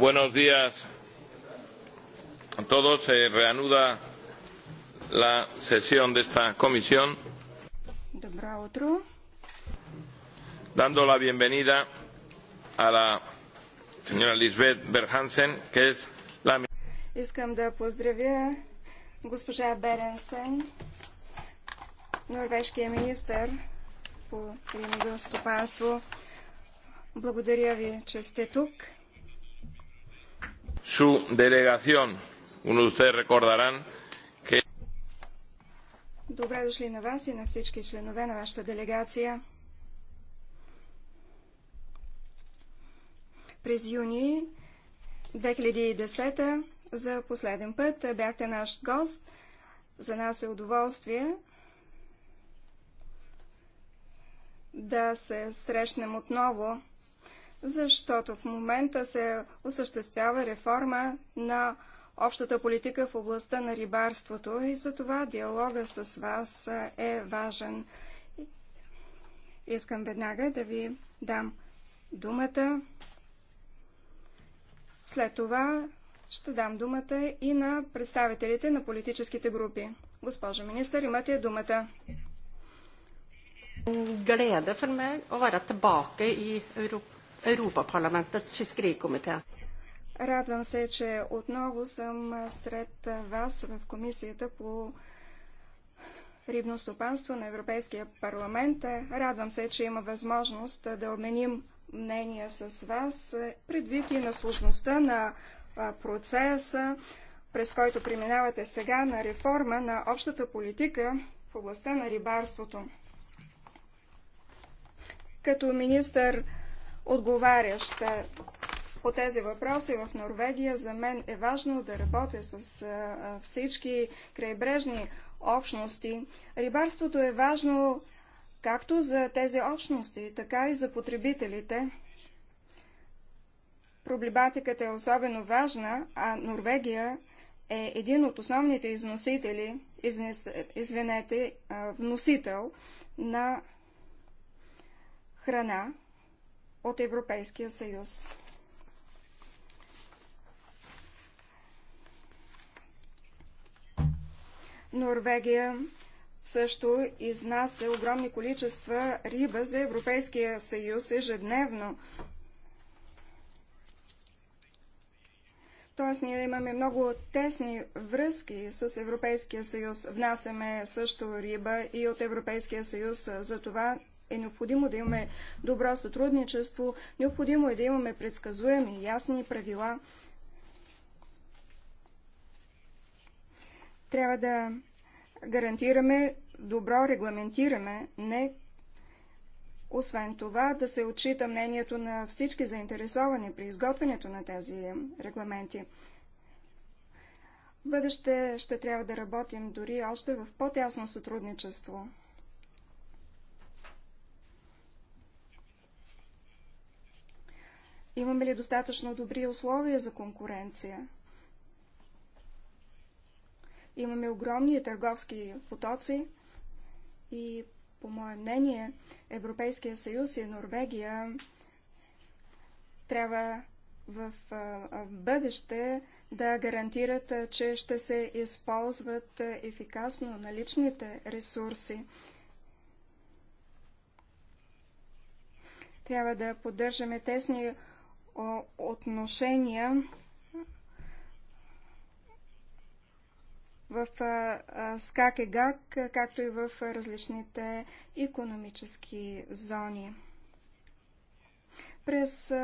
Buenos días a todos. Se reanuda la sesión de esta comisión. Dando la bienvenida a la señora Lisbeth Berhansen, que es la... ministra да поздравя госпожа Беренсен, норвежкия министър по римедо Благодаря ви, че сте тук su delegación. Uno de ustedes recordarán que... Добре дошли на вас и на всички членове на вашата делегация. През юни 2010 за последен път бяхте наш гост. За нас е удоволствие да се срещнем отново защото в момента се осъществява реформа на общата политика в областта на рибарството и за това диалога с вас е важен. Искам веднага да ви дам думата. След това ще дам думата и на представителите на политическите групи. Госпожо министър, имате думата. Glede да meg å være tilbake Europaparlamentets fiskerikomité. Радвам се, че отново съм сред вас в Комисията по рибно стопанство на Европейския парламент. Радвам се, че има възможност да обменим мнения с вас предвид и на сложността на процеса, през който преминавате сега на реформа на общата политика в областта на рибарството. Като министър Отговаряща по тези въпроси в Норвегия. За мен е важно да работя с всички крайбрежни общности. Рибарството е важно както за тези общности, така и за потребителите. Проблематиката е особено важна, а Норвегия е един от основните износители, изнес, извинете, вносител на храна от Европейския съюз. Норвегия също изнася огромни количества риба за Европейския съюз ежедневно. Тоест ние имаме много тесни връзки с Европейския съюз. Внасяме също риба и от Европейския съюз. за това е необходимо да имаме добро сътрудничество, необходимо е да имаме предсказуеми, и ясни правила. Трябва да гарантираме добро регламентираме, не освен това, да се отчита мнението на всички заинтересовани при изготвянето на тези регламенти. В бъдеще ще трябва да работим дори още в по-тясно сътрудничество. Имаме ли достатъчно добри условия за конкуренция? Имаме огромни търговски потоци и, по мое мнение, Европейския съюз и Норвегия трябва в бъдеще да гарантират, че ще се използват ефикасно наличните ресурси. Трябва да поддържаме тесни отношения в Скакегак, както и в различните економически зони. През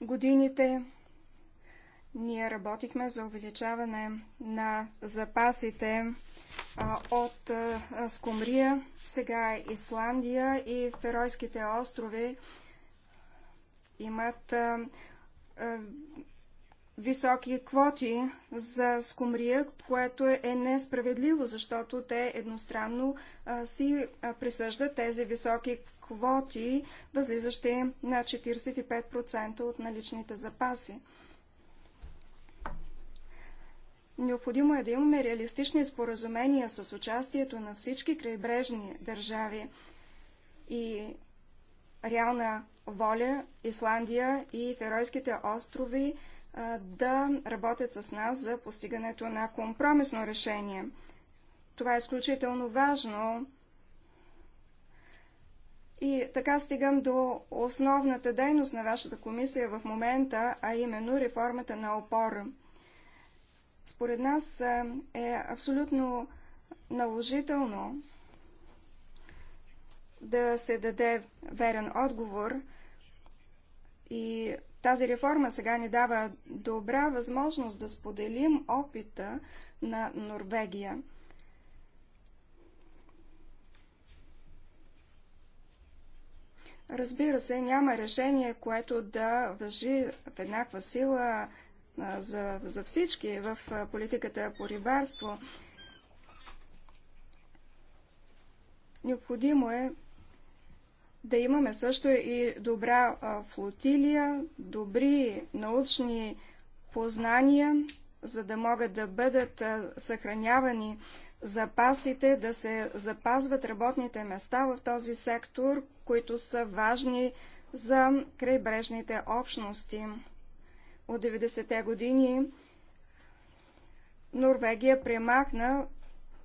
годините ние работихме за увеличаване на запасите от Скумрия, сега Исландия и Феройските острови имат а, а, високи квоти за скумрия, което е, е несправедливо, защото те едностранно а, си присъждат тези високи квоти, възлизащи на 45% от наличните запаси. Необходимо е да имаме реалистични споразумения с участието на всички крайбрежни държави и реална воля Исландия и Феройските острови да работят с нас за постигането на компромисно решение. Това е изключително важно. И така стигам до основната дейност на вашата комисия в момента, а именно реформата на опор. Според нас е абсолютно наложително да се даде верен отговор. И тази реформа сега ни дава добра възможност да споделим опита на Норвегия. Разбира се, няма решение, което да въжи в еднаква сила за, за всички в политиката по рибарство. Необходимо е да имаме също и добра флотилия, добри научни познания, за да могат да бъдат съхранявани запасите, да се запазват работните места в този сектор, които са важни за крайбрежните общности. От 90-те години Норвегия премахна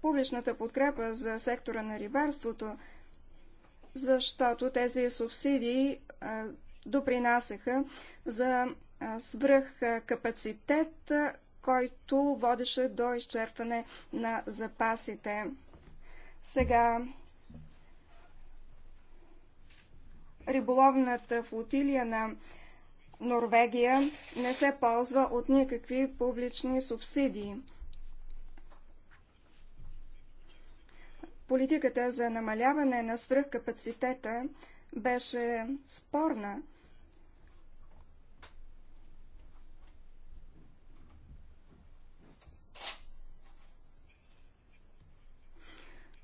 публичната подкрепа за сектора на рибарството, защото тези субсидии допринасяха за свръхкапацитет, който водеше до изчерпване на запасите. Сега риболовната флотилия на Норвегия не се ползва от никакви публични субсидии. Политиката за намаляване на свръхкапацитета беше спорна.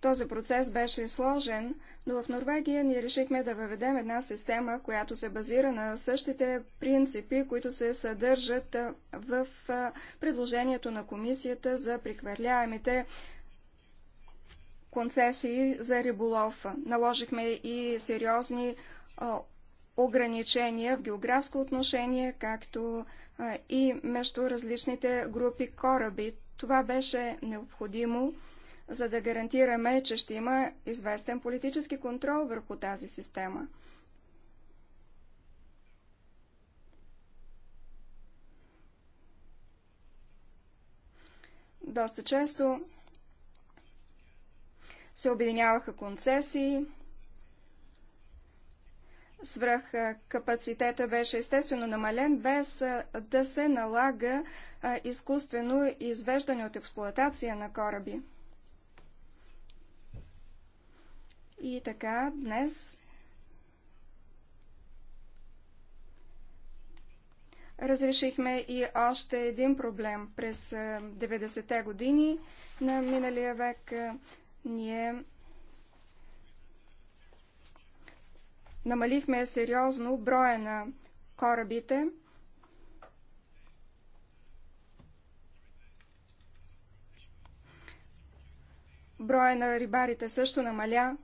Този процес беше сложен, но в Норвегия ни решихме да въведем една система, която се базира на същите принципи, които се съдържат в предложението на комисията за прехвърляемите концесии за риболов. Наложихме и сериозни ограничения в географско отношение, както и между различните групи кораби. Това беше необходимо, за да гарантираме, че ще има известен политически контрол върху тази система. Доста често се обединяваха концесии. Свръх капацитета беше естествено намален, без да се налага изкуствено извеждане от експлоатация на кораби. И така, днес разрешихме и още един проблем през 90-те години на миналия век. Ние намалихме сериозно броя на корабите. Броя на рибарите също намаля,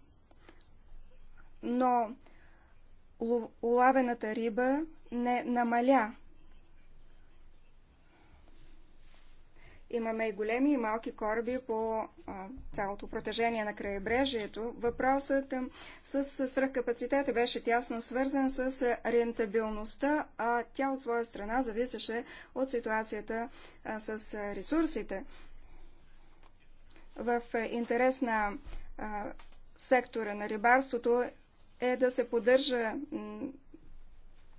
но улавената риба не намаля Имаме и големи и малки кораби по а, цялото протежение на крайбрежието. Въпросът с свръхкапацитета беше тясно свързан с рентабилността, а тя от своя страна зависеше от ситуацията а, с ресурсите. В интерес на а, сектора на рибарството е да се поддържа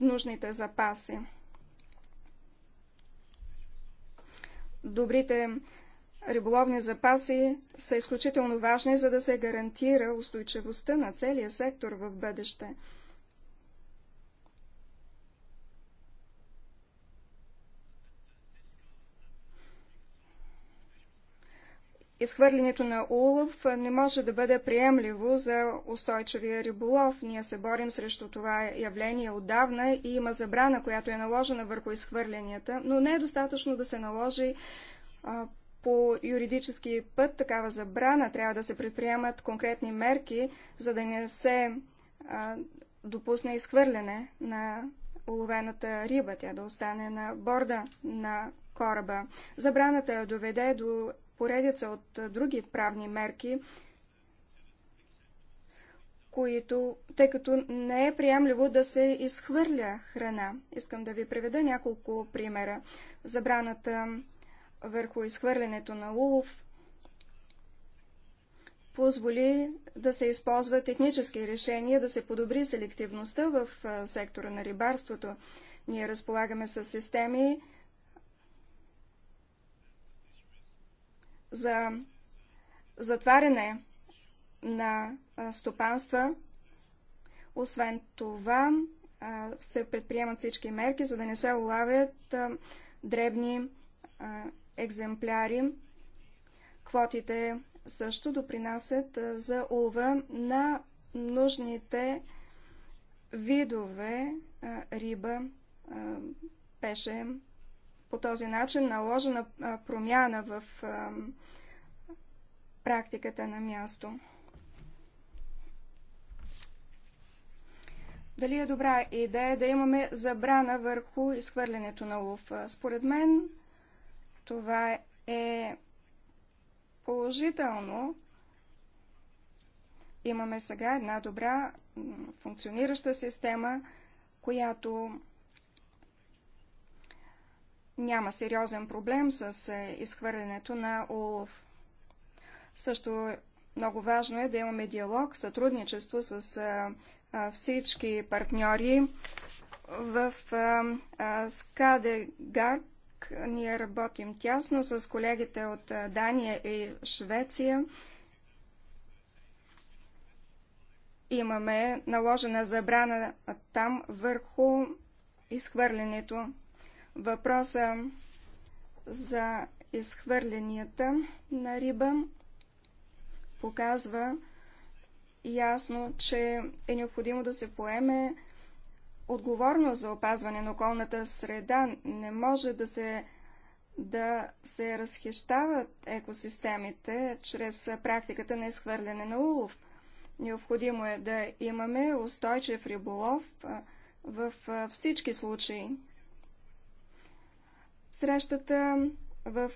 нужните запаси. добрите риболовни запаси са изключително важни, за да се гарантира устойчивостта на целия сектор в бъдеще. изхвърлянето на улов не може да бъде приемливо за устойчивия риболов. Ние се борим срещу това явление отдавна и има забрана, която е наложена върху изхвърлянията, но не е достатъчно да се наложи а, по юридически път такава забрана. Трябва да се предприемат конкретни мерки, за да не се а, допусне изхвърляне на уловената риба, тя да остане на борда на кораба. Забраната доведе до поредица от други правни мерки, които, тъй като не е приемливо да се изхвърля храна. Искам да ви приведа няколко примера. Забраната върху изхвърлянето на улов позволи да се използват технически решения, да се подобри селективността в сектора на рибарството. Ние разполагаме с системи за затваряне на стопанства. Освен това, се предприемат всички мерки, за да не се улавят дребни екземпляри. Квотите също допринасят за улва на нужните видове риба, пеше, по този начин наложена промяна в практиката на място. Дали е добра идея да имаме забрана върху изхвърлянето на лов? Според мен това е положително. Имаме сега една добра функционираща система, която няма сериозен проблем с е, изхвърлянето на улов. Също много важно е да имаме диалог, сътрудничество с е, е, всички партньори. В Скадегарк ние работим тясно с колегите от Дания и Швеция. Имаме наложена забрана там върху изхвърлянето въпроса за изхвърленията на риба показва ясно, че е необходимо да се поеме отговорност за опазване на околната среда. Не може да се, да се разхищават екосистемите чрез практиката на изхвърляне на улов. Необходимо е да имаме устойчив риболов в всички случаи. Срещата в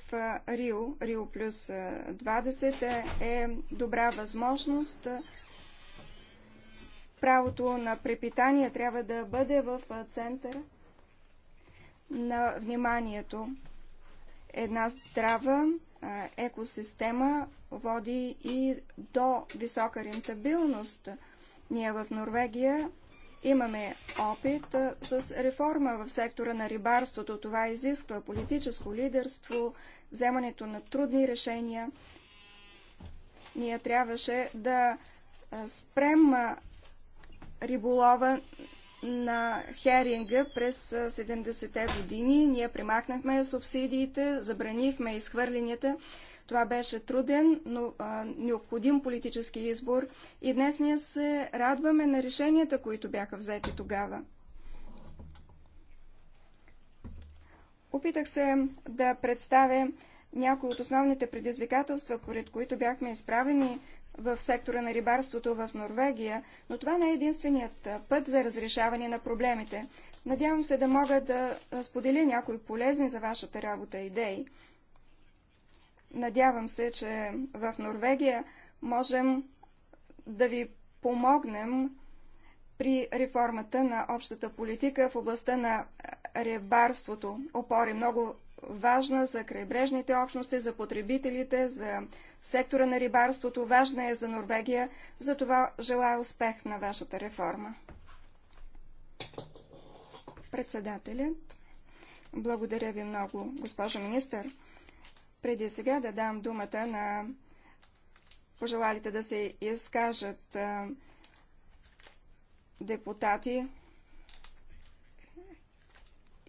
Рио, Рио плюс 20 е, е добра възможност. Правото на препитание трябва да бъде в центъра на вниманието. Една здрава екосистема води и до висока рентабилност. Ние в Норвегия Имаме опит с реформа в сектора на рибарството. Това изисква политическо лидерство, вземането на трудни решения. Ние трябваше да спрем риболова на херинга през 70-те години. Ние примахнахме субсидиите, забранихме изхвърлянията. Това беше труден, но а, необходим политически избор и днес ние се радваме на решенията, които бяха взети тогава. Опитах се да представя някои от основните предизвикателства, поред които бяхме изправени в сектора на рибарството в Норвегия, но това не е единственият път за разрешаване на проблемите. Надявам се да мога да споделя някои полезни за вашата работа идеи. Надявам се, че в Норвегия можем да ви помогнем при реформата на общата политика в областта на ребарството. Опори много важна за крайбрежните общности, за потребителите, за сектора на рибарството. Важна е за Норвегия. Затова желая успех на вашата реформа. Председателят. Благодаря ви много, госпожо министър. Преди сега да дам думата на пожелалите да се изкажат депутати,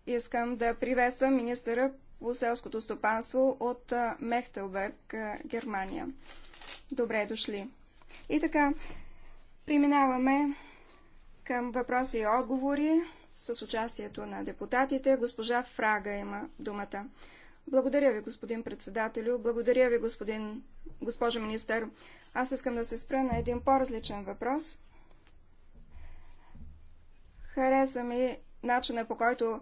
искам да приветствам министъра по селското стопанство от Мехтелберг, Германия. Добре дошли! И така, преминаваме към въпроси и отговори с участието на депутатите. Госпожа Фрага има думата. Благодаря ви, господин председателю. Благодаря ви, господин, госпожо министър. Аз искам да се спра на един по-различен въпрос. Хареса ми начина по който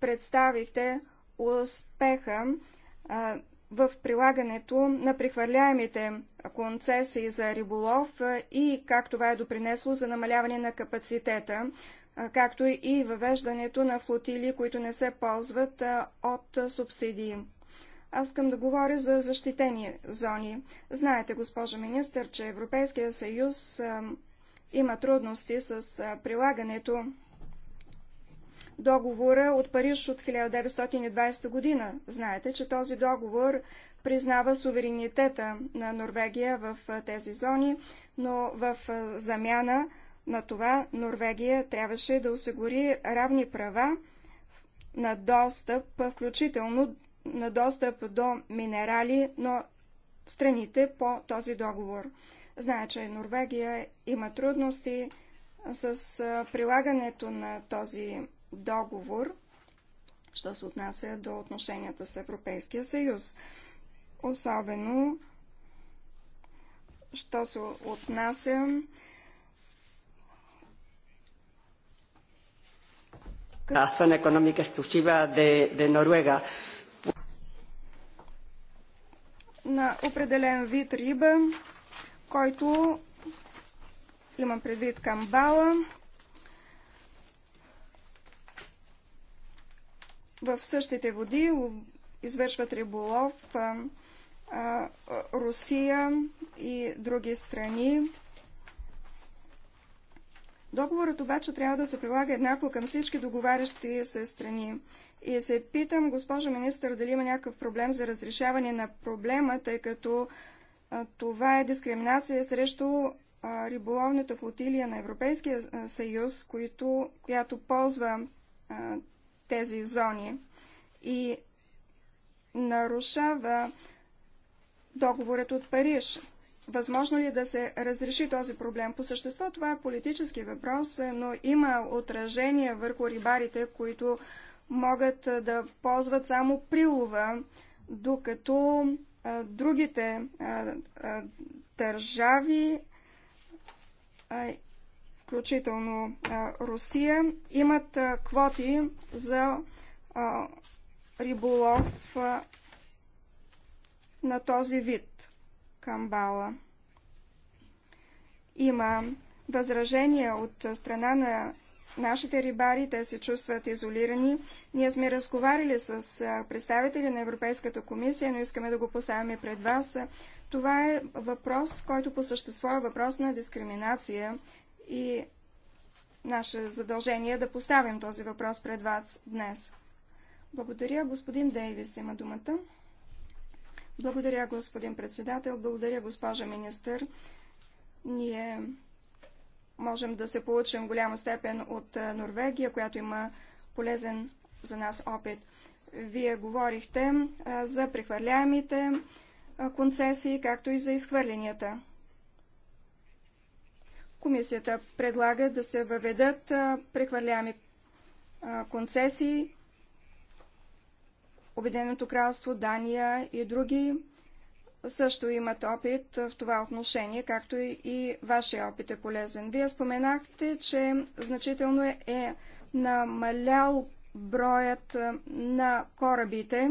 представихте успеха в прилагането на прехвърляемите концесии за риболов и как това е допринесло за намаляване на капацитета както и въвеждането на флотили, които не се ползват от субсидии. Аз искам да говоря за защитени зони. Знаете, госпожо министър, че Европейския съюз има трудности с прилагането договора от Париж от 1920 година. Знаете, че този договор признава суверенитета на Норвегия в тези зони, но в замяна на това Норвегия трябваше да осигури равни права на достъп, включително на достъп до минерали, но страните по този договор. Знае, че Норвегия има трудности с прилагането на този договор, що се отнася до отношенията с Европейския съюз. Особено, що се отнася La zona económica exclusiva de Noruega. На определен вид риба, който имам предвид камбала, в същите води извършват риболов а, а, Русия и други страни. Договорът обаче трябва да се прилага еднакво към всички договарящи се страни. И се питам, госпожо министър, дали има някакъв проблем за разрешаване на проблема, тъй като а, това е дискриминация срещу а, риболовната флотилия на Европейския съюз, които, която ползва а, тези зони и нарушава договорът от Париж. Възможно ли е да се разреши този проблем? По същество това е политически въпрос, но има отражение върху рибарите, които могат да ползват само прилова, докато а, другите а, а, държави, включително Русия, имат квоти за риболов на този вид. Камбала. Има възражения от страна на нашите рибари, те се чувстват изолирани. Ние сме разговаряли с представители на Европейската комисия, но искаме да го поставяме пред вас. Това е въпрос, който по същество е въпрос на дискриминация и наше задължение е да поставим този въпрос пред вас днес. Благодаря. Господин Дейвис има думата. Благодаря, господин председател. Благодаря, госпожа министър. Ние можем да се получим голяма степен от Норвегия, която има полезен за нас опит. Вие говорихте за прехвърляемите концесии, както и за изхвърленията. Комисията предлага да се въведат прехвърляеми концесии Обединеното кралство, Дания и други също имат опит в това отношение, както и, и вашия опит е полезен. Вие споменахте, че значително е, е намалял броят на корабите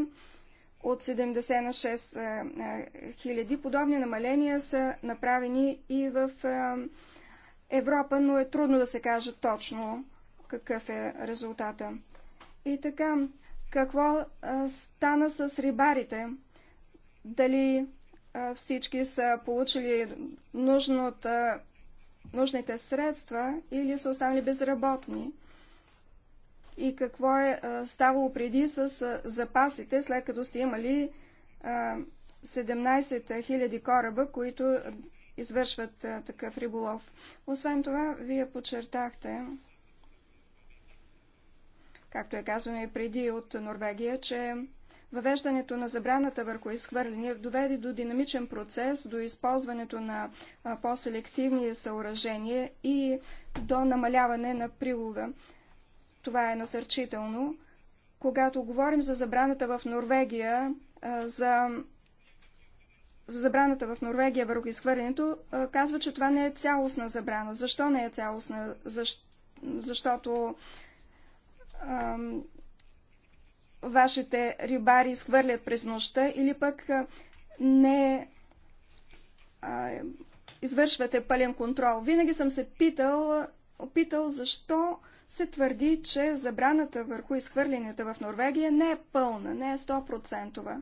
от 70 на 6 хиляди. Подобни намаления са направени и в Европа, но е трудно да се каже точно какъв е резултата. И така, какво а, стана с рибарите? Дали а, всички са получили нужната, нужните средства или са останали безработни? И какво е а, ставало преди с а, запасите, след като сте имали а, 17 000 кораба, които извършват а, такъв риболов? Освен това, вие подчертахте, Както е казано и преди от Норвегия, че въвеждането на забраната върху изхвърляния доведе до динамичен процес, до използването на по-селективни съоръжения и до намаляване на прилова. Това е насърчително. Когато говорим за забраната в Норвегия, за за забраната в Норвегия върху изхвърлянето, казва, че това не е цялостна забрана. Защо не е цялостна? Защо... Защото вашите рибари изхвърлят през нощта или пък не а, извършвате пълен контрол. Винаги съм се питал, опитал защо се твърди, че забраната върху изхвърлянията в Норвегия не е пълна, не е 100%.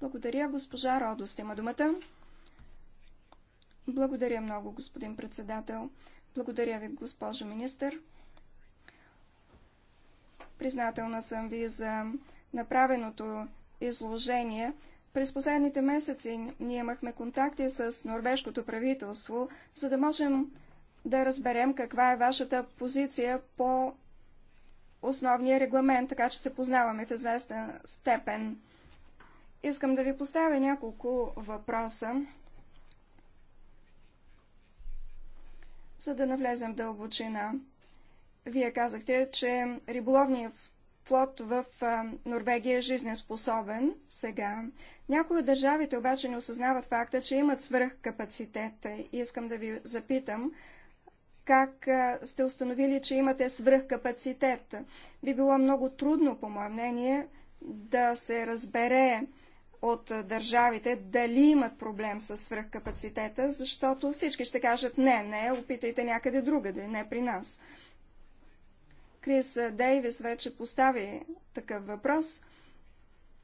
Благодаря, госпожа Родост. Има думата. Благодаря много, господин председател. Благодаря ви, госпожо министър. Признателна съм ви за направеното изложение. През последните месеци ние имахме контакти с норвежкото правителство, за да можем да разберем каква е вашата позиция по основния регламент, така че се познаваме в известен степен. Искам да ви поставя няколко въпроса, за да навлезем в дълбочина. Вие казахте, че риболовният флот в Норвегия е жизнеспособен сега. Някои от държавите обаче не осъзнават факта, че имат свръхкапацитет. Искам да ви запитам, как сте установили, че имате свръхкапацитет. Би било много трудно, по мое мнение, да се разбере от държавите дали имат проблем с свръхкапацитета, защото всички ще кажат не, не, опитайте някъде другаде, не при нас. Крис Дейвис вече постави такъв въпрос.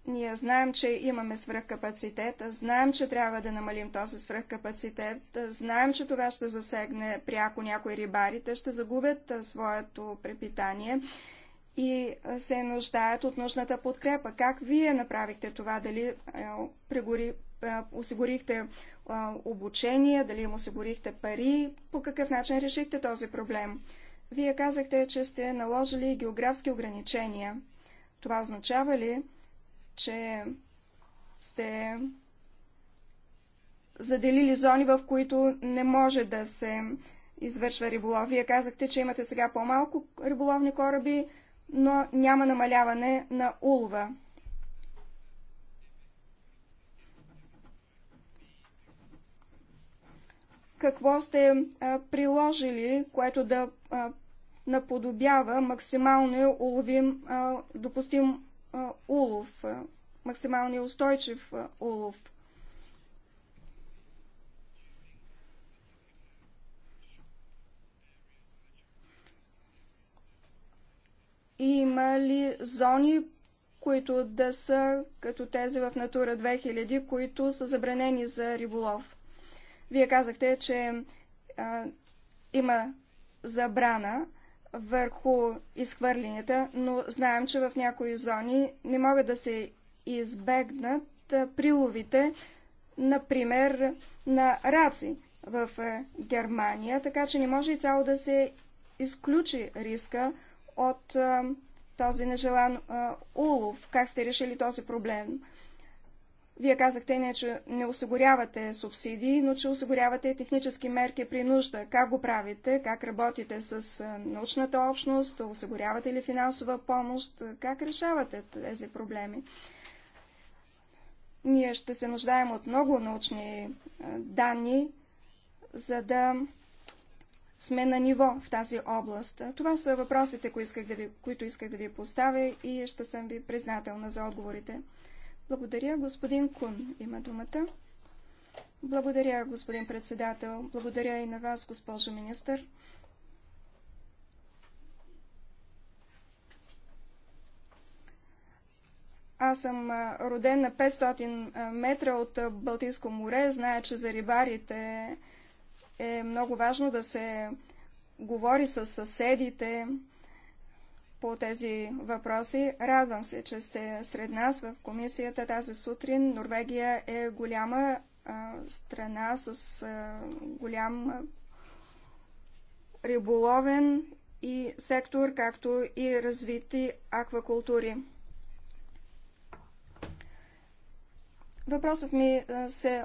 Ние знаем, че имаме свръхкапацитет, знаем, че трябва да намалим този свръхкапацитет, знаем, че това ще засегне пряко някои рибари, те ще загубят своето препитание и се нуждаят от нужната подкрепа. Как вие направихте това? Дали пригори, осигурихте обучение, дали им осигурихте пари, по какъв начин решихте този проблем? Вие казахте, че сте наложили географски ограничения. Това означава ли, че сте заделили зони, в които не може да се извършва риболов? Вие казахте, че имате сега по-малко риболовни кораби, но няма намаляване на улова. какво сте а, приложили, което да а, наподобява максимално е уловим, допустим улов, максимално максималния е устойчив улов. Има ли зони, които да са като тези в Натура 2000, които са забранени за риболов? Вие казахте, че а, има забрана върху изхвърлените, но знаем, че в някои зони не могат да се избегнат приловите, например, на раци в Германия, така че не може и цяло да се изключи риска от този нежелан улов. Как сте решили този проблем? Вие казахте не, че не осигурявате субсидии, но че осигурявате технически мерки при нужда. Как го правите? Как работите с научната общност? Осигурявате ли финансова помощ? Как решавате тези проблеми? Ние ще се нуждаем от много научни данни, за да сме на ниво в тази област. Това са въпросите, които исках да ви, които исках да ви поставя и ще съм ви признателна за отговорите. Благодаря, господин Кун. Има думата. Благодаря, господин председател. Благодаря и на вас, госпожо министър. Аз съм роден на 500 метра от Балтийско море. Зная, че за рибарите е много важно да се говори с съседите, по тези въпроси. Радвам се, че сте сред нас в комисията тази сутрин. Норвегия е голяма а, страна с а, голям риболовен и сектор, както и развити аквакултури. Въпросът ми се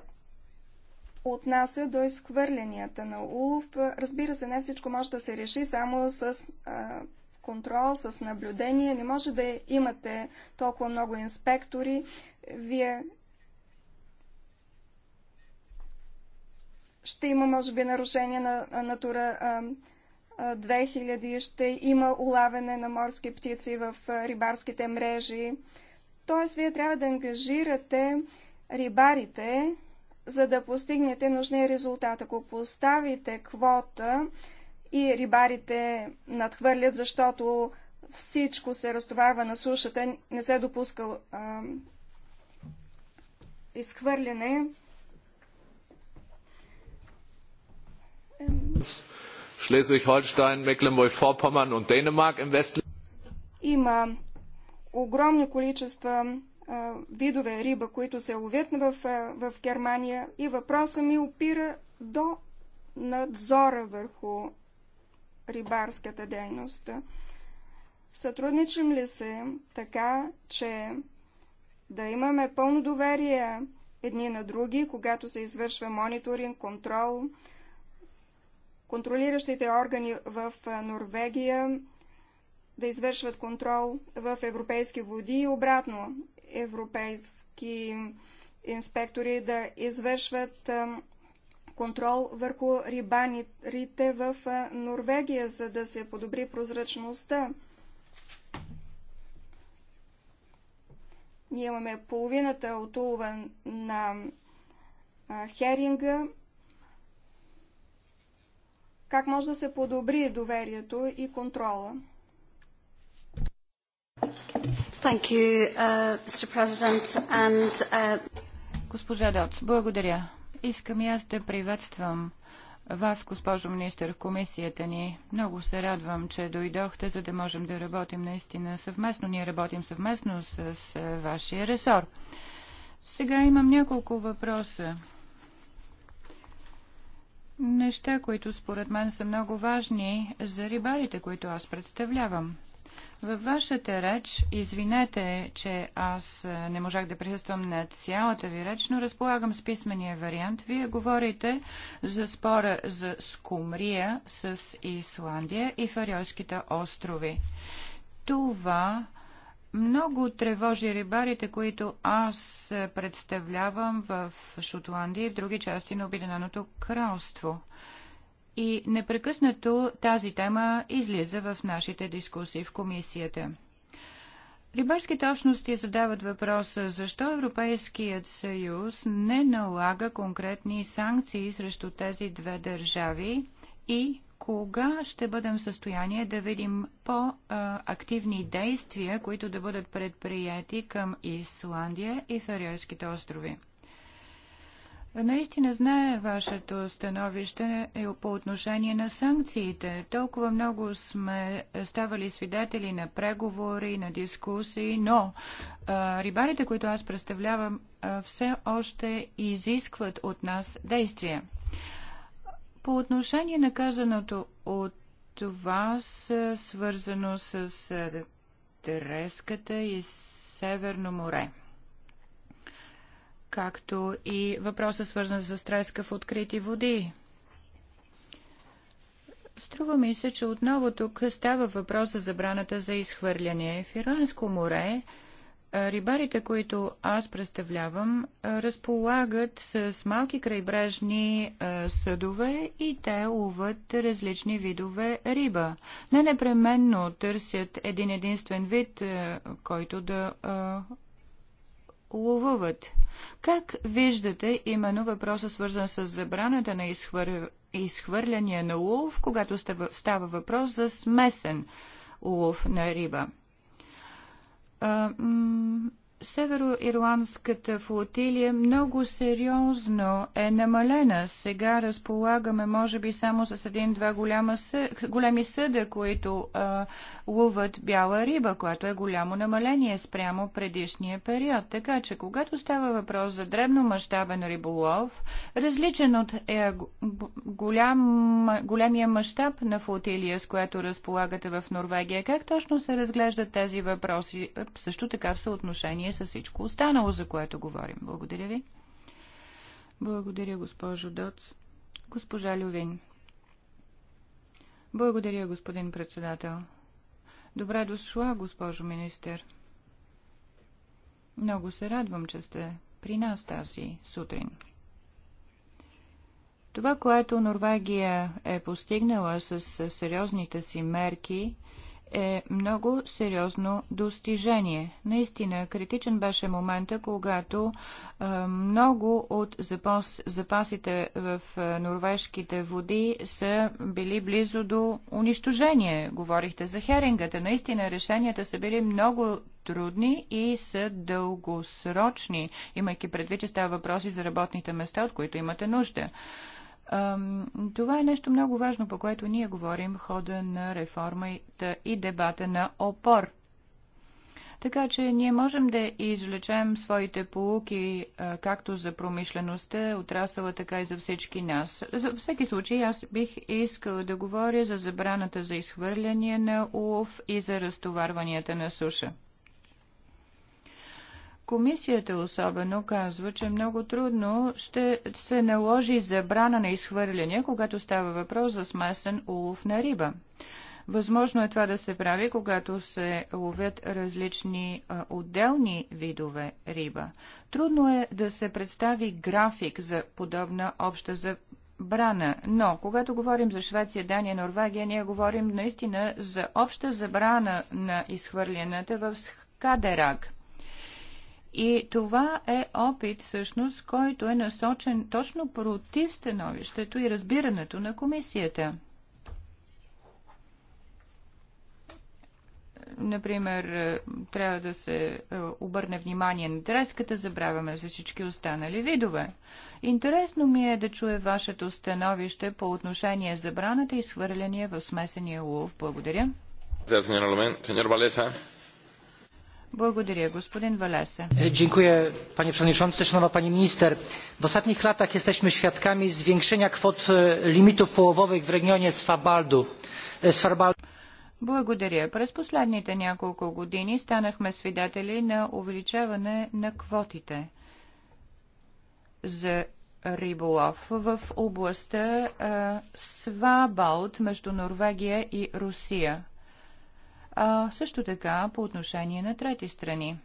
отнася до изхвърленията на улов. Разбира се, не всичко може да се реши само с а, контрол, с наблюдение. Не може да имате толкова много инспектори. Вие ще има, може би, нарушение на натура 2000, ще има улавяне на морски птици в рибарските мрежи. Тоест, вие трябва да ангажирате рибарите, за да постигнете нужния резултат. Ако поставите квота и рибарите надхвърлят, защото всичко се разтоварва на сушата, не се допуска а, изхвърляне. Schleswig-Holstein, Mecklenburg-Vorpommern und Dänemark im Westen. Има огромни количества а, видове риба, които се ловят в, в Германия и въпросът ми опира до надзора върху рибарската дейност. Сътрудничим ли се така, че да имаме пълно доверие едни на други, когато се извършва мониторинг, контрол, контролиращите органи в Норвегия да извършват контрол в европейски води и обратно европейски инспектори да извършват контрол върху рибаните в Норвегия, за да се подобри прозрачността. Ние имаме половината от улова на херинга. Как може да се подобри доверието и контрола? Thank you, uh, Mr. President, and, uh... Госпожа Доц, благодаря. Искам и аз да приветствам вас, госпожо министър, комисията ни. Много се радвам, че дойдохте, за да можем да работим наистина съвместно. Ние работим съвместно с, с е, вашия ресор. Сега имам няколко въпроса. Неща, които според мен са много важни за рибарите, които аз представлявам. Във вашата реч, извинете, че аз е, не можах да присъствам на цялата ви реч, но разполагам с писмения вариант. Вие говорите за спора за Скумрия с Исландия и Фариойските острови. Това много тревожи рибарите, които аз е, представлявам в Шотландия и в други части на Обединеното кралство и непрекъснато тази тема излиза в нашите дискусии в комисията. Рибарските общности задават въпроса защо Европейският съюз не налага конкретни санкции срещу тези две държави и кога ще бъдем в състояние да видим по-активни действия, които да бъдат предприяти към Исландия и Фарерските острови. Наистина знае вашето становище е по отношение на санкциите. Толкова много сме ставали свидетели на преговори, на дискусии, но а, рибарите, които аз представлявам, а, все още изискват от нас действия. По отношение на казаното от вас, свързано с треската и Северно море както и въпроса свързан с треска в открити води. Струва ми се, че отново тук става въпрос за забраната за изхвърляне. В иранско море рибарите, които аз представлявам, разполагат с малки крайбрежни съдове и те уват различни видове риба. Не непременно търсят един единствен вид, който да ловуват. Как виждате именно въпроса свързан с забраната на изхвър... изхвърляния на улов, когато става въпрос за смесен улов на риба? Североирландската флотилия много сериозно е намалена. Сега разполагаме, може би, само с един-два големи съда, които а, луват бяла риба, което е голямо намаление спрямо предишния период. Така че, когато става въпрос за дребномащабен риболов, различен от е, голям, големия мащаб на флотилия, с която разполагате в Норвегия, как точно се разглеждат тези въпроси? Също така в съотношение сравнение с всичко останало, за което говорим. Благодаря ви. Благодаря, госпожо Доц. Госпожа Лювин. Благодаря, господин председател. Добре дошла, госпожо министър. Много се радвам, че сте при нас тази сутрин. Това, което Норвегия е постигнала с сериозните си мерки, е много сериозно достижение. Наистина, критичен беше момента, когато много от запас, запасите в норвежките води са били близо до унищожение. Говорихте за херингата. Наистина, решенията са били много трудни и са дългосрочни, имайки предвид, че става въпроси за работните места, от които имате нужда. Това е нещо много важно, по което ние говорим в хода на реформата и дебата на опор. Така че ние можем да извлечем своите полуки както за промишлеността, отрасъла, така и за всички нас. За всеки случай аз бих искала да говоря за забраната за изхвърляне на улов и за разтоварванията на суша. Комисията особено казва, че много трудно ще се наложи забрана на изхвърляне, когато става въпрос за смесен улов на риба. Възможно е това да се прави, когато се ловят различни а, отделни видове риба. Трудно е да се представи график за подобна обща забрана, но когато говорим за Швеция, Дания, Норвегия, ние говорим наистина за обща забрана на изхвърлянето в Скадерак. И това е опит, всъщност, който е насочен точно против становището и разбирането на комисията. Например, е, трябва да се е, обърне внимание на треската, забравяме за всички останали видове. Интересно ми е да чуя вашето становище по отношение забраната и свърляния в смесения улов. Благодаря. Благодаря, благодаря, господин Валеса. Е, Dziękuję, panie przewodniczący, szanowna pani minister. W ostatnich latach jesteśmy świadkami zwiększenia kwot e, limitów połowowych w regionie Sfabaldu. E, Sfabaldu. Благодаря. През последните няколко години станахме свидетели на увеличаване на квотите за риболов в областта а, Свабалт между Норвегия и Русия а също така по отношение на трети страни.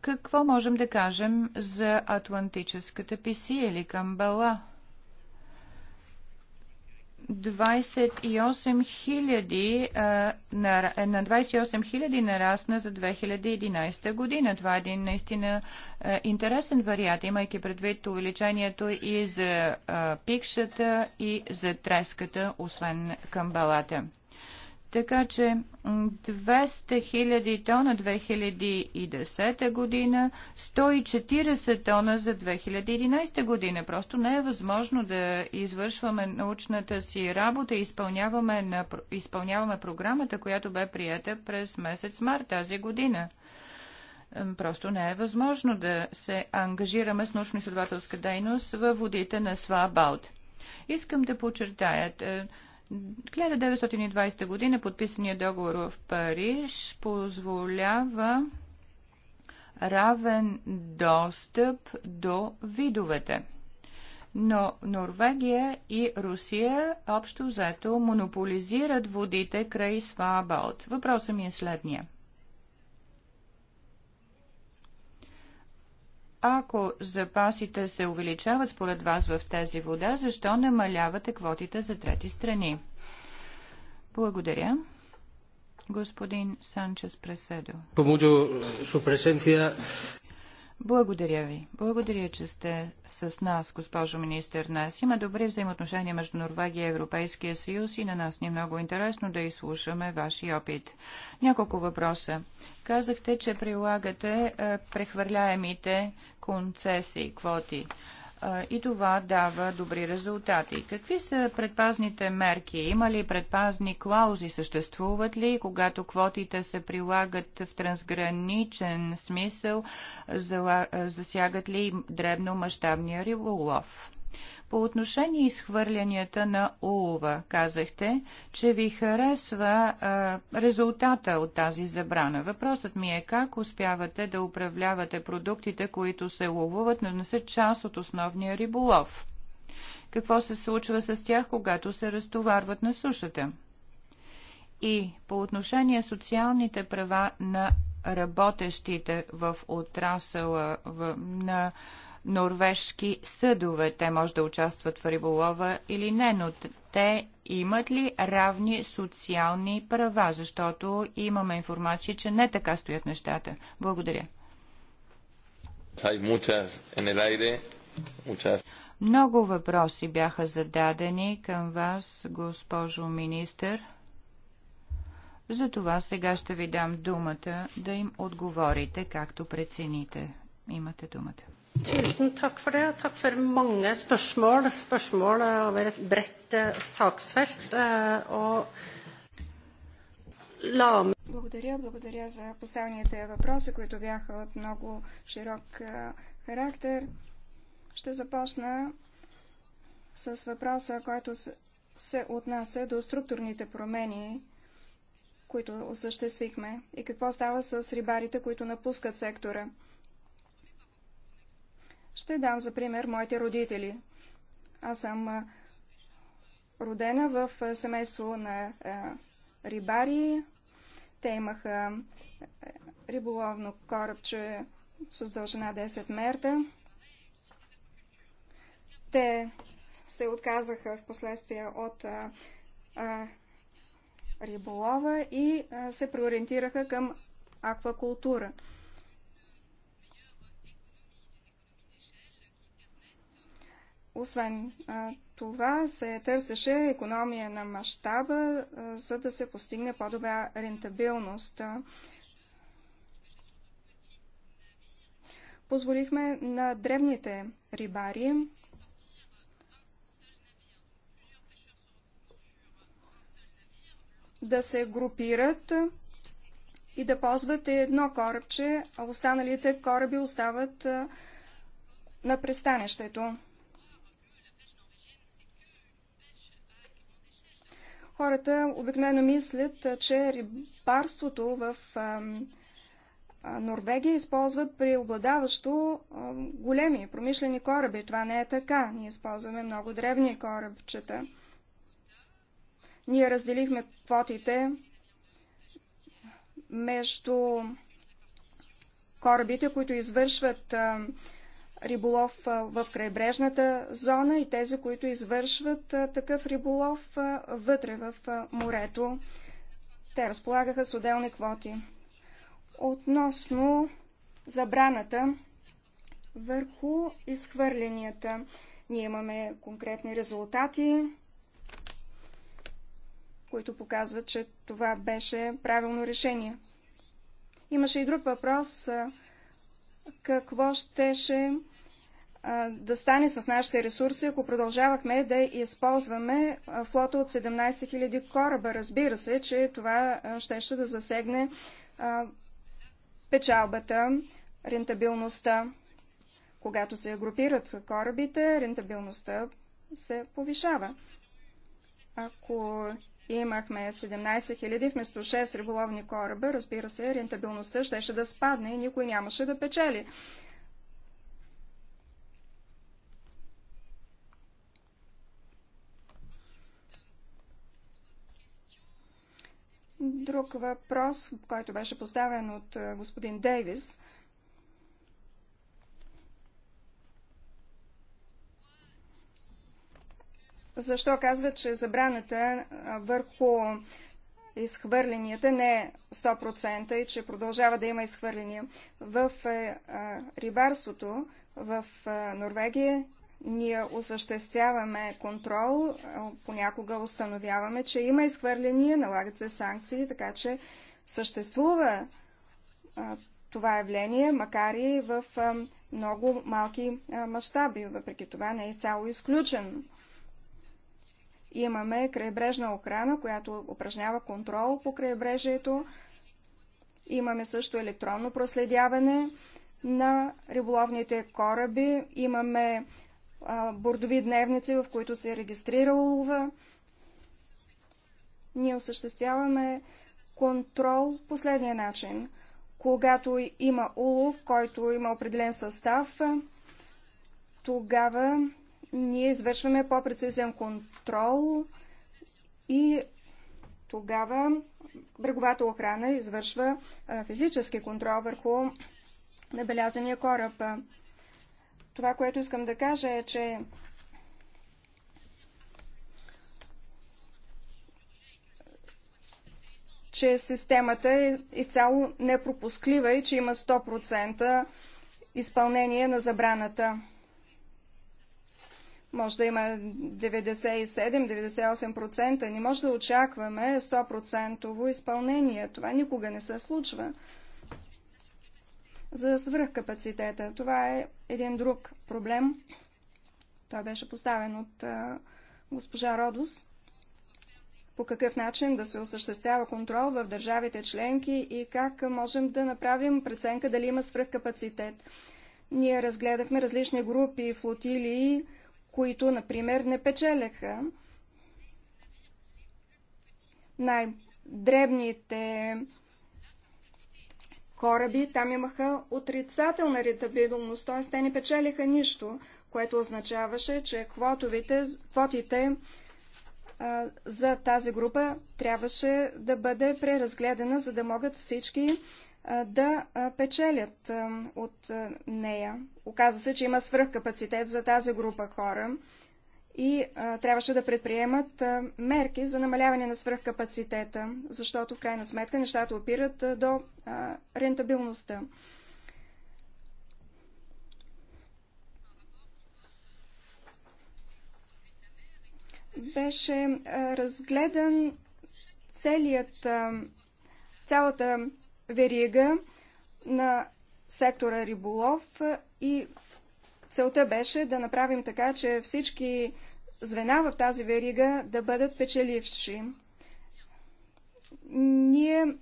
Какво можем да кажем за Атлантическата писи или Камбала? 28 на 28 хиляди нарасна за 2011 година. Това е един наистина интересен вариант, имайки предвид увеличението и за пикшата, и за треската, освен камбалата. Така че 200 хиляди тона 2010 година, 140 тона за 2011 година. Просто не е възможно да извършваме научната си работа и изпълняваме, на, изпълняваме програмата, която бе прията през месец март тази година. Просто не е възможно да се ангажираме с научно-изследователска дейност във водите на Свабалт. Искам да подчертая, е, 1920 година подписания договор в Париж позволява равен достъп до видовете. Но Норвегия и Русия общо взето монополизират водите край Свабалт. Въпросът ми е следния. Ако запасите се увеличават според вас в тази вода, защо намалявате квотите за трети страни? Благодаря. Господин Санчес Преседо. Е, благодаря ви. Благодаря, че сте с нас, госпожо министър. Днес има добри взаимоотношения между Норвегия и Европейския съюз и на нас ни е много интересно да изслушаме вашия опит. Няколко въпроса. Казахте, че прилагате е, прехвърляемите концесии, квоти и това дава добри резултати. Какви са предпазните мерки? Има ли предпазни клаузи? Съществуват ли, когато квотите се прилагат в трансграничен смисъл, засягат ли дребномащабния риболов? По отношение изхвърлянията на улова, казахте, че ви харесва а, резултата от тази забрана. Въпросът ми е как успявате да управлявате продуктите, които се ловуват, но не са част от основния риболов? Какво се случва с тях, когато се разтоварват на сушата? И по отношение социалните права на работещите в отрасъла в, на норвежки съдове. Те може да участват в риболова или не, но те имат ли равни социални права, защото имаме информация, че не така стоят нещата. Благодаря. Много въпроси бяха зададени към вас, госпожо министър. Затова сега ще ви дам думата да им отговорите, както прецените. Имате думата. Tusen takk for det. Takk for mange spørsmål. Spørsmål er over et bredt eh, saksfelt. Eh, og la meg Благодаря, благодаря за поставените въпроси, които бяха от много широк е, характер. Ще започна с въпроса, който се отнася до структурните промени, които осъществихме и какво става с рибарите, които напускат сектора. Ще дам за пример моите родители. Аз съм родена в семейство на рибари. Те имаха риболовно корабче с дължина 10 мерта. Те се отказаха в последствие от а, а, риболова и а, се приориентираха към аквакултура. Освен това се търсеше економия на мащаба, за да се постигне по-добра рентабилност. Позволихме на древните рибари да се групират и да ползват едно корабче, а останалите кораби остават на пристанището. Хората обикновено мислят, че рибарството в Норвегия използват преобладаващо големи промишлени кораби. Това не е така. Ние използваме много древни корабчета. Ние разделихме квотите между корабите, които извършват риболов в крайбрежната зона и тези, които извършват такъв риболов вътре в морето. Те разполагаха с отделни квоти. Относно забраната върху изхвърленията. Ние имаме конкретни резултати, които показват, че това беше правилно решение. Имаше и друг въпрос какво щеше а, да стане с нашите ресурси, ако продължавахме да използваме флота от 17 000 кораба. Разбира се, че това щеше да засегне а, печалбата, рентабилността. Когато се групират корабите, рентабилността се повишава. Ако имахме 17 000 вместо 6 риболовни кораба, разбира се, рентабилността щеше да спадне и никой нямаше да печели. Друг въпрос, който беше поставен от господин Дейвис – защо казват, че забраната върху изхвърленията не е 100% и че продължава да има изхвърления. В е, рибарството в Норвегия ние осъществяваме контрол, понякога установяваме, че има изхвърления, налагат се санкции, така че съществува това явление, макар и в много малки мащаби. Въпреки това не е изцяло изключен. Имаме крайбрежна охрана, която упражнява контрол по крайбрежието. Имаме също електронно проследяване на риболовните кораби. Имаме бордови дневници, в които се регистрира улова. Ние осъществяваме контрол последния начин. Когато има улов, който има определен състав, тогава ние извършваме по-прецизен контрол и тогава бреговата охрана извършва физически контрол върху набелязания кораб. Това, което искам да кажа е, че че системата е изцяло непропусклива и че има 100% изпълнение на забраната може да има 97-98%, не може да очакваме 100% изпълнение. Това никога не се случва. За свръхкапацитета. Това е един друг проблем. Той беше поставен от а, госпожа Родос. По какъв начин да се осъществява контрол в държавите членки и как можем да направим преценка дали има свръхкапацитет. Ние разгледахме различни групи флотилии, които, например, не печелеха. Най-дребните кораби там имаха отрицателна ретабилност, т.е. те не печелиха нищо, което означаваше, че квотовите, квотите а, за тази група трябваше да бъде преразгледана, за да могат всички да печелят от нея. Оказа се, че има свръхкапацитет за тази група хора и трябваше да предприемат мерки за намаляване на свръхкапацитета, защото в крайна сметка нещата опират до рентабилността. Беше разгледан целият, цялата верига на сектора риболов и целта беше да направим така, че всички звена в тази верига да бъдат печеливши. Ние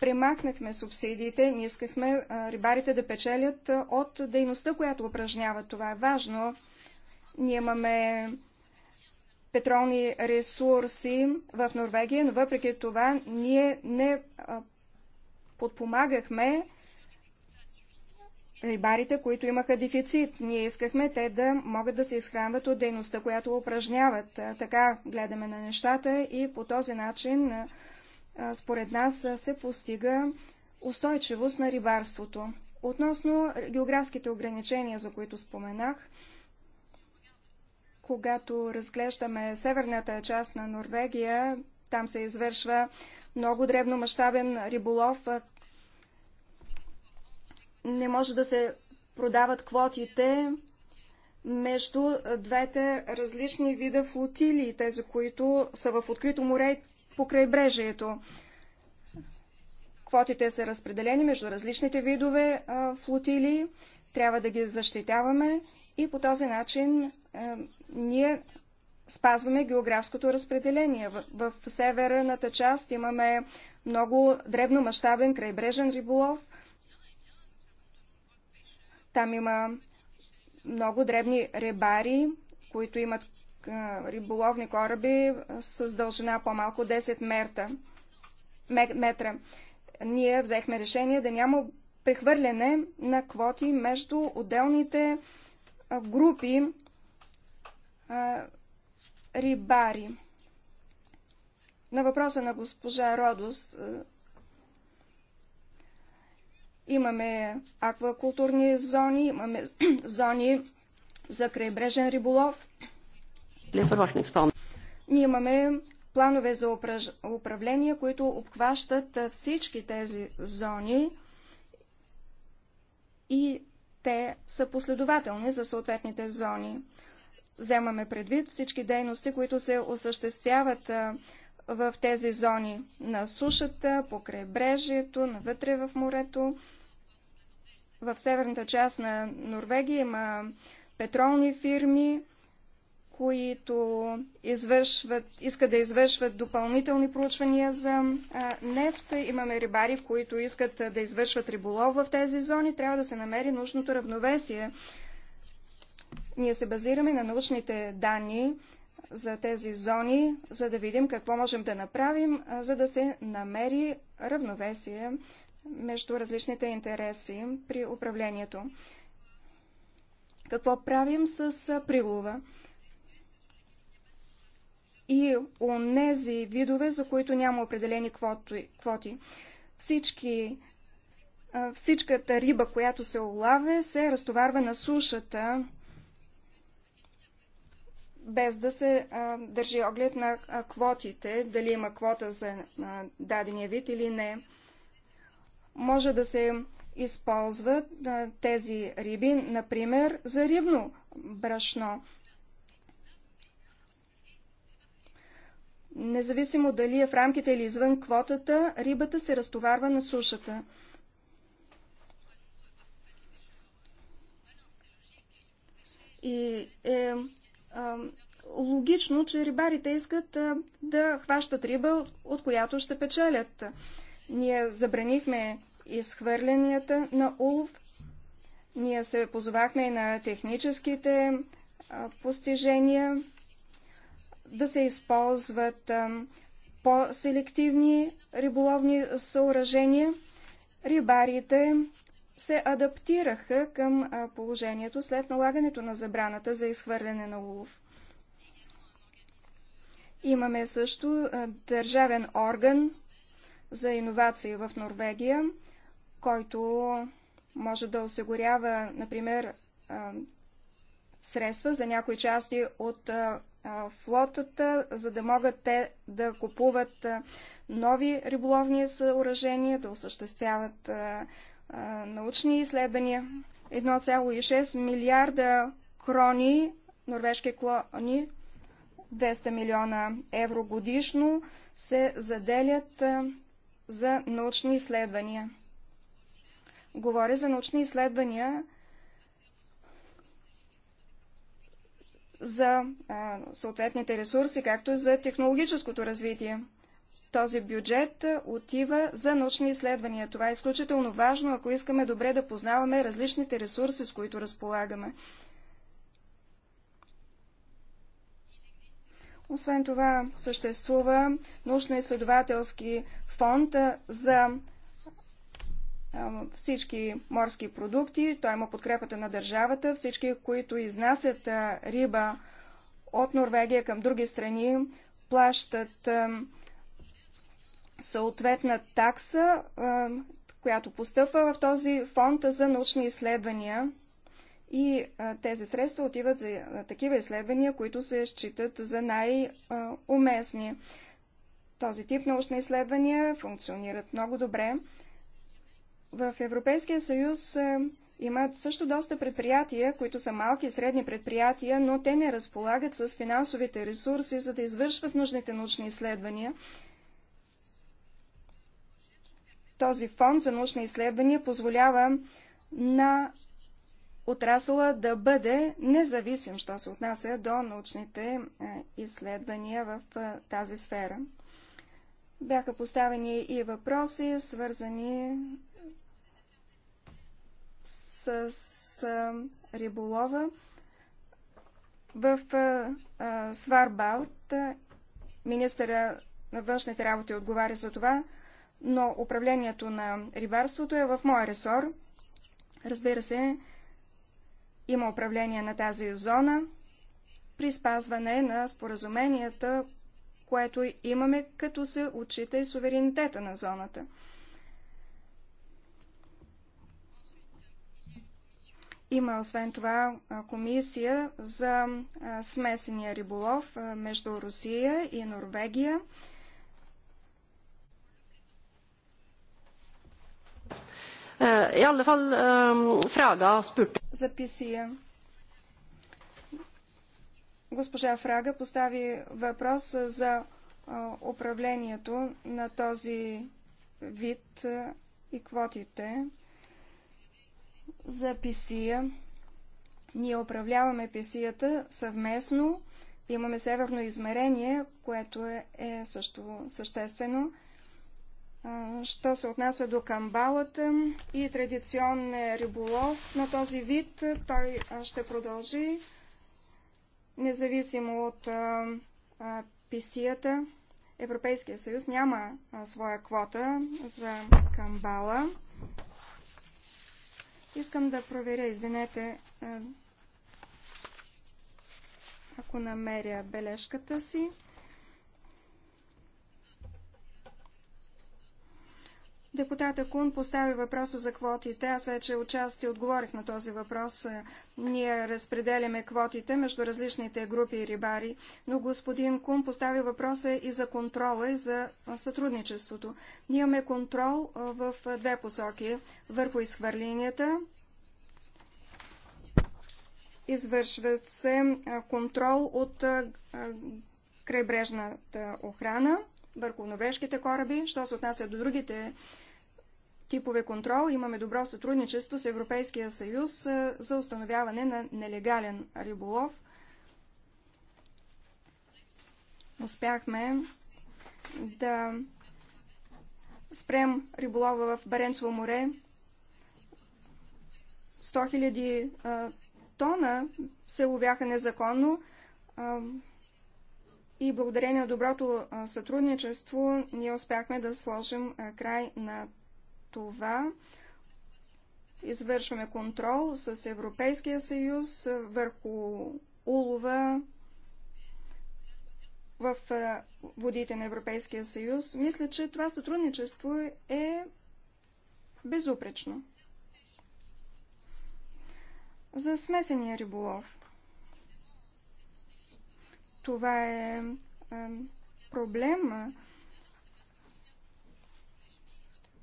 премахнахме субсидиите, ние искахме рибарите да печелят от дейността, която упражняват. Това е важно. Ние имаме петролни ресурси в Норвегия, но въпреки това ние не подпомагахме рибарите, които имаха дефицит. Ние искахме те да могат да се изхранват от дейността, която упражняват. Така гледаме на нещата и по този начин, според нас, се постига устойчивост на рибарството. Относно географските ограничения, за които споменах, когато разглеждаме северната част на Норвегия, там се извършва много дребномащабен риболов. Не може да се продават квотите между двете различни вида флотилии, тези, които са в открито море по крайбрежието. Квотите са разпределени между различните видове флотилии, трябва да ги защитяваме и по този начин ние спазваме географското разпределение. В, в северната част имаме много дребномащабен крайбрежен риболов. Там има много дребни рибари, които имат риболовни кораби с дължина по-малко 10 мерта, метра. Ние взехме решение да няма прехвърляне на квоти между отделните групи рибари. На въпроса на госпожа Родос имаме аквакултурни зони, имаме зони за крайбрежен риболов. Ние имаме планове за управление, които обхващат всички тези зони и те са последователни за съответните зони вземаме предвид всички дейности, които се осъществяват в тези зони на сушата, по крайбрежието, навътре в морето. В северната част на Норвегия има петролни фирми, които извършват, искат да извършват допълнителни проучвания за нефта. Имаме рибари, които искат да извършват риболов в тези зони. Трябва да се намери нужното равновесие ние се базираме на научните данни за тези зони, за да видим какво можем да направим, за да се намери равновесие между различните интереси при управлението. Какво правим с прилова? И нези видове, за които няма определени квоти. Всички всичката риба, която се улавя, се разтоварва на сушата без да се а, държи оглед на а, квотите, дали има квота за а, дадения вид или не. Може да се използват а, тези риби, например, за рибно брашно. Независимо дали е в рамките или извън квотата, рибата се разтоварва на сушата. И е логично, че рибарите искат да хващат риба, от която ще печелят. Ние забранихме изхвърлянията на улов, ние се позовахме и на техническите постижения, да се използват по-селективни риболовни съоръжения. Рибарите се адаптираха към положението след налагането на забраната за изхвърляне на улов. Имаме също държавен орган за иновации в Норвегия, който може да осигурява, например, средства за някои части от флотата, за да могат те да купуват нови риболовни съоръжения, да осъществяват научни изследвания. 1,6 милиарда крони, норвежки клони, 200 милиона евро годишно се заделят за научни изследвания. Говоря за научни изследвания за съответните ресурси, както и за технологическото развитие този бюджет отива за научни изследвания. Това е изключително важно, ако искаме добре да познаваме различните ресурси, с които разполагаме. Освен това, съществува научно-изследователски фонд за всички морски продукти. Той има подкрепата на държавата. Всички, които изнасят риба от Норвегия към други страни, плащат съответна такса, която постъпва в този фонд за научни изследвания. И тези средства отиват за такива изследвания, които се считат за най-уместни. Този тип научни изследвания функционират много добре. В Европейския съюз имат също доста предприятия, които са малки и средни предприятия, но те не разполагат с финансовите ресурси, за да извършват нужните научни изследвания. Този фонд за научни изследвания позволява на отрасъла да бъде независим, що се отнася до научните е, изследвания в е, тази сфера. Бяха поставени и въпроси, свързани с, е, риболова. В Сварбалт министъра на външните работи отговаря за това, но управлението на рибарството е в моя ресор. Разбира се, има управление на тази зона при спазване на споразуменията, което имаме, като се отчита и суверенитета на зоната. Има освен това комисия за смесения риболов между Русия и Норвегия. Eh, I alle fall eh, Fraga spurte Записия. Е. Госпожа Фрага постави въпрос за управлението на този вид и квотите за писия. Е. Ние управляваме писията съвместно. Имаме северно измерение, което е, е също съществено що се отнася до камбалата и традиционния риболов на този вид, той ще продължи независимо от писията. Европейския съюз няма своя квота за камбала. Искам да проверя, извинете, ако намеря бележката си. Депутата Кун постави въпроса за квотите. Аз вече отчасти отговорих на този въпрос. Ние разпределяме квотите между различните групи и рибари, но господин Кун постави въпроса и за контрола, и за сътрудничеството. Ние имаме контрол в две посоки. Върху изхвърлинията извършват се контрол от крайбрежната охрана върху норвежките кораби. Що се отнася до другите типове контрол имаме добро сътрудничество с Европейския съюз за установяване на нелегален риболов. Успяхме да спрем риболова в Баренцево море. 100 000 тона се ловяха незаконно и благодарение на доброто сътрудничество ние успяхме да сложим край на това извършваме контрол с Европейския съюз върху улова в водите на Европейския съюз. Мисля, че това сътрудничество е безупречно. За смесения риболов. Това е проблема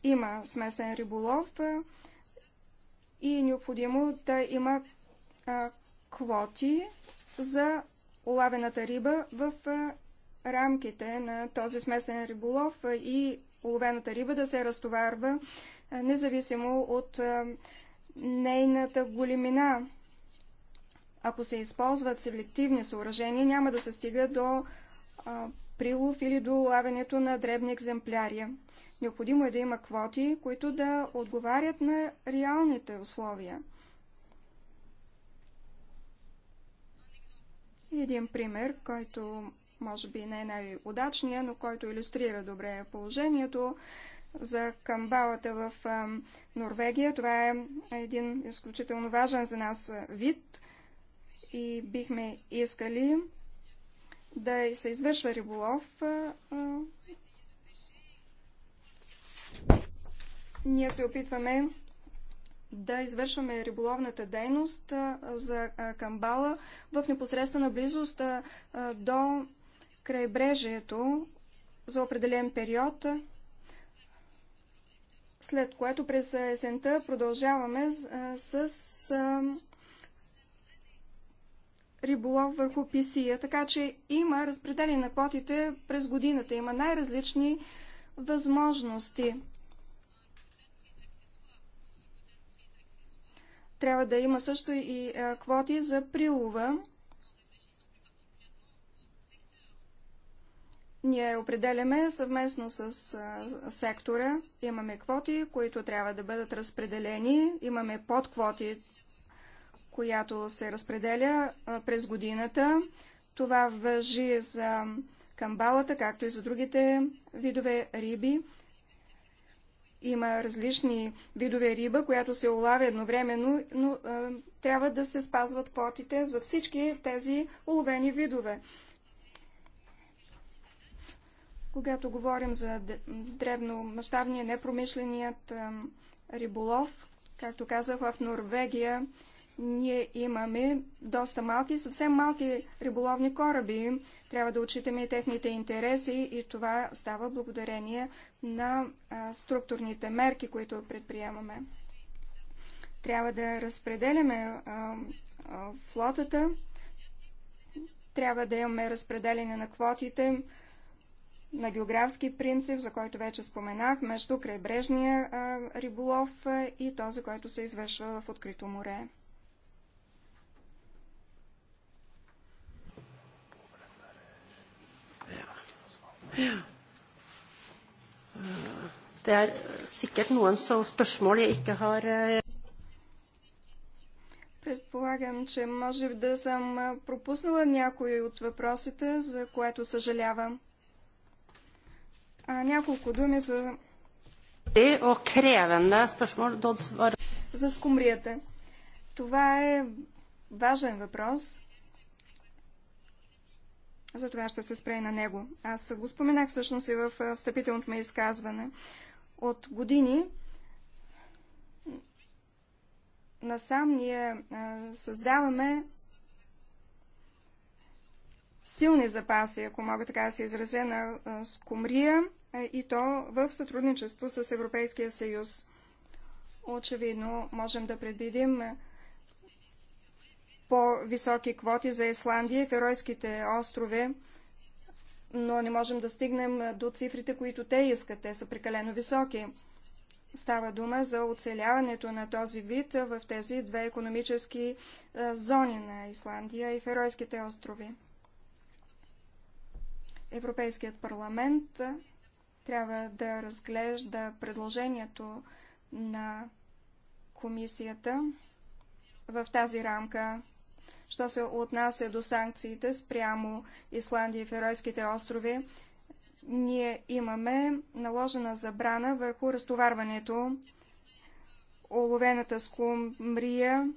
има смесен риболов и е необходимо да има квоти за улавената риба в рамките на този смесен риболов и уловената риба да се разтоварва независимо от нейната големина. Ако се използват селективни съоръжения, няма да се стига до прилов или до улавянето на дребни екземпляри. Необходимо е да има квоти, които да отговарят на реалните условия. Един пример, който може би не е най-удачния, но който иллюстрира добре положението за камбалата в Норвегия. Това е един изключително важен за нас вид и бихме искали да се извършва риболов Ние се опитваме да извършваме риболовната дейност за Камбала в непосредствена близост до крайбрежието за определен период, след което през есента продължаваме с риболов върху писия, така че има разпределение на квотите през годината, има най-различни възможности. Трябва да има също и е, квоти за прилова. Ние определяме съвместно с е, сектора. Имаме квоти, които трябва да бъдат разпределени. Имаме подквоти, която се разпределя е, през годината. Това въжи за камбалата, както и за другите видове риби. Има различни видове риба, която се улавя едновременно, но а, трябва да се спазват квотите за всички тези уловени видове. Когато говорим за дребномащабния непромишленият а, риболов, както казах, в Норвегия ние имаме доста малки, съвсем малки риболовни кораби. Трябва да отчитаме и техните интереси и това става благодарение на а, структурните мерки, които предприемаме. Трябва да разпределяме а, а, флотата, трябва да имаме разпределение на квотите на географски принцип, за който вече споменах, между крайбрежния а, риболов а, и този, който се извършва в открито море. Det er sikkert noen spørsmål jeg ikke har eh, Предполагам, че може да съм пропуснала някои от въпросите, за което съжалявам. А, няколко думи за... Er за скумрията. Това е важен въпрос. Затова ще се спре на него. Аз го споменах всъщност и в встъпителното ми изказване. От години насам ние създаваме силни запаси, ако мога така да се изразя, на скумрия и то в сътрудничество с Европейския съюз. Очевидно можем да предвидим по-високи квоти за Исландия и Феройските острове, но не можем да стигнем до цифрите, които те искат. Те са прекалено високи. Става дума за оцеляването на този вид в тези две економически зони на Исландия и Феройските острови. Европейският парламент трябва да разглежда предложението на комисията в тази рамка. Що се отнася до санкциите спрямо Исландия и Феройските острови, ние имаме наложена забрана върху разтоварването оловената скумрия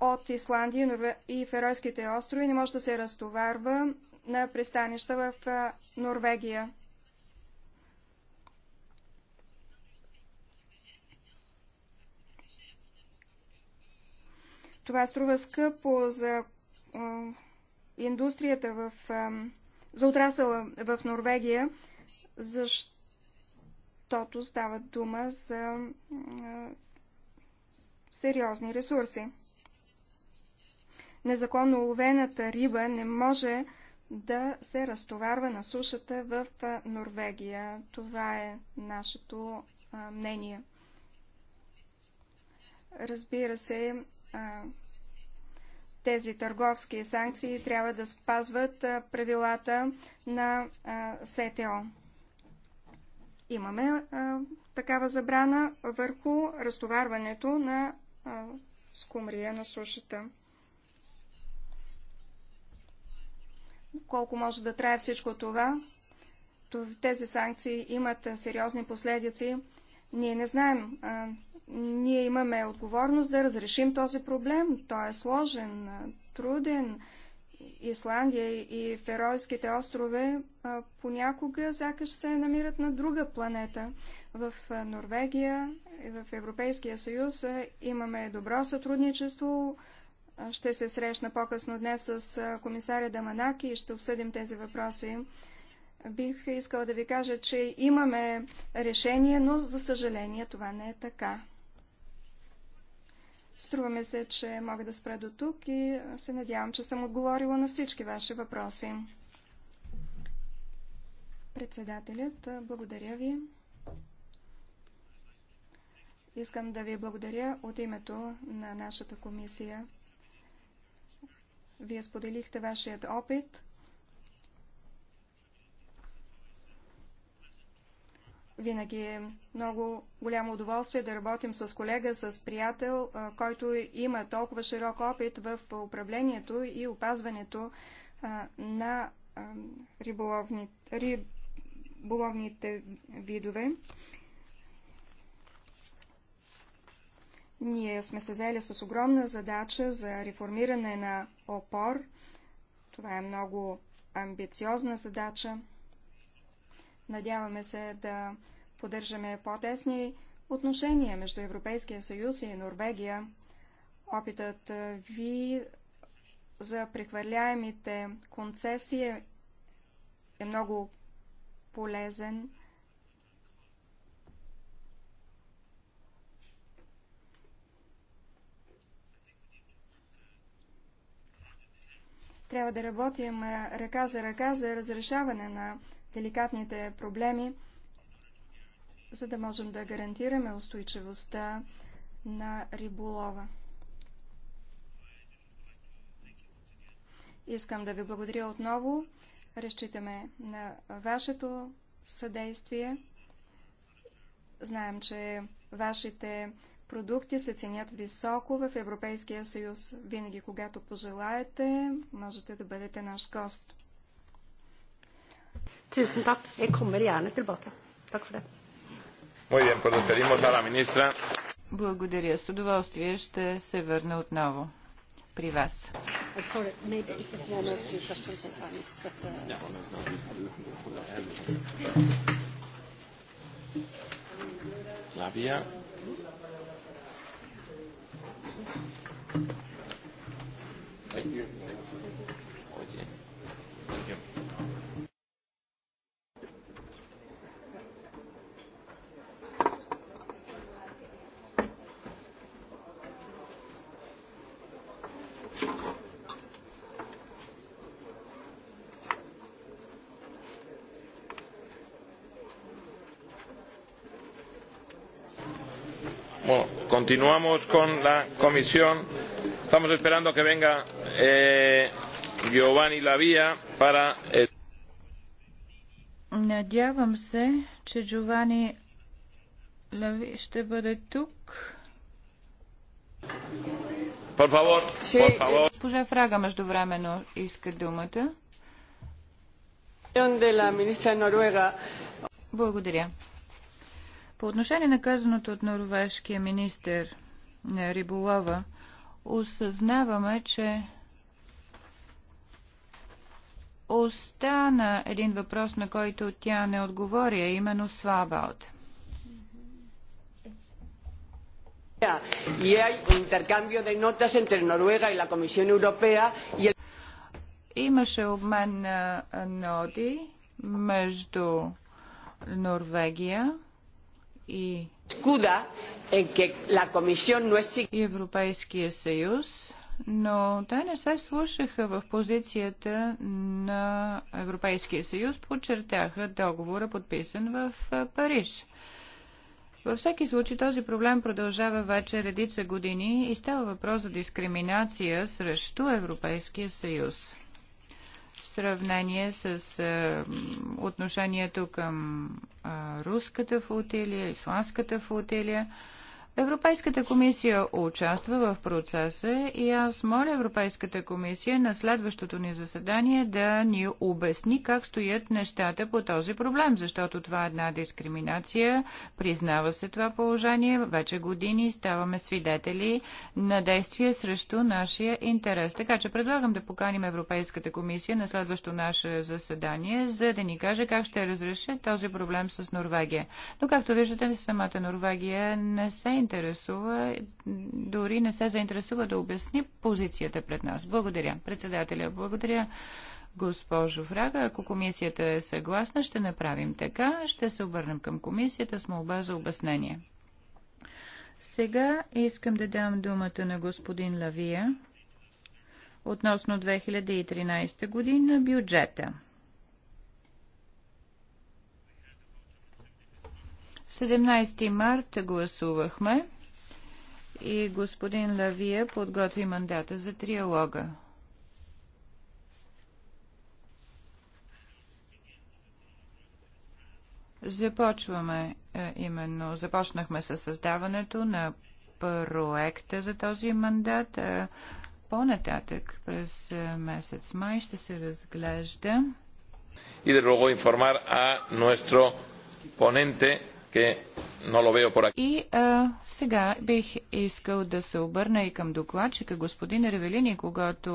от Исландия и Феройските острови не може да се разтоварва на пристанища в Норвегия. Това струва скъпо за индустрията в, за отрасъла в Норвегия, защото става дума за сериозни ресурси. Незаконно уловената риба не може да се разтоварва на сушата в Норвегия. Това е нашето мнение. Разбира се, тези търговски санкции трябва да спазват правилата на СТО. Имаме такава забрана върху разтоварването на скумрия на сушата. Колко може да трае всичко това? Тези санкции имат сериозни последици. Ние не знаем ние имаме отговорност да разрешим този проблем. Той е сложен, труден. Исландия и Феройските острове понякога сякаш се намират на друга планета. В Норвегия и в Европейския съюз имаме добро сътрудничество. Ще се срещна по-късно днес с комисаря Даманаки и ще обсъдим тези въпроси. Бих искала да ви кажа, че имаме решение, но за съжаление това не е така. Струва ми се, че мога да спра до тук и се надявам, че съм отговорила на всички ваши въпроси. Председателят, благодаря ви. Искам да ви благодаря от името на нашата комисия. Вие споделихте вашият опит Винаги е много голямо удоволствие да работим с колега, с приятел, който има толкова широк опит в управлението и опазването на риболовни, риболовните видове. Ние сме се взели с огромна задача за реформиране на опор. Това е много амбициозна задача. Надяваме се да поддържаме по-тесни отношения между Европейския съюз и Норвегия. Опитът ви за прехвърляемите концесии е много полезен. Трябва да работим ръка за ръка за разрешаване на деликатните проблеми, за да можем да гарантираме устойчивостта на риболова. Искам да ви благодаря отново. Разчитаме на вашето съдействие. Знаем, че вашите продукти се ценят високо в Европейския съюз. Винаги, когато пожелаете, можете да бъдете наш гост. Tusen takk. Jeg kommer gjerne tilbake. Takk for det. Muy bien, pues despedimos a la ministra. Благодаря. С удоволствие ще се върна отново при вас. Labia. Thank you. Continuamos con la comisión. Estamos esperando que venga eh, Giovanni Lavia para. Eh... Надявам се, че Джовани Лави ще бъде тук. Por favor, sí. por favor. Госпожа Фрага междувременно иска думата. Благодаря. По отношение на казаното от норвежкия министр на риболова, осъзнаваме, че остана един въпрос, на който тя не отговори, а именно Свабалт. Е Имаше обмен на ноди между Норвегия и, и Европейския съюз, но те не се слушаха в позицията на Европейския съюз, подчертяха договора, подписан в Париж. Във всеки случай този проблем продължава вече редица години и става въпрос за дискриминация срещу Европейския съюз сравнение с а, отношението към а, руската флотилия, исландската флотилия. Европейската комисия участва в процеса и аз моля Европейската комисия на следващото ни заседание да ни обясни как стоят нещата по този проблем, защото това е една дискриминация, признава се това положение, вече години ставаме свидетели на действия срещу нашия интерес. Така че предлагам да поканим Европейската комисия на следващо наше заседание, за да ни каже как ще разреши този проблем с Норвегия. Но както виждате, самата Норвегия не се интересува, дори не се заинтересува да обясни позицията пред нас. Благодаря. Председателя, благодаря. Госпожо Фрага, ако комисията е съгласна, ще направим така. Ще се обърнем към комисията с молба за обяснение. Сега искам да дам думата на господин Лавия относно 2013 година бюджета. 17 марта гласувахме и господин Лавия подготви мандата за триалога. Започваме е, именно, започнахме със създаването на проекта за този мандат. Е, по-нататък през е, месец май ще се разглежда. И да luego informar nuestro ponente и а, сега бих искал да се обърна и към докладчика господин Ревелини, когато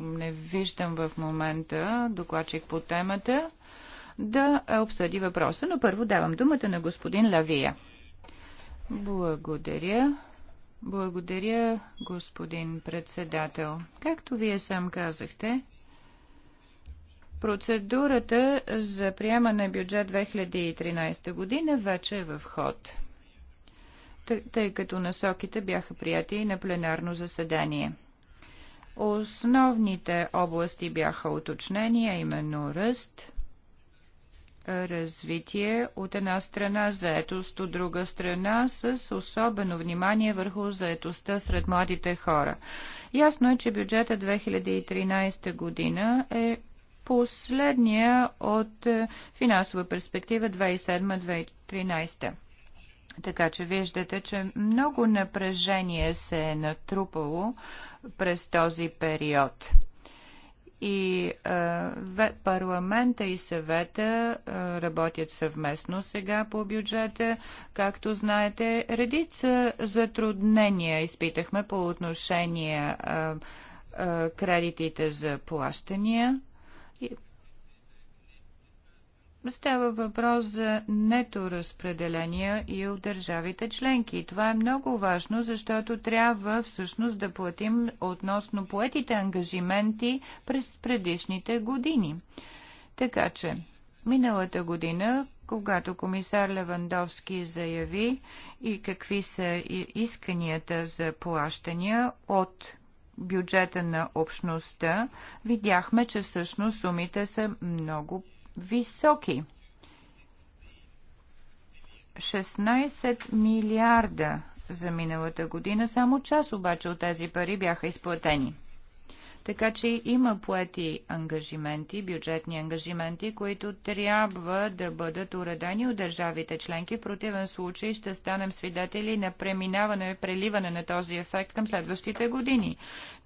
не виждам в момента докладчик по темата, да обсъди въпроса, но първо давам думата на господин Лавия. Благодаря. Благодаря, господин председател. Както вие сам казахте, Процедурата за приемане бюджет 2013 година вече е в ход, тъй като насоките бяха прияти и на пленарно заседание. Основните области бяха уточнени, а именно ръст, развитие от една страна, заетост от друга страна, с особено внимание върху заетостта сред младите хора. Ясно е, че бюджета 2013 година е последния от е, финансова перспектива 2007-2013. Така че виждате, че много напрежение се е натрупало през този период. И е, парламента и съвета е, работят съвместно сега по бюджета. Както знаете, редица затруднения изпитахме по отношение е, е, кредитите за плащания. Става въпрос за нето разпределение и от държавите членки. Това е много важно, защото трябва всъщност да платим относно поетите ангажименти през предишните години. Така че, миналата година, когато комисар Левандовски заяви и какви са исканията за плащания от бюджета на общността, видяхме, че всъщност сумите са много високи. 16 милиарда за миналата година, само част обаче от тези пари бяха изплатени. Така че има поети ангажименти, бюджетни ангажименти, които трябва да бъдат уредени от държавите членки. В противен случай ще станем свидетели на преминаване, преливане на този ефект към следващите години.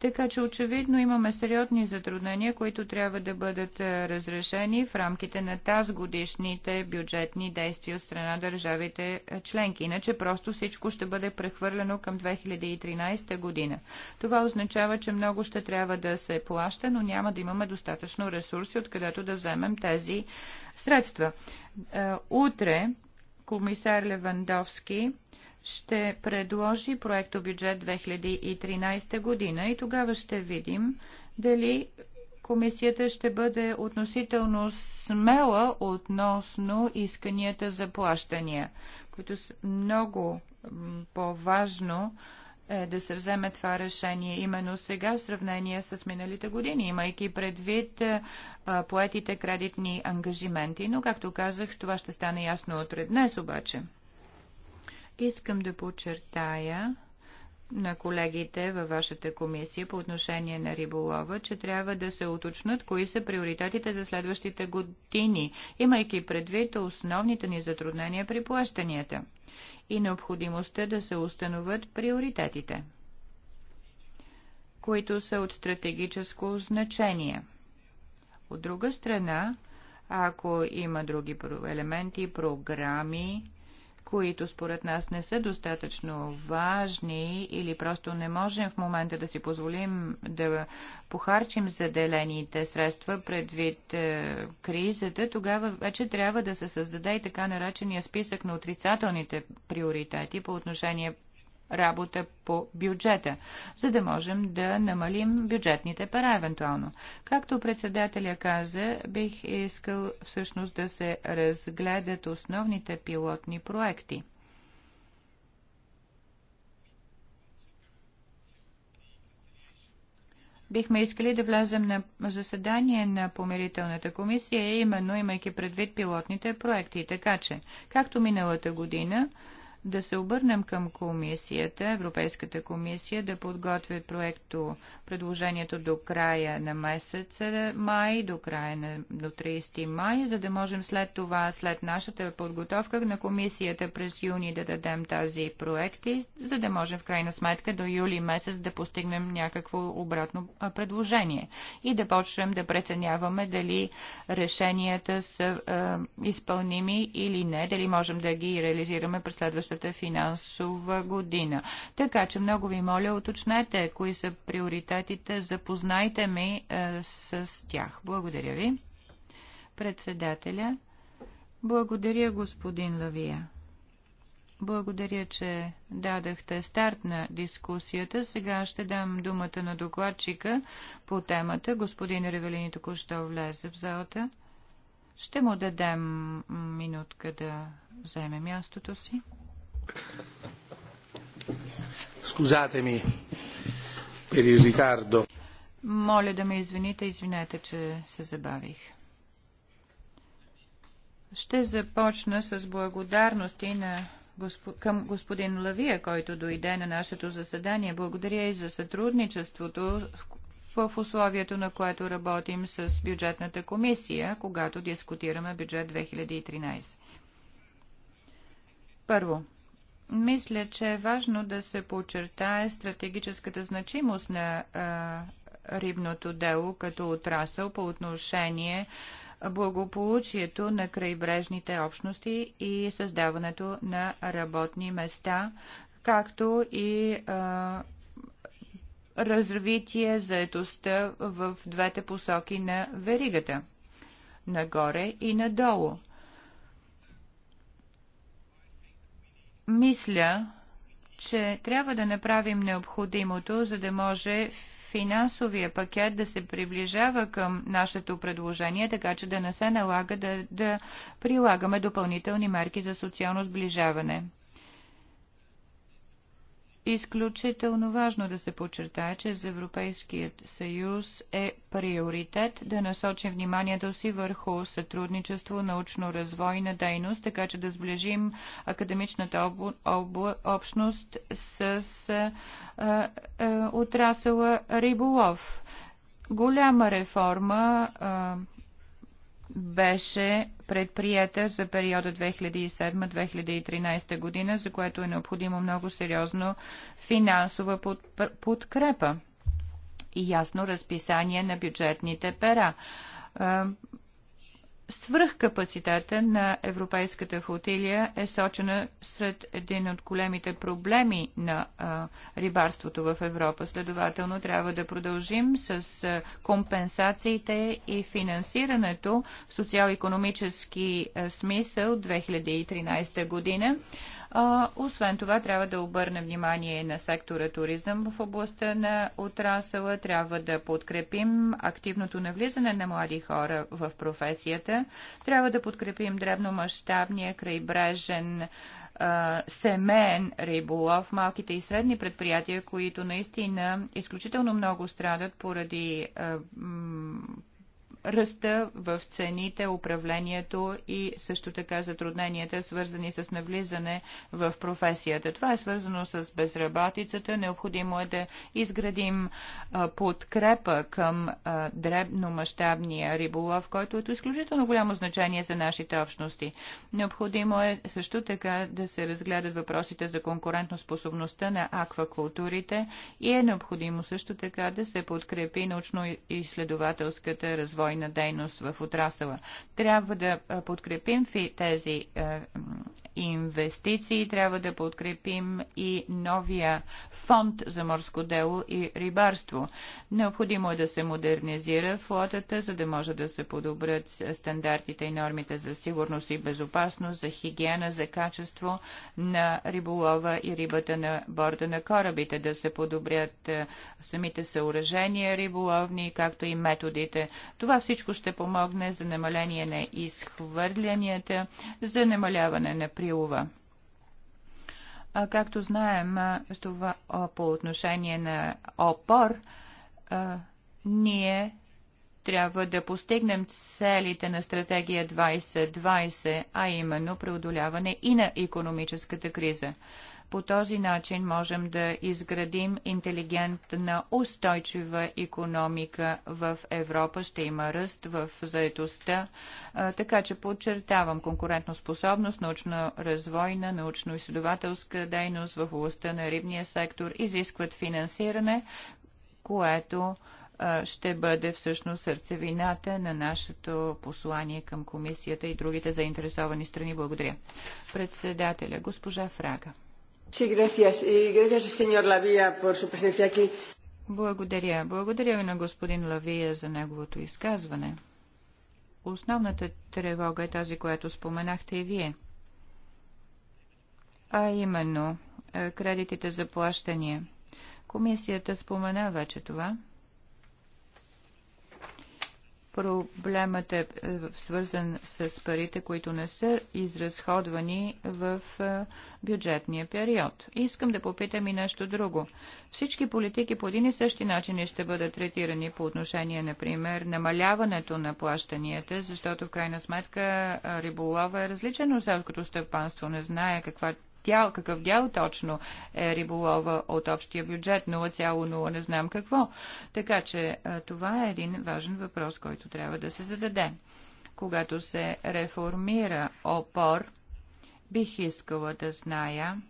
Така че очевидно имаме сериозни затруднения, които трябва да бъдат е, разрешени в рамките на тази годишните бюджетни действия от страна държавите е, членки. Иначе просто всичко ще бъде прехвърлено към 2013 година. Това означава, че много ще трябва да да се плаща, но няма да имаме достатъчно ресурси, откъдето да вземем тези средства. Е, утре комисар Левандовски ще предложи проекто бюджет 2013 година и тогава ще видим дали комисията ще бъде относително смела относно исканията за плащания, които са много по-важно е да се вземе това решение именно сега в сравнение с миналите години, имайки предвид е, а, поетите кредитни ангажименти. Но, както казах, това ще стане ясно утре. Днес обаче искам да подчертая на колегите във вашата комисия по отношение на риболова, че трябва да се уточнат кои са приоритетите за следващите години, имайки предвид основните ни затруднения при плащанията и необходимостта да се установят приоритетите, които са от стратегическо значение. От друга страна, ако има други елементи, програми, които според нас не са достатъчно важни или просто не можем в момента да си позволим да похарчим заделените средства предвид е, кризата, тогава вече трябва да се създаде и така наречения списък на отрицателните приоритети по отношение работа по бюджета, за да можем да намалим бюджетните пара евентуално. Както председателя каза, бих искал всъщност да се разгледат основните пилотни проекти. Бихме искали да влезем на заседание на помирителната комисия, именно имайки предвид пилотните проекти. Така че, както миналата година, да се обърнем към комисията, Европейската комисия, да подготвят проекто предложението до края на месеца май, до края на до 30 май, за да можем след това, след нашата подготовка на комисията през юни да дадем тази проекти, за да можем в крайна сметка до юли месец да постигнем някакво обратно предложение и да почнем да преценяваме дали решенията са е, изпълними или не, дали можем да ги реализираме през следващата следващата финансова година. Така че много ви моля, уточнете кои са приоритетите, запознайте ми е, с тях. Благодаря ви. Председателя. Благодаря, господин Лавия. Благодаря, че дадахте старт на дискусията. Сега ще дам думата на докладчика по темата. Господин Ревелини току-що влезе в залата. Ще му дадем минутка да вземе мястото си. Scusatemi per il ritardo. Моля да ме извините, извинете, че се забавих. Ще започна с благодарности на госпо... към господин Лавия, който дойде на нашето заседание. Благодаря и за сътрудничеството, в условието на което работим с бюджетната комисия, когато дискутираме бюджет 2013. Първо, мисля, че е важно да се подчертае стратегическата значимост на а, рибното дело като отрасъл по отношение благополучието на крайбрежните общности и създаването на работни места, както и а, развитие заетостта в двете посоки на веригата нагоре и надолу. Мисля, че трябва да направим необходимото, за да може финансовия пакет да се приближава към нашето предложение, така че да не се налага да, да прилагаме допълнителни мерки за социално сближаване. Изключително важно е да се подчертае, че за Европейският съюз е приоритет да насочи вниманието си върху сътрудничество, научно-развойна дейност, така че да сближим академичната об... Об... общност с а, а, отрасъла риболов. Голяма реформа а, беше предприета за периода 2007-2013 година, за което е необходимо много сериозно финансова подкрепа и ясно разписание на бюджетните пера свръхкапацитета на европейската флотилия е сочена сред един от големите проблеми на а, рибарството в Европа. Следователно трябва да продължим с а, компенсациите и финансирането в социал-економически смисъл 2013 година. А, освен това, трябва да обърнем внимание на сектора туризъм в областта на отрасъла. Трябва да подкрепим активното навлизане на млади хора в професията. Трябва да подкрепим дребномащабния крайбрежен семен, риболов, малките и средни предприятия, които наистина изключително много страдат поради ръста в цените, управлението и също така затрудненията, свързани с навлизане в професията. Това е свързано с безработицата. Необходимо е да изградим подкрепа към дребномащабния риболов, който е изключително голямо значение за нашите общности. Необходимо е също така да се разгледат въпросите за конкурентоспособността на аквакултурите и е необходимо също така да се подкрепи научно-изследователската развойна развойна дейност в отрасъла. Трябва да подкрепим тези инвестиции. Трябва да подкрепим и новия фонд за морско дело и рибарство. Необходимо е да се модернизира флотата, за да може да се подобрят стандартите и нормите за сигурност и безопасност, за хигиена, за качество на риболова и рибата на борда на корабите, да се подобрят е, самите съоръжения риболовни, както и методите. Това всичко ще помогне за намаление на изхвърлянията, за намаляване на при Авилова. Както знаем, това по отношение на опор, ние трябва да постигнем целите на стратегия 2020, а именно преодоляване и на економическата криза. По този начин можем да изградим интелигентна, устойчива економика в Европа. Ще има ръст в заедостта, така че подчертавам конкурентоспособност, научно-развойна, научно-изследователска дейност в областта на рибния сектор изискват финансиране, което ще бъде всъщност сърцевината на нашето послание към комисията и другите заинтересовани страни. Благодаря. Председателя, госпожа Фрага. Благодаря. Благодаря на господин Лавия за неговото изказване. Основната тревога е тази, която споменахте и вие. А именно, е, кредитите за плащания. Комисията спомена вече това. Проблемът е, е свързан с парите, които не са изразходвани в е, бюджетния период. Искам да попитам и нещо друго. Всички политики по един и същи начин ще бъдат третирани по отношение, например, намаляването на плащанията, защото в крайна сметка е, риболова е различен от селското стъпанство. Не знае каква дял, какъв дял точно е риболова от общия бюджет, 0,0 не знам какво. Така че това е един важен въпрос, който трябва да се зададе. Когато се реформира опор, бих искала да зная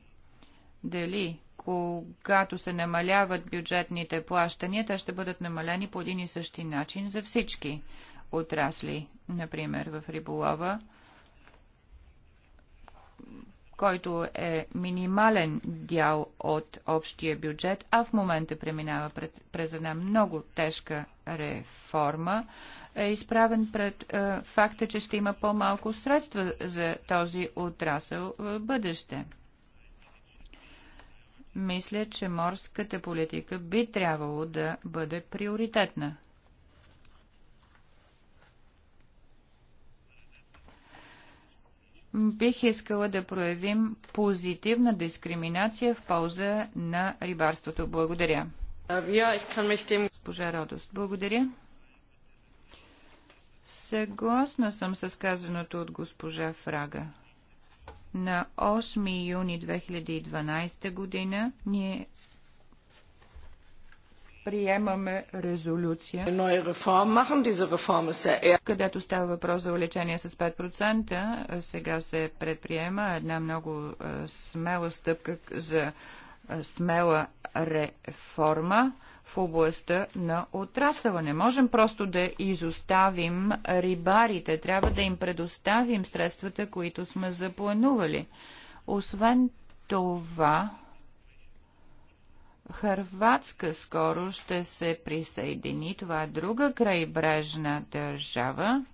дали когато се намаляват бюджетните плащания, те ще бъдат намалени по един и същи начин за всички отрасли. Например, в риболова който е минимален дял от общия бюджет, а в момента преминава пред, през една много тежка реформа, е изправен пред е, факта, че ще има по-малко средства за този отрасъл в бъдеще. Мисля, че морската политика би трябвало да бъде приоритетна. бих искала да проявим позитивна дискриминация в полза на рибарството. Благодаря. Госпожа Родост, благодаря. Съгласна съм с казаното от госпожа Фрага. На 8 юни 2012 година ние приемаме резолюция, където става въпрос за увеличение с 5%. Сега се предприема една много е, смела стъпка за е, смела реформа в областта на отрасъла. Не можем просто да изоставим рибарите. Трябва да им предоставим средствата, които сме запланували. Освен това, Харватска скоро ще се присъедини. Това е друга крайбрежна държава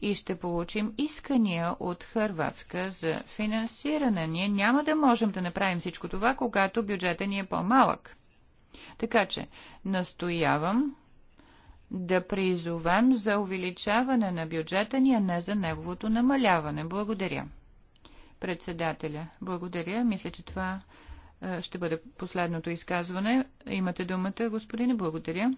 и ще получим искания от Харватска за финансиране. Ние няма да можем да направим всичко това, когато бюджета ни е по-малък. Така че настоявам да призовем за увеличаване на бюджета ни, а не за неговото намаляване. Благодаря. Председателя, благодаря. Мисля, че това е, ще бъде последното изказване. Имате думата, господине. Благодаря.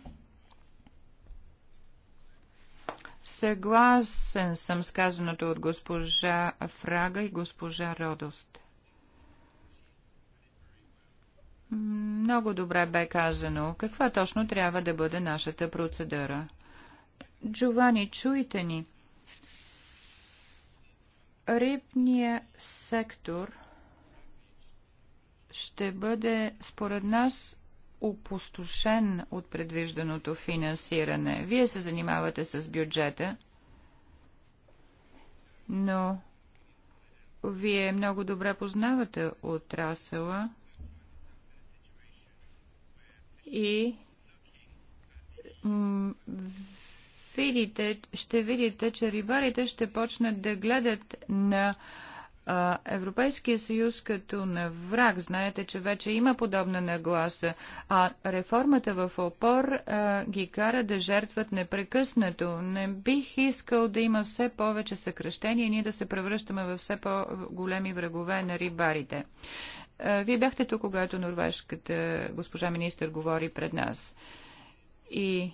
Съгласен съм с казаното от госпожа Фрага и госпожа Родост. Много добре бе казано. Каква точно трябва да бъде нашата процедура? Джовани, чуйте ни. Рибният сектор – ще бъде, според нас, опустошен от предвижданото финансиране. Вие се занимавате с бюджета, но вие много добре познавате отрасъла и видите, ще видите, че рибарите ще почнат да гледат на Европейския съюз като на враг. Знаете, че вече има подобна нагласа, а реформата в опор а, ги кара да жертват непрекъснато. Не бих искал да има все повече съкръщения и ние да се превръщаме в все по-големи врагове на рибарите. А, вие бяхте тук, когато норвежката госпожа министър говори пред нас. И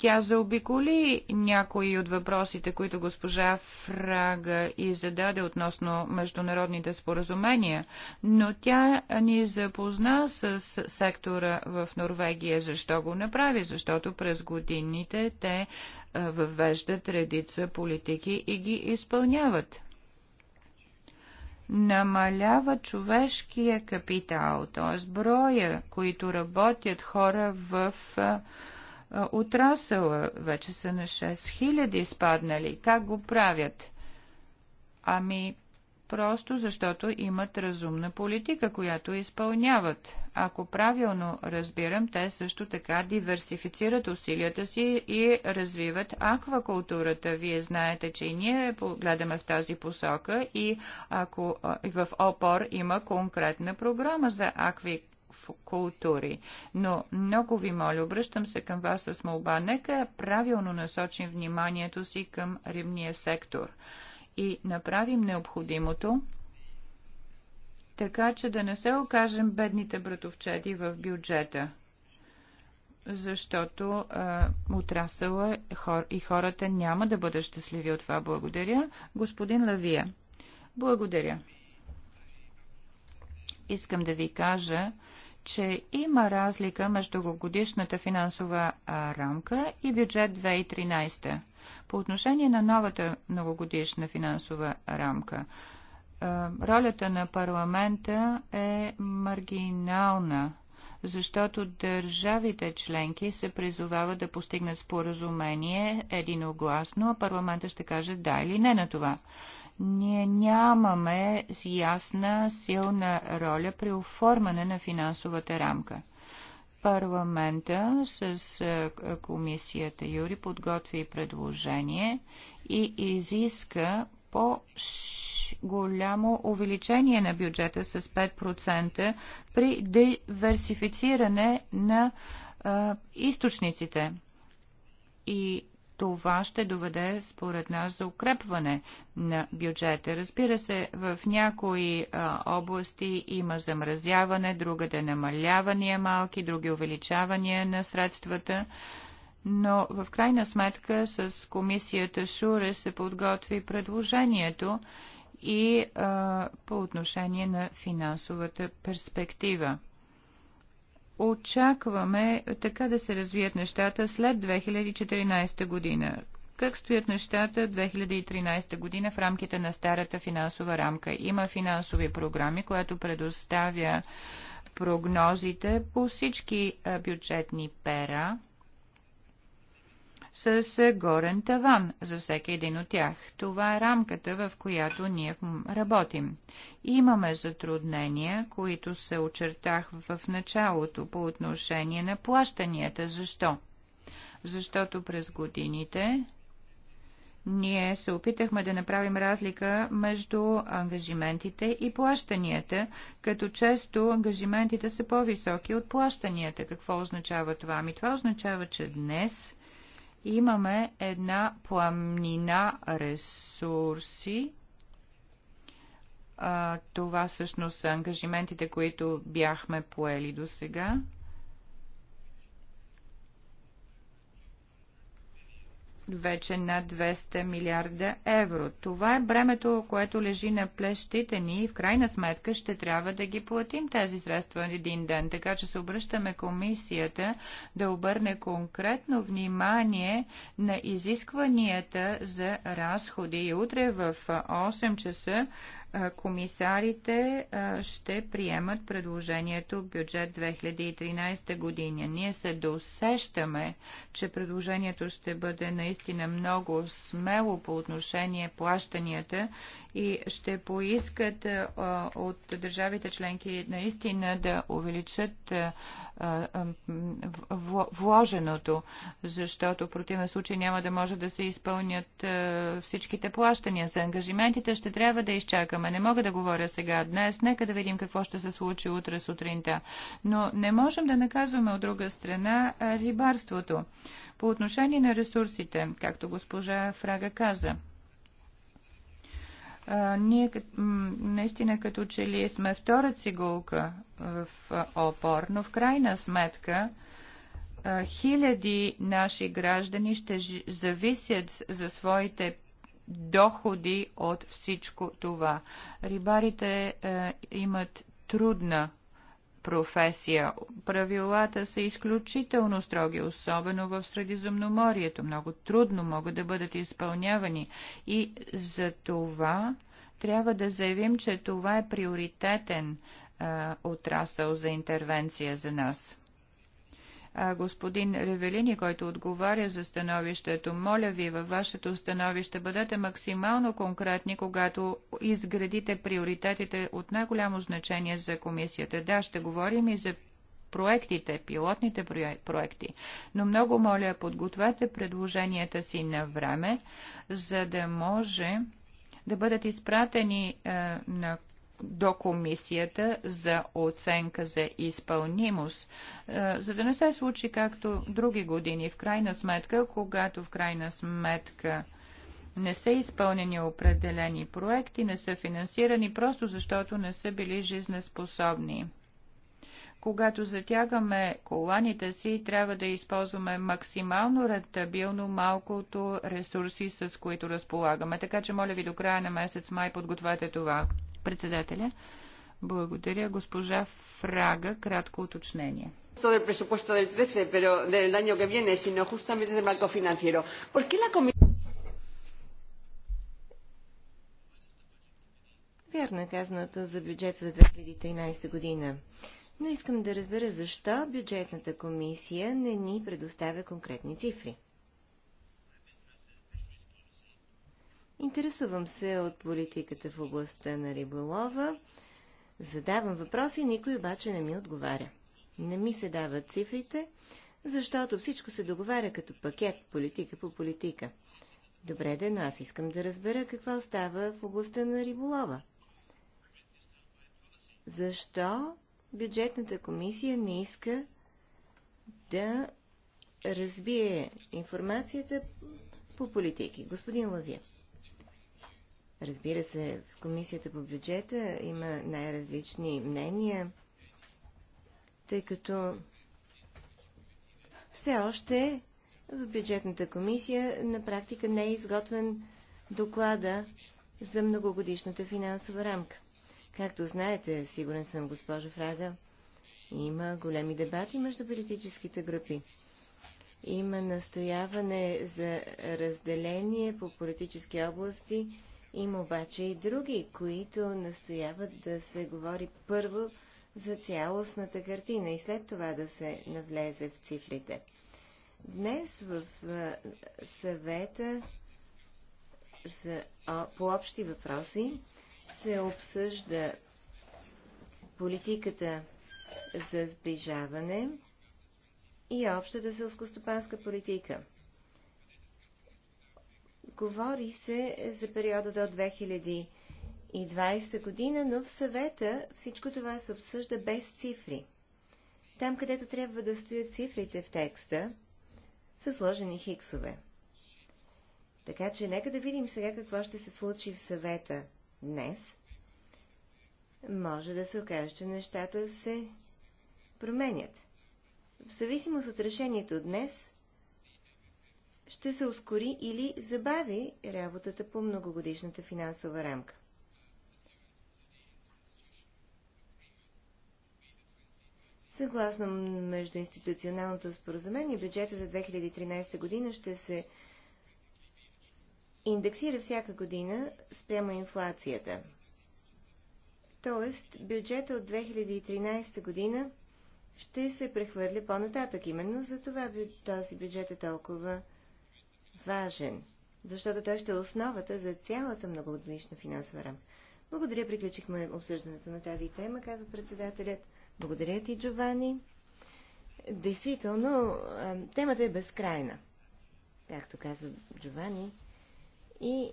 тя заобиколи някои от въпросите, които госпожа Фрага и зададе относно международните споразумения, но тя ни запозна с сектора в Норвегия. Защо го направи? Защото през годините те е, въвеждат редица политики и ги изпълняват намалява човешкия капитал, т.е. броя, които работят хора в е, отрасъла. Вече са на 6000 изпаднали. Как го правят? Ами, просто защото имат разумна политика, която изпълняват. Ако правилно разбирам, те също така диверсифицират усилията си и развиват аквакултурата. Вие знаете, че и ние гледаме в тази посока и ако в ОПОР има конкретна програма за аквакултурата, култури. Но много ви моля, обръщам се към вас с молба, нека правилно насочим вниманието си към рибния сектор и направим необходимото, така че да не се окажем бедните братовчеди в бюджета защото а, отрасъла хор, и хората няма да бъдат щастливи от това. Благодаря. Господин Лавия, благодаря. Искам да ви кажа, че има разлика между годишната финансова рамка и бюджет 2013. По отношение на новата многогодишна финансова рамка, ролята на парламента е маргинална, защото държавите членки се призовават да постигнат споразумение единогласно, а парламента ще каже да или не на това ние нямаме ясна, силна роля при оформяне на финансовата рамка. Парламента с е, комисията Юри подготви предложение и изиска по-голямо увеличение на бюджета с 5% при диверсифициране на а, е, източниците. И това ще доведе, според нас, за укрепване на бюджета. Разбира се, в някои а, области има замразяване, другаде намалявания малки, други увеличавания на средствата но в крайна сметка с комисията Шуре се подготви предложението и а, по отношение на финансовата перспектива очакваме така да се развият нещата след 2014 година? Как стоят нещата 2013 година в рамките на старата финансова рамка? Има финансови програми, която предоставя прогнозите по всички бюджетни пера с горен таван за всеки един от тях. Това е рамката, в която ние работим. Имаме затруднения, които се очертах в началото по отношение на плащанията. Защо? Защото през годините ние се опитахме да направим разлика между ангажиментите и плащанията, като често ангажиментите са по-високи от плащанията. Какво означава това? Ами това означава, че днес имаме една пламнина ресурси. А, това всъщност са ангажиментите, които бяхме поели до сега. вече над 200 милиарда евро. Това е бремето, което лежи на плещите ни и в крайна сметка ще трябва да ги платим тези средства един ден. Така че се обръщаме комисията да обърне конкретно внимание на изискванията за разходи. И утре в 8 часа комисарите ще приемат предложението бюджет 2013 година. Ние се досещаме, че предложението ще бъде наистина много смело по отношение плащанията и ще поискат от държавите членки наистина да увеличат вложеното, защото в противен случай няма да може да се изпълнят всичките плащания. За ангажиментите ще трябва да изчакаме. Не мога да говоря сега днес. Нека да видим какво ще се случи утре сутринта. Но не можем да наказваме от друга страна рибарството. По отношение на ресурсите, както госпожа Фрага каза – а, ние наистина като че ли сме втора цигулка в опор, но в крайна сметка а, хиляди наши граждани ще зависят за своите доходи от всичко това. Рибарите е, имат трудна професия. Правилата са изключително строги, особено в Средиземноморието. Много трудно могат да бъдат изпълнявани. И за това трябва да заявим, че това е приоритетен а, отрасъл за интервенция за нас господин Ревелини, който отговаря за становището. Моля ви, във вашето становище бъдете максимално конкретни, когато изградите приоритетите от най-голямо значение за комисията. Да, ще говорим и за проектите, пилотните проекти. Но много моля, подгответе предложенията си на време, за да може да бъдат изпратени е, на до комисията за оценка за изпълнимост, е, за да не се случи както други години. В крайна сметка, когато в крайна сметка не са изпълнени определени проекти, не са финансирани, просто защото не са били жизнеспособни. Когато затягаме коланите си, трябва да използваме максимално рентабилно малкото ресурси, с които разполагаме. Така че, моля ви, до края на месец май подгответе това. Председателя. Благодаря. Госпожа Фрага, кратко уточнение. Вярно е казаното за бюджета за 2013 година но искам да разбера защо бюджетната комисия не ни предоставя конкретни цифри. Интересувам се от политиката в областта на риболова. Задавам въпроси, никой обаче не ми отговаря. Не ми се дават цифрите, защото всичко се договаря като пакет, политика по политика. Добре де, но аз искам да разбера какво става в областта на риболова. Защо бюджетната комисия не иска да разбие информацията по политики. Господин Лавия. Разбира се, в комисията по бюджета има най-различни мнения, тъй като все още в бюджетната комисия на практика не е изготвен доклада за многогодишната финансова рамка. Както знаете, сигурен съм, госпожо Фрага, има големи дебати между политическите групи. Има настояване за разделение по политически области. Има обаче и други, които настояват да се говори първо за цялостната картина и след това да се навлезе в цифрите. Днес в съвета за, по общи въпроси се обсъжда политиката за сближаване и общата селскостопанска политика. Говори се за периода до 2020 година, но в съвета всичко това се обсъжда без цифри. Там, където трябва да стоят цифрите в текста, са сложени хиксове. Така че нека да видим сега какво ще се случи в съвета – днес, може да се окаже, че нещата се променят. В зависимост от решението днес, ще се ускори или забави работата по многогодишната финансова рамка. Съгласно междуинституционалното споразумение, бюджета за 2013 година ще се индексира всяка година спрямо инфлацията. Тоест, бюджета от 2013 година ще се прехвърля по-нататък. Именно за това този бюджет е толкова важен, защото той ще е основата за цялата многогодишна финансова рамка. Благодаря, приключихме обсъждането на тази тема, казва председателят. Благодаря ти, Джовани. Действително, темата е безкрайна. Както казва Джовани, и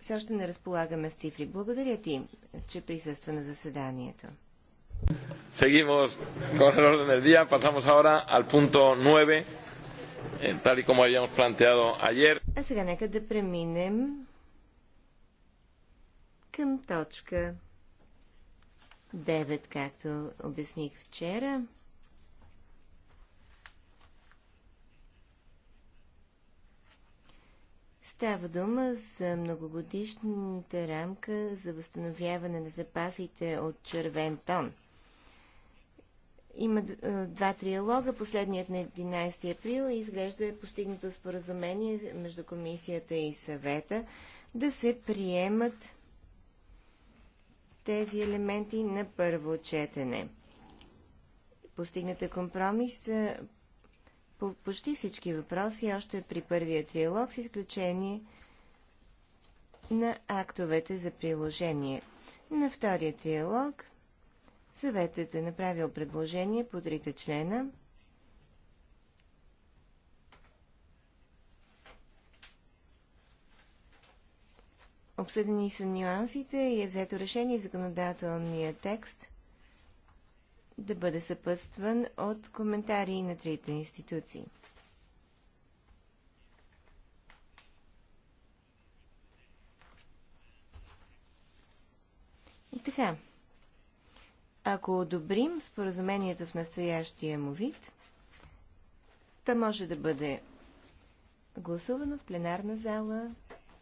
все още не разполагаме с цифри. Благодаря ти, че присъства на заседанието. Seguimos con el orden del día. Pasamos ahora al punto 9, eh, tal y como habíamos planteado ayer. А сега нека да преминем към точка 9, както обясних вчера. Става дума за многогодишната рамка за възстановяване на запасите от червен тон. Има два триалога, последният на 11 април и изглежда е постигнато споразумение между комисията и съвета да се приемат тези елементи на първо четене. Постигната компромис по почти всички въпроси още при първия триалог, с изключение на актовете за приложение. На втория триалог съветът е направил предложение по трите члена. Обсъдени са нюансите и е взето решение законодателния текст да бъде съпътстван от коментари на трите институции. И така, ако одобрим споразумението в настоящия му вид, то може да бъде гласувано в пленарна зала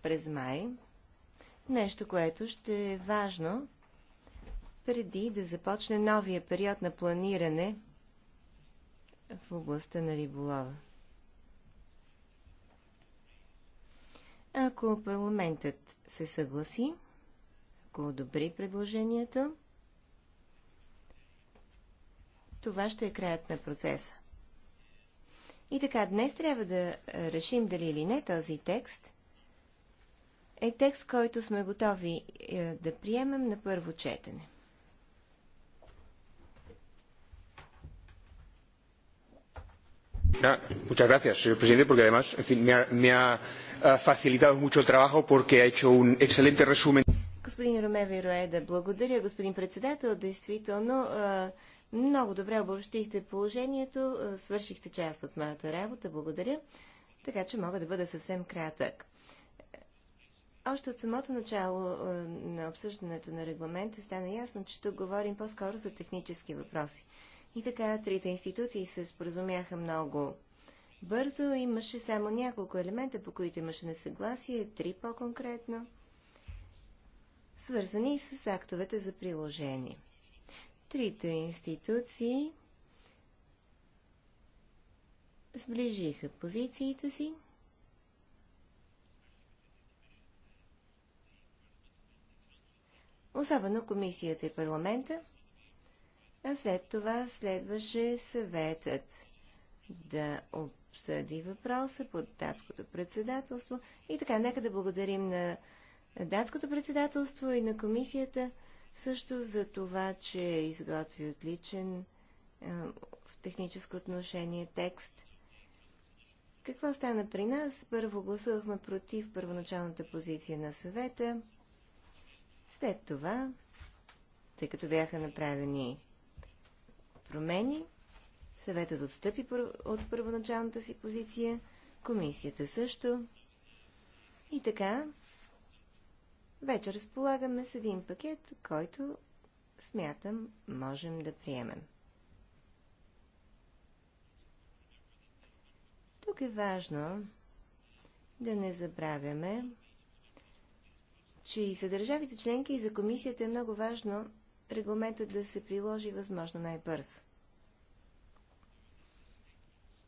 през май. Нещо, което ще е важно преди да започне новия период на планиране в областта на риболова. Ако парламентът се съгласи, ако одобри предложението, това ще е краят на процеса. И така, днес трябва да решим дали или не този текст е текст, който сме готови е, да приемем на първо четене. señor presidente, porque además, me ha facilitado mucho el trabajo porque ha hecho un excelente resumen. Господин Ромеви Роеда, благодаря, господин председател. Действително, много добре обобщихте положението, свършихте част от моята работа, благодаря. Така че мога да бъда съвсем кратък. Още от самото начало на обсъждането на регламента стана ясно, че тук говорим по-скоро за технически въпроси. И така трите институции се споразумяха много бързо. Имаше само няколко елемента, по които имаше несъгласие, три по-конкретно, свързани с актовете за приложение. Трите институции сближиха позициите си. Особено комисията и парламента – а след това следваше съветът да обсъди въпроса под датското председателство. И така, нека да благодарим на датското председателство и на комисията също за това, че изготви отличен в техническо отношение текст. Какво стана при нас? Първо гласувахме против първоначалната позиция на съвета. След това, тъй като бяха направени промени. Съветът отстъпи от първоначалната си позиция, комисията също. И така, вече разполагаме с един пакет, който смятам можем да приемем. Тук е важно да не забравяме, че и за държавите членки и за комисията е много важно регламентът да се приложи възможно най-бързо.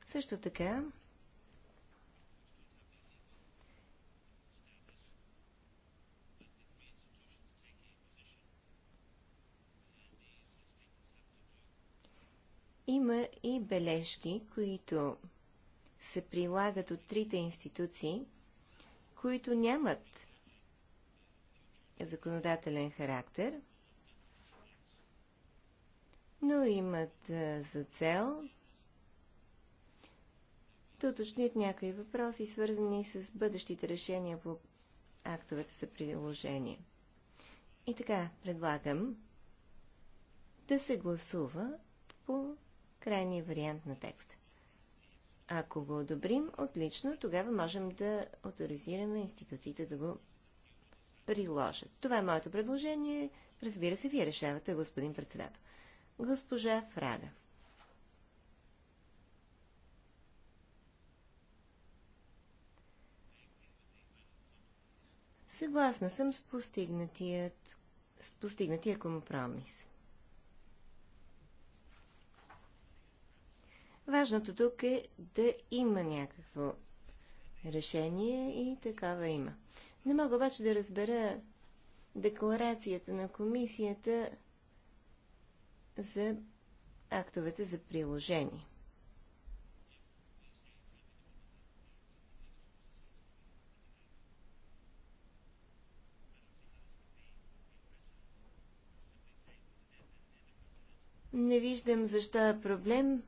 Също така, има и бележки, които се прилагат от трите институции, които нямат законодателен характер – но имат за цел да уточнят някои въпроси, свързани с бъдещите решения по актовете за приложение. И така, предлагам да се гласува по крайния вариант на текста. Ако го одобрим, отлично, тогава можем да авторизираме институциите да го приложат. Това е моето предложение. Разбира се, вие решавате, господин председател госпожа Фрага. Съгласна съм с постигнатият, с постигнатия компромис. Важното тук е да има някакво решение и такава има. Не мога обаче да разбера декларацията на комисията за актовете за приложение. Не виждам защо е проблем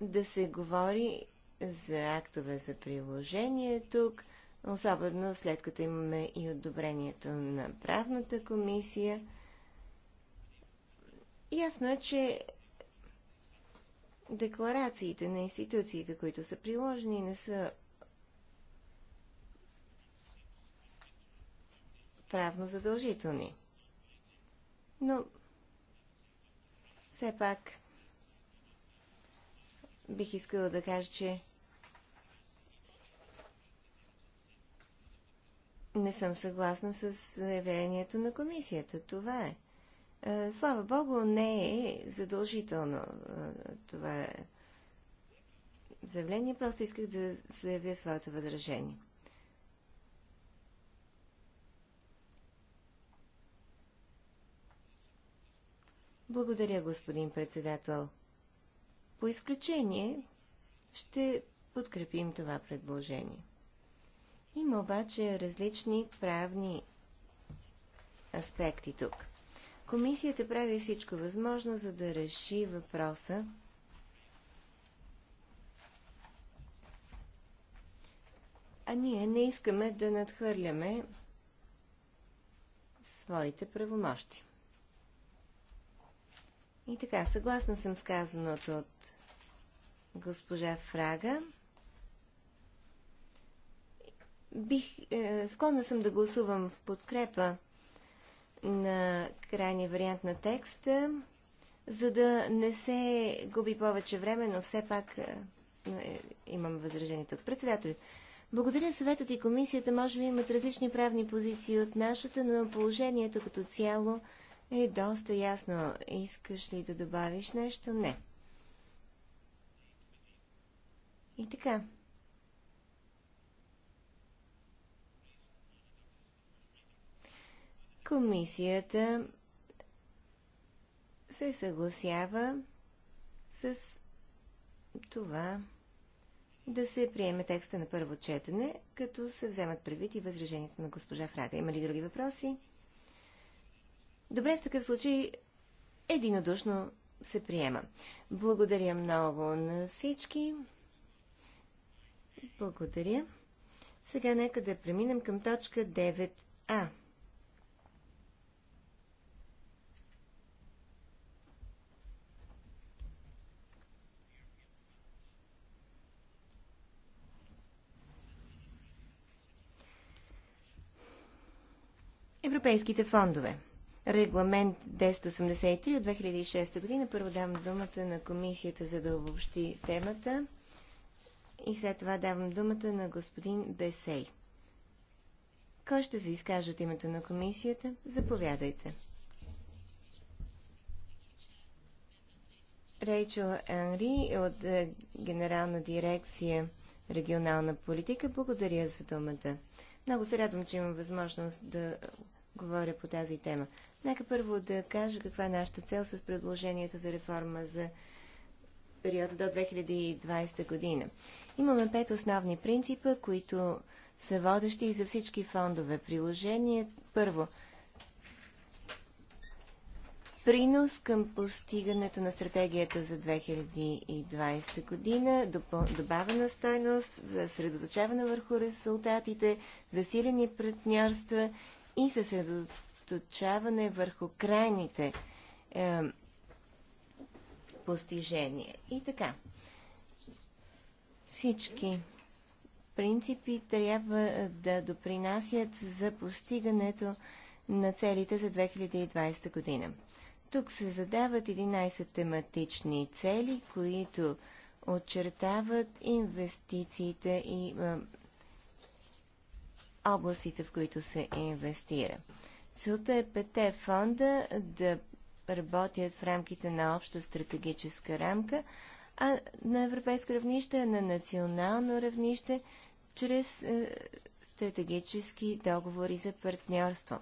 да се говори за актове за приложение тук, особено след като имаме и одобрението на правната комисия – Ясно е, че декларациите на институциите, които са приложени, не са правно задължителни. Но все пак бих искала да кажа, че не съм съгласна с заявлението на комисията. Това е. Е, слава Богу, не е задължително е, това е заявление, просто исках да заявя своето възражение. Благодаря, господин председател. По изключение ще подкрепим това предложение. Има обаче различни правни аспекти тук. Комисията прави всичко възможно, за да реши въпроса. А ние не искаме да надхвърляме своите правомощи. И така, съгласна съм с казаното от госпожа Фрага. Бих, е, склонна съм да гласувам в подкрепа на крайния вариант на текста, за да не се губи повече време, но все пак е, е, имам възражението от председателят. Благодаря съветът и комисията може би имат различни правни позиции от нашата, но положението като цяло е доста ясно. Искаш ли да добавиш нещо? Не. И така. комисията се съгласява с това да се приеме текста на първо четене, като се вземат предвид и възражението на госпожа Фрага. Има ли други въпроси? Добре, в такъв случай единодушно се приема. Благодаря много на всички. Благодаря. Сега нека да преминем към точка 9а. Европейските фондове. Регламент 1083 от 2006 година. Първо давам думата на комисията, за да обобщи темата. И след това давам думата на господин Бесей. Кой ще се изкаже от името на комисията? Заповядайте. Рейчел Анри от е, Генерална дирекция регионална политика. Благодаря за думата. Много се радвам, че имам възможност да говоря по тази тема. Нека първо да кажа каква е нашата цел с предложението за реформа за периода до 2020 година. Имаме пет основни принципа, които са водещи и за всички фондове. Приложение първо принос към постигането на стратегията за 2020 година, допъл... добавена стойност, за средоточаване върху резултатите, засилени партньорства и съсредоточаване върху крайните е, постижения. И така, всички принципи трябва да допринасят за постигането на целите за 2020 година. Тук се задават 11 тематични цели, които очертават инвестициите и е, областите, в които се инвестира. Целта е пете фонда да работят в рамките на обща стратегическа рамка, а на европейско равнище, на национално равнище, чрез е, стратегически договори за партньорство.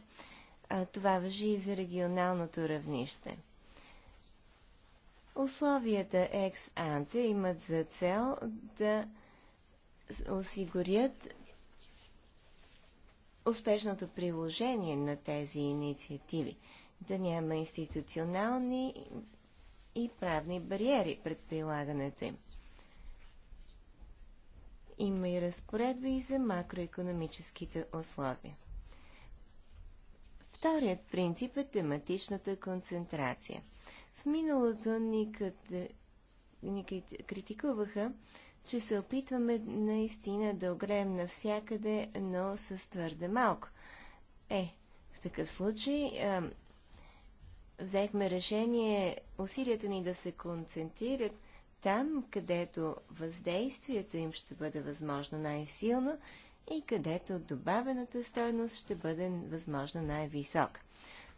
А, това въжи и за регионалното равнище. Условията екс-анте имат за цел да осигурят успешното приложение на тези инициативи. Да няма институционални и правни бариери пред прилагането им. Има и разпоредби и за макроекономическите условия. Вторият принцип е тематичната концентрация. В миналото ни, кът... ни критикуваха че се опитваме наистина да огреем навсякъде, но с твърде малко. Е, в такъв случай а, взехме решение усилията ни да се концентрират там, където въздействието им ще бъде възможно най-силно и където добавената стойност ще бъде възможно най-висока.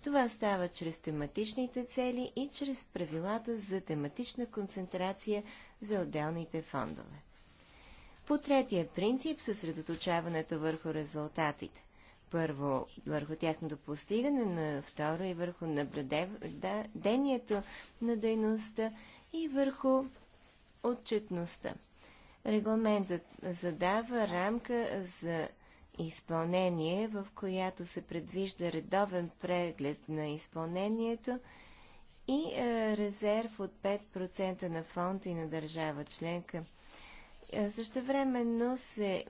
Това става чрез тематичните цели и чрез правилата за тематична концентрация за отделните фондове. По третия принцип съсредоточаването върху резултатите. Първо, върху тяхното постигане, на второ и върху наблюдението на дейността и върху отчетността. Регламентът задава рамка за изпълнение, в която се предвижда редовен преглед на изпълнението и е, резерв от 5% на фонд и на държава членка. Е, също времено се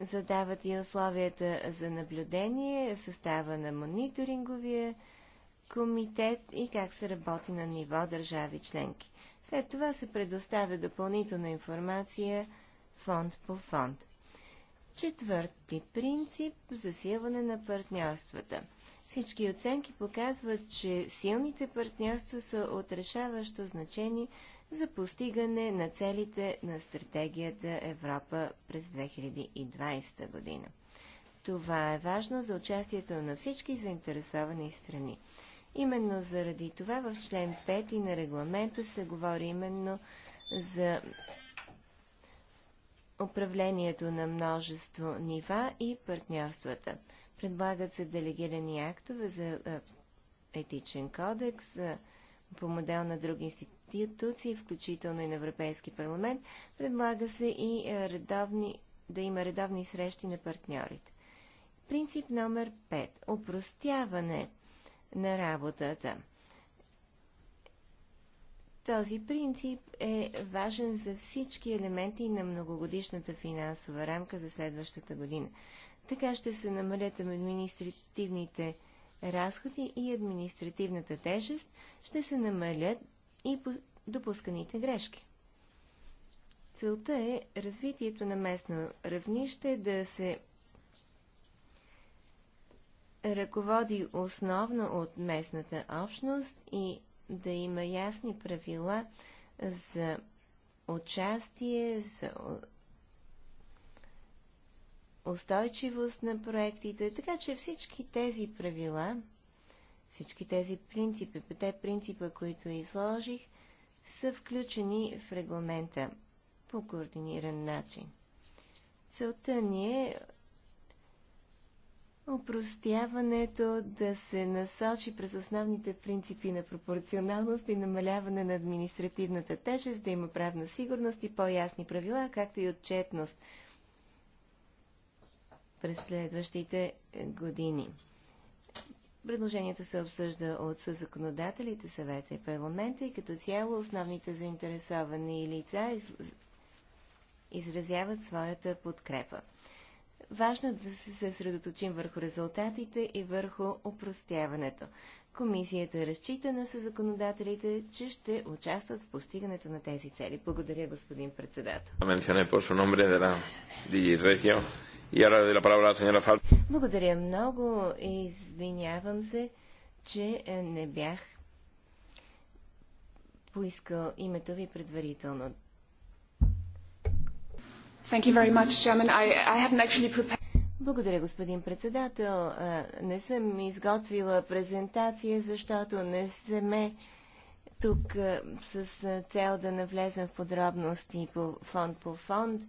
задават и условията за наблюдение, състава на мониторинговия комитет и как се работи на ниво държави членки. След това се предоставя допълнителна информация фонд по фонд. Четвърти принцип – засилване на партньорствата. Всички оценки показват, че силните партньорства са от решаващо значение за постигане на целите на стратегията Европа през 2020 година. Това е важно за участието на всички заинтересовани страни. Именно заради това в член 5 и на регламента се говори именно за управлението на множество нива и партньорствата. Предлагат се делегирани актове за етичен кодекс, по модел на други институции, включително и на Европейски парламент, предлага се и редовни, да има редовни срещи на партньорите. Принцип номер 5. Опростяване на работата. Този принцип е важен за всички елементи на многогодишната финансова рамка за следващата година. Така ще се намалят административните разходи и административната тежест, ще се намалят и допусканите грешки. Целта е развитието на местно равнище да се ръководи основно от местната общност и да има ясни правила за участие, за устойчивост на проектите, така че всички тези правила, всички тези принципи, те принципа, които изложих, са включени в регламента по координиран начин. Целта ни е Опростяването да се насочи през основните принципи на пропорционалност и намаляване на административната тежест, да има правна сигурност и по-ясни правила, както и отчетност през следващите е, години. Предложението се обсъжда от съзаконодателите, съвета и парламента и като цяло основните заинтересовани лица изразяват своята подкрепа. Важно е да се съсредоточим върху резултатите и върху упростяването. Комисията е разчитана с законодателите, че ще участват в постигането на тези цели. Благодаря, господин председател. Благодаря много и извинявам се, че е, не бях поискал името ви предварително. Благодаря, господин председател. Не съм изготвила презентация, защото не сме тук с цел да навлезем в подробности по фонд по фонд.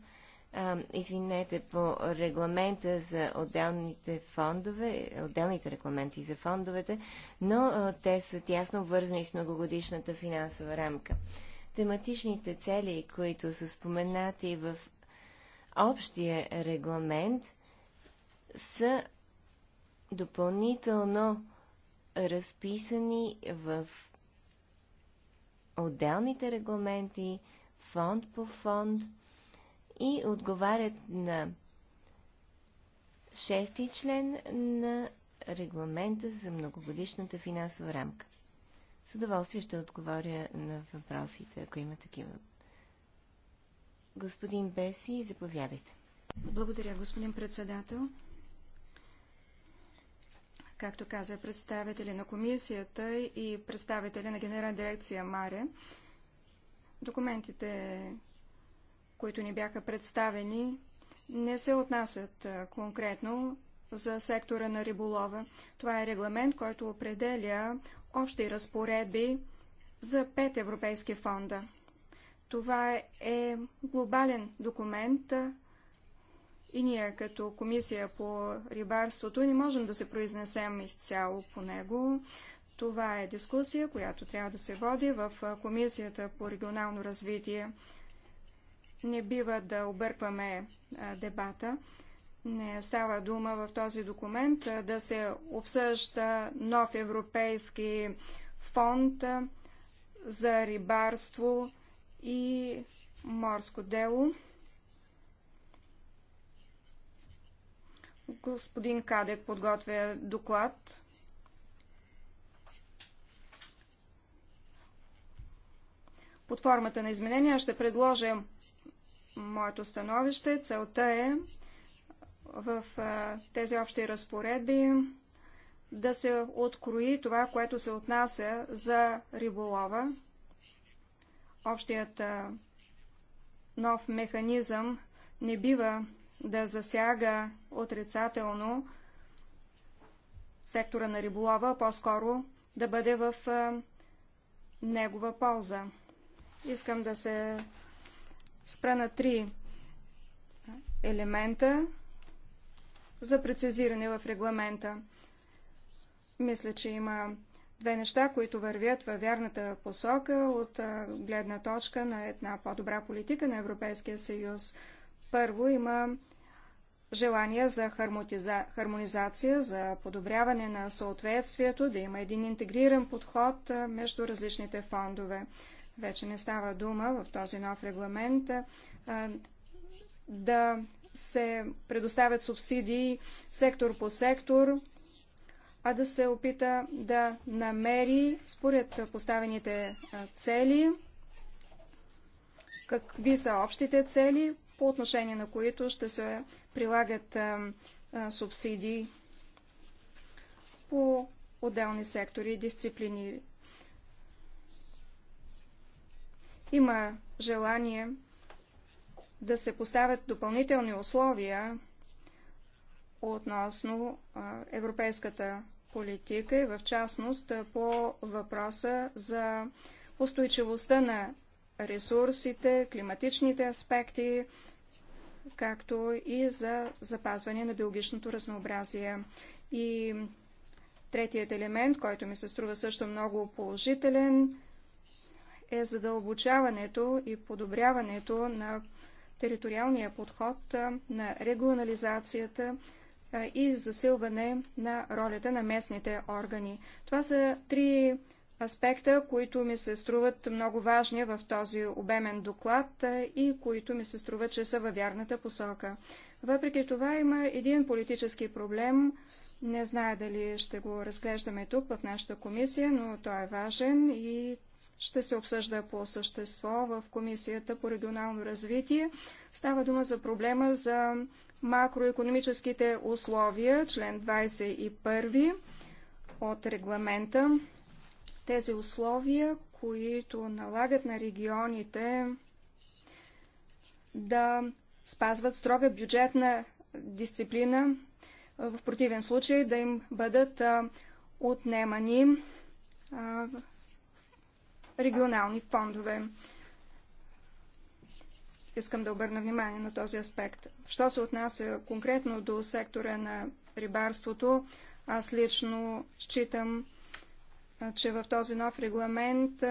Извинете, по регламента за отделните фондове, отделните регламенти за фондовете, но те са тясно вързани с многогодишната финансова рамка. Тематичните цели, които са споменати в общия регламент са допълнително разписани в отделните регламенти, фонд по фонд и отговарят на шести член на регламента за многогодишната финансова рамка. С удоволствие ще отговоря на въпросите, ако има такива. Господин Беси, заповядайте. Благодаря, господин председател. Както каза представители на комисията и представители на генерална дирекция Маре, документите, които ни бяха представени, не се отнасят конкретно за сектора на риболова. Това е регламент, който определя общи разпоредби за пет европейски фонда. Това е глобален документ и ние като комисия по рибарството не можем да се произнесем изцяло по него. Това е дискусия, която трябва да се води в комисията по регионално развитие. Не бива да объркваме дебата. Не става дума в този документ да се обсъжда нов европейски фонд за рибарство, и морско дело. Господин Кадек подготвя доклад. Под формата на изменения ще предложа моето становище. Целта е в тези общи разпоредби да се открои това, което се отнася за риболова Общият нов механизъм не бива да засяга отрицателно сектора на риболова, по-скоро да бъде в негова полза. Искам да се спра на три елемента за прецизиране в регламента. Мисля, че има две неща, които вървят във вярната посока от гледна точка на една по-добра политика на Европейския съюз. Първо има желание за хармонизация, за подобряване на съответствието, да има един интегриран подход между различните фондове. Вече не става дума в този нов регламент да се предоставят субсидии сектор по сектор, а да се опита да намери според поставените цели, какви са общите цели, по отношение на които ще се прилагат субсидии по отделни сектори и дисциплини. Има желание да се поставят допълнителни условия относно Европейската политика и в частност по въпроса за устойчивостта на ресурсите, климатичните аспекти, както и за запазване на биологичното разнообразие. И третият елемент, който ми се струва също много положителен, е задълбочаването и подобряването на териториалния подход на регионализацията, и засилване на ролята на местните органи. Това са три аспекта, които ми се струват много важни в този обемен доклад и които ми се струват, че са във вярната посока. Въпреки това има един политически проблем. Не зная дали ще го разглеждаме тук в нашата комисия, но той е важен и ще се обсъжда по същество в Комисията по регионално развитие. Става дума за проблема за макроекономическите условия, член 21 от регламента. Тези условия, които налагат на регионите да спазват строга бюджетна дисциплина, в противен случай да им бъдат отнемани регионални фондове. Искам да обърна внимание на този аспект. Що се отнася конкретно до сектора на рибарството, аз лично считам, че в този нов регламент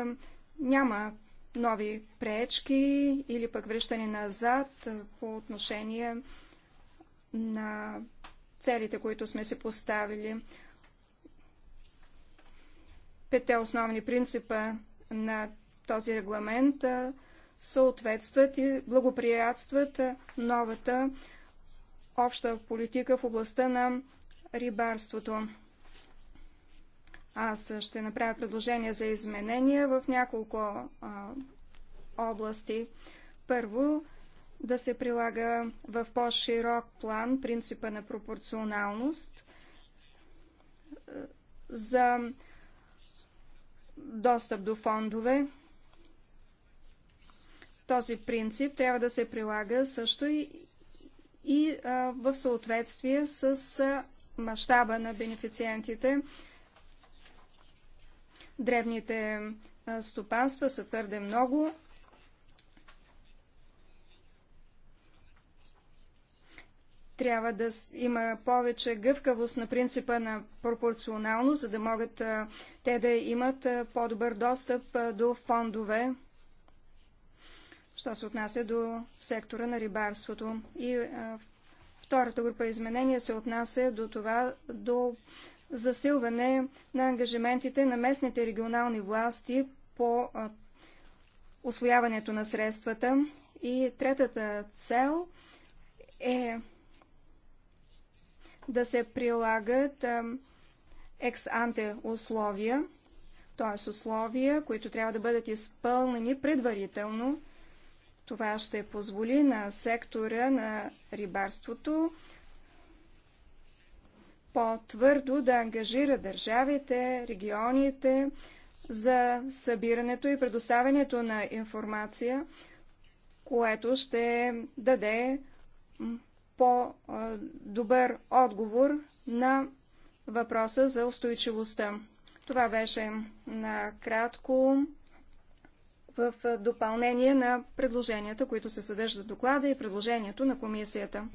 няма нови пречки или пък връщане назад по отношение на целите, които сме си поставили. Петте основни принципа на този регламент съответстват и благоприятстват новата обща политика в областта на рибарството. Аз ще направя предложение за изменения в няколко а, области. Първо, да се прилага в по-широк план принципа на пропорционалност за достъп до фондове, този принцип трябва да се прилага също и, и а, в съответствие с а, мащаба на бенефициентите. Древните а, стопанства са твърде много. Трябва да има повече гъвкавост на принципа на пропорционалност, за да могат а, те да имат по-добър достъп а, до фондове що се отнася до сектора на рибарството. И а, втората група изменения се отнася до това, до засилване на ангажиментите на местните регионални власти по а, освояването на средствата. И третата цел е да се прилагат екс-анте условия, т.е. условия, които трябва да бъдат изпълнени предварително, това ще позволи на сектора на рибарството по-твърдо да ангажира държавите, регионите за събирането и предоставянето на информация, което ще даде по-добър отговор на въпроса за устойчивостта. Това беше накратко в допълнение на предложенията, които се съдържат в доклада и предложението на комисията.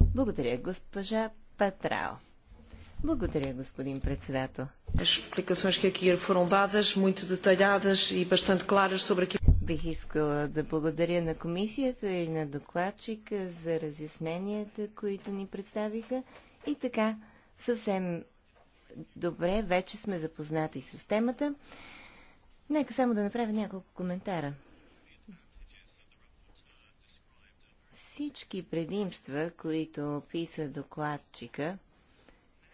Благодаря, госпожа Патрао. Благодаря, господин председател. E Бих искала да благодаря на комисията и на докладчика за разясненията, които ни представиха. И така, съвсем добре, вече сме запознати с темата. Нека само да направя няколко коментара. Всички предимства, които описа докладчика,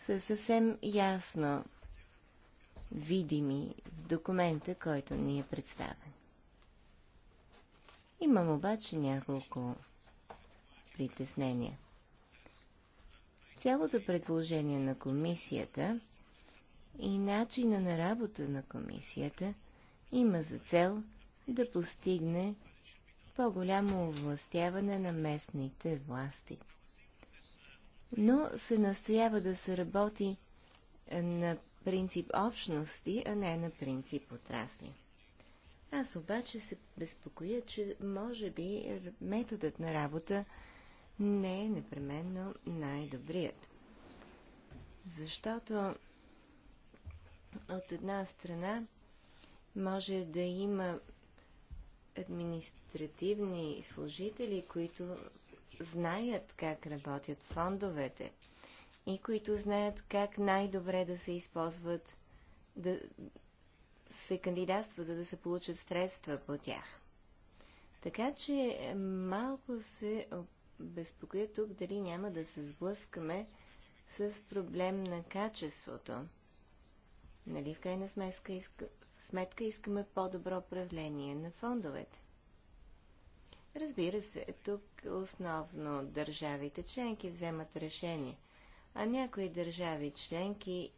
са съвсем ясно видими в документа, който ни е представен. Имам обаче няколко притеснения. Цялото предложение на комисията – и начина на работа на комисията има за цел да постигне по-голямо овластяване на местните власти. Но се настоява да се работи на принцип общности, а не на принцип отрасли. Аз обаче се безпокоя, че може би методът на работа не е непременно най-добрият. Защото от една страна може да има административни служители, които знаят как работят фондовете и които знаят как най-добре да се използват, да се кандидатства, за да се получат средства по тях. Така че малко се безпокоя тук дали няма да се сблъскаме с проблем на качеството Нали в крайна сметка, иска, сметка искаме по-добро управление на фондовете? Разбира се, тук основно държавите членки вземат решение, а някои държави членки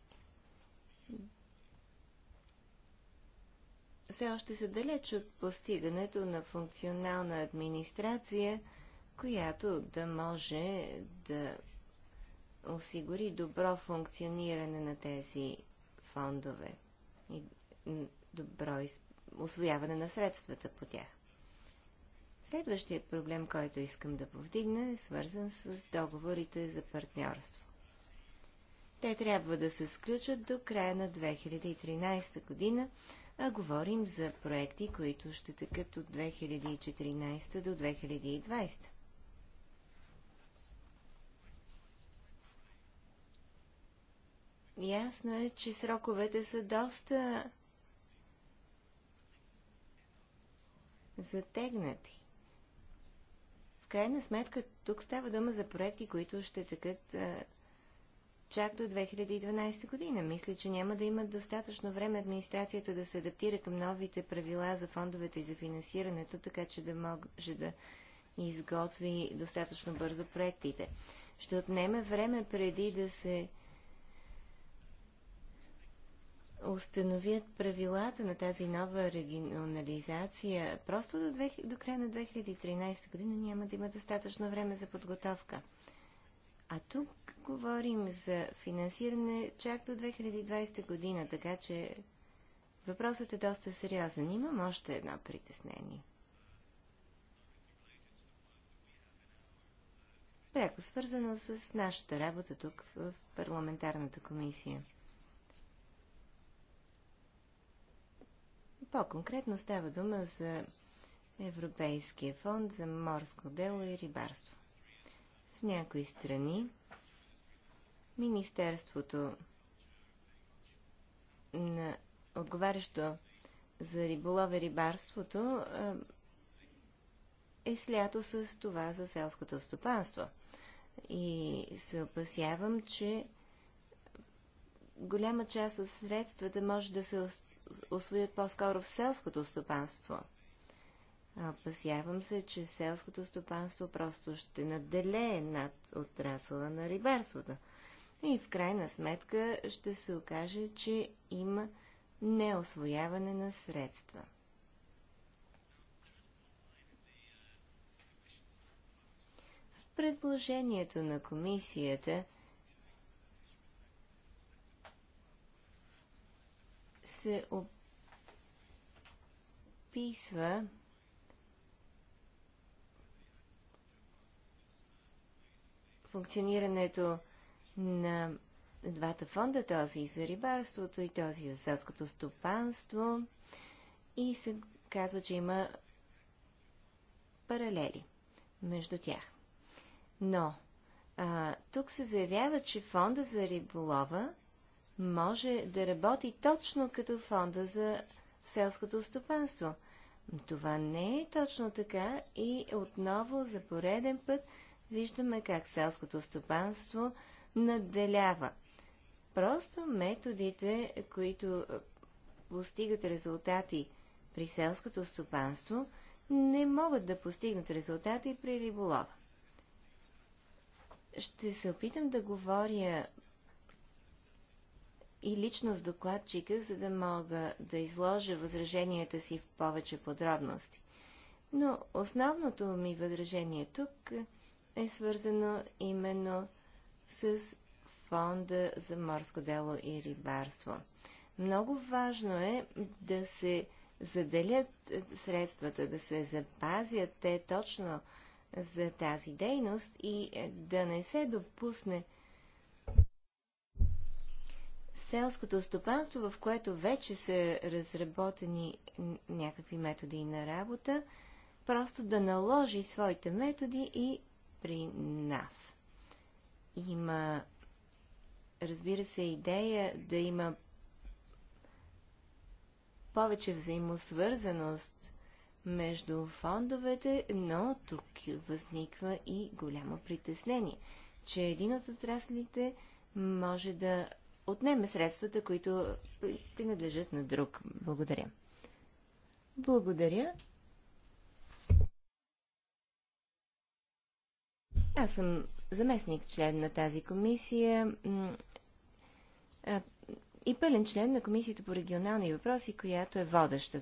все още са далеч от постигането на функционална администрация, която да може да осигури добро функциониране на тези фондове и добро освояване на средствата по тях. Следващият проблем, който искам да повдигна, е свързан с договорите за партньорство. Те трябва да се сключат до края на 2013 година, а говорим за проекти, които ще текат от 2014 до 2020. Ясно е, че сроковете са доста затегнати. В крайна сметка, тук става дума за проекти, които ще текат а, чак до 2012 година. Мисля, че няма да имат достатъчно време администрацията да се адаптира към новите правила за фондовете и за финансирането, така че да може да изготви достатъчно бързо проектите. Ще отнеме време преди да се установят правилата на тази нова регионализация, просто до, 2000, до края на 2013 година няма да има достатъчно време за подготовка. А тук говорим за финансиране чак до 2020 година, така че въпросът е доста сериозен. Имам още едно притеснение. Пряко свързано с нашата работа тук в парламентарната комисия – По-конкретно става дума за Европейския фонд за морско дело и рибарство. В някои страни Министерството на отговарящо за риболове рибарството е, е слято с това за селското стопанство. И се опасявам, че голяма част от средствата може да се освоят по-скоро в селското стопанство. Опасявам се, че селското стопанство просто ще наделее над отрасъла на рибарството. И в крайна сметка ще се окаже, че има неосвояване на средства. В предложението на комисията се описва функционирането на двата фонда, този за рибарството и този за селското стопанство и се казва, че има паралели между тях. Но а, тук се заявява, че фонда за риболова може да работи точно като фонда за селското стопанство. Това не е точно така и отново за пореден път виждаме как селското стопанство надделява. Просто методите, които е, постигат резултати при селското стопанство, не могат да постигнат резултати при риболова. Ще се опитам да говоря и лично с докладчика, за да мога да изложа възраженията си в повече подробности. Но основното ми възражение тук е свързано именно с Фонда за морско дело и рибарство. Много важно е да се заделят средствата, да се запазят те точно за тази дейност и е, да не се допусне селското стопанство, в което вече са разработени някакви методи на работа, просто да наложи своите методи и при нас. Има, разбира се, идея да има повече взаимосвързаност между фондовете, но тук възниква и голямо притеснение, че един от отраслите може да отнеме средствата, които принадлежат на друг. Благодаря. Благодаря. Аз съм заместник член на тази комисия и пълен член на Комисията по регионални въпроси, която е водеща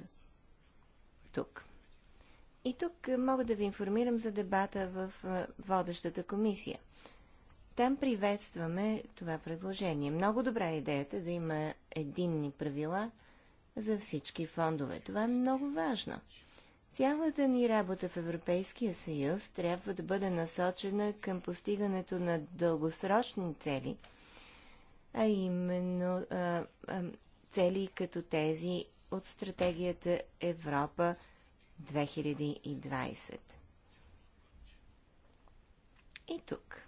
тук. И тук е, мога да ви информирам за дебата в е, водещата комисия. Там приветстваме това предложение. Много добра е идеята да има единни правила за всички фондове. Това е много важно. Цялата ни работа в Европейския съюз трябва да бъде насочена към постигането на дългосрочни цели, а именно а, а, цели като тези от стратегията Европа 2020. И тук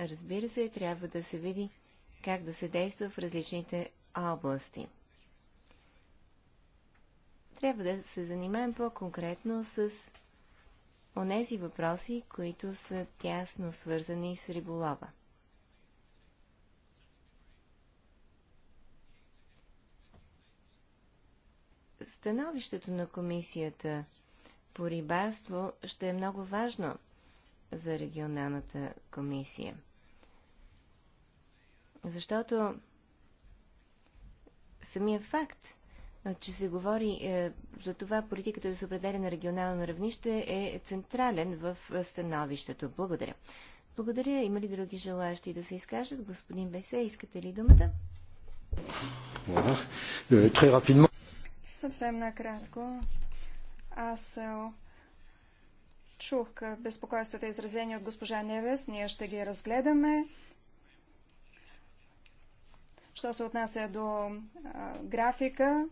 разбира се, трябва да се види как да се действа в различните области. Трябва да се занимаем по-конкретно с онези въпроси, които са тясно свързани с риболова. Становището на комисията по рибарство ще е много важно за регионалната комисия. Защото самия факт, че се говори е, за това политиката да се определя на регионално равнище е централен в становището. Благодаря. Благодаря. Има ли други желаящи да се изкажат? Господин Бесе, искате ли думата? Е, Съвсем накратко. Аз е, чух е, безпокойството изразени от госпожа Невес. Ние ще ги разгледаме. Що се отнася до а, графика,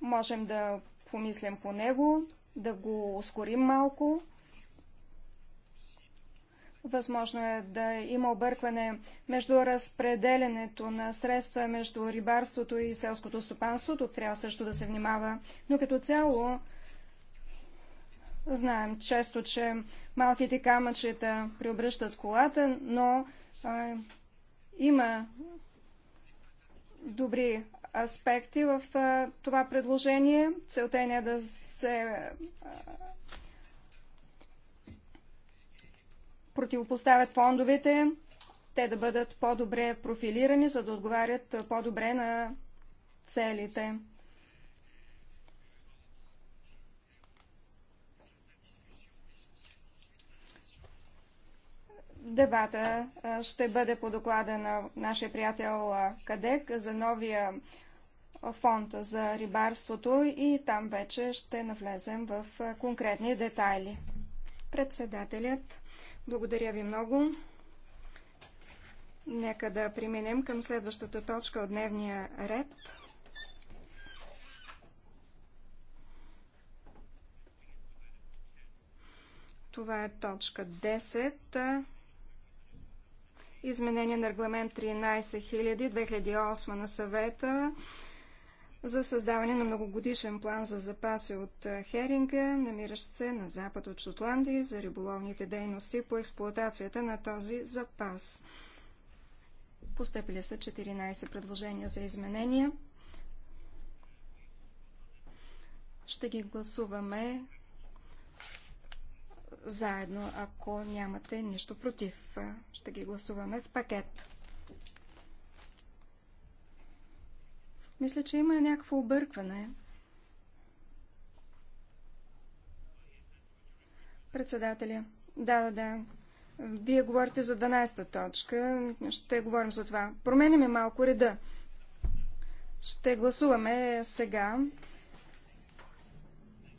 можем да помислим по него, да го ускорим малко. Възможно е да има объркване между разпределенето на средства между рибарството и селското стопанство. Тук трябва също да се внимава. Но като цяло знаем често, че малките камъчета преобръщат колата, но има добри аспекти в това предложение. Целта е да се противопоставят фондовете, те да бъдат по-добре профилирани, за да отговарят по-добре на целите. Дебата ще бъде по доклада на нашия приятел Кадек за новия фонд за рибарството и там вече ще навлезем в конкретни детайли. Председателят, благодаря ви много. Нека да преминем към следващата точка от дневния ред. Това е точка 10 изменение на регламент 13000-2008 на съвета за създаване на многогодишен план за запаси от херинга, намиращ се на запад от Шотландия за риболовните дейности по експлуатацията на този запас. Постъпили са 14 предложения за изменения. Ще ги гласуваме заедно, ако нямате нищо против. Ще ги гласуваме в пакет. Мисля, че има някакво объркване. Председателя. Да, да, да. Вие говорите за 12-та точка. Ще говорим за това. Променяме малко реда. Ще гласуваме сега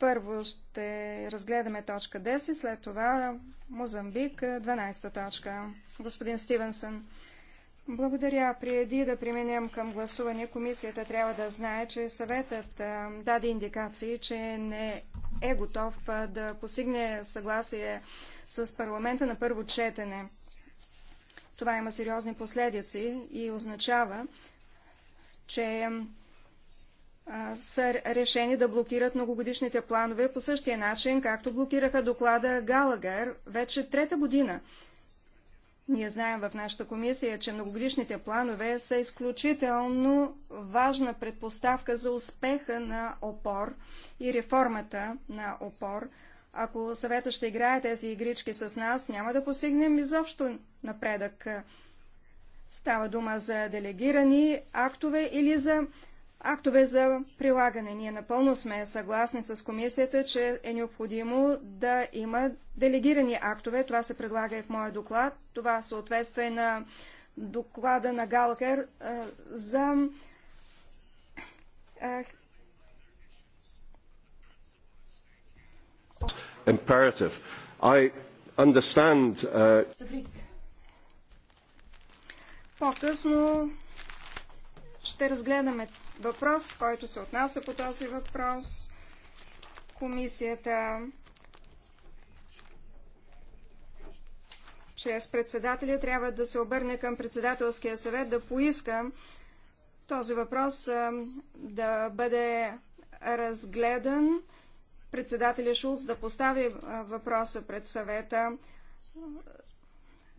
първо ще разгледаме точка 10, след това Мозамбик, 12-та е, точка. Господин Стивенсън, благодаря. Преди да преминем към гласуване, комисията трябва да знае, че съветът е, даде индикации, че не е готов е, да постигне съгласие с парламента на първо четене. Това има сериозни последици и означава, че са решени да блокират многогодишните планове по същия начин, както блокираха доклада Галагер вече трета година. Ние знаем в нашата комисия, че многогодишните планове са изключително важна предпоставка за успеха на ОПОР и реформата на ОПОР. Ако съвета ще играе тези игрички с нас, няма да постигнем изобщо напредък. Става дума за делегирани актове или за Актове за прилагане. Ние напълно сме съгласни с комисията, че е необходимо да има делегирани актове. Това се предлага и в моя доклад. Това съответства и на доклада на Галкер за imperative. I understand. Uh... По-късно ще разгледаме въпрос, който се отнася по този въпрос. Комисията чрез председателя трябва да се обърне към председателския съвет да поиска този въпрос да бъде разгледан. Председателя Шулц да постави въпроса пред съвета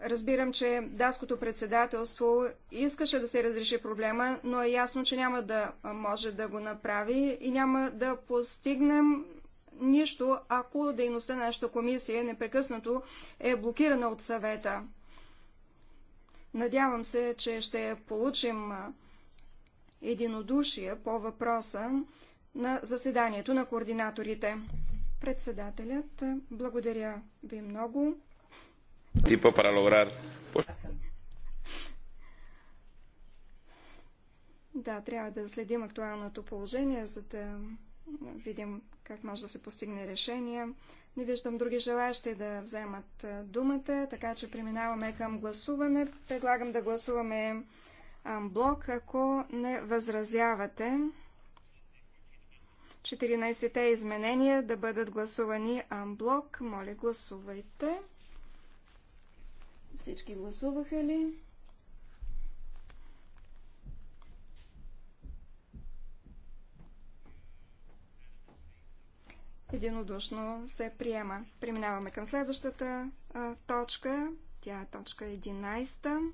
Разбирам, че датското председателство искаше да се разреши проблема, но е ясно, че няма да може да го направи и няма да постигнем нищо, ако дейността на нашата комисия непрекъснато е блокирана от съвета. Надявам се, че ще получим единодушие по въпроса на заседанието на координаторите. Председателят, благодаря ви много tipo para lograr. Да, трябва да следим актуалното положение, за да видим как може да се постигне решение. Не виждам други желаящи да вземат думата, така че преминаваме към гласуване. Предлагам да гласуваме блок, ако не възразявате. 14-те изменения да бъдат гласувани амблок. Моля, гласувайте. Всички гласуваха ли? единодушно се приема. Преминаваме към следващата а, точка. Тя е точка 11.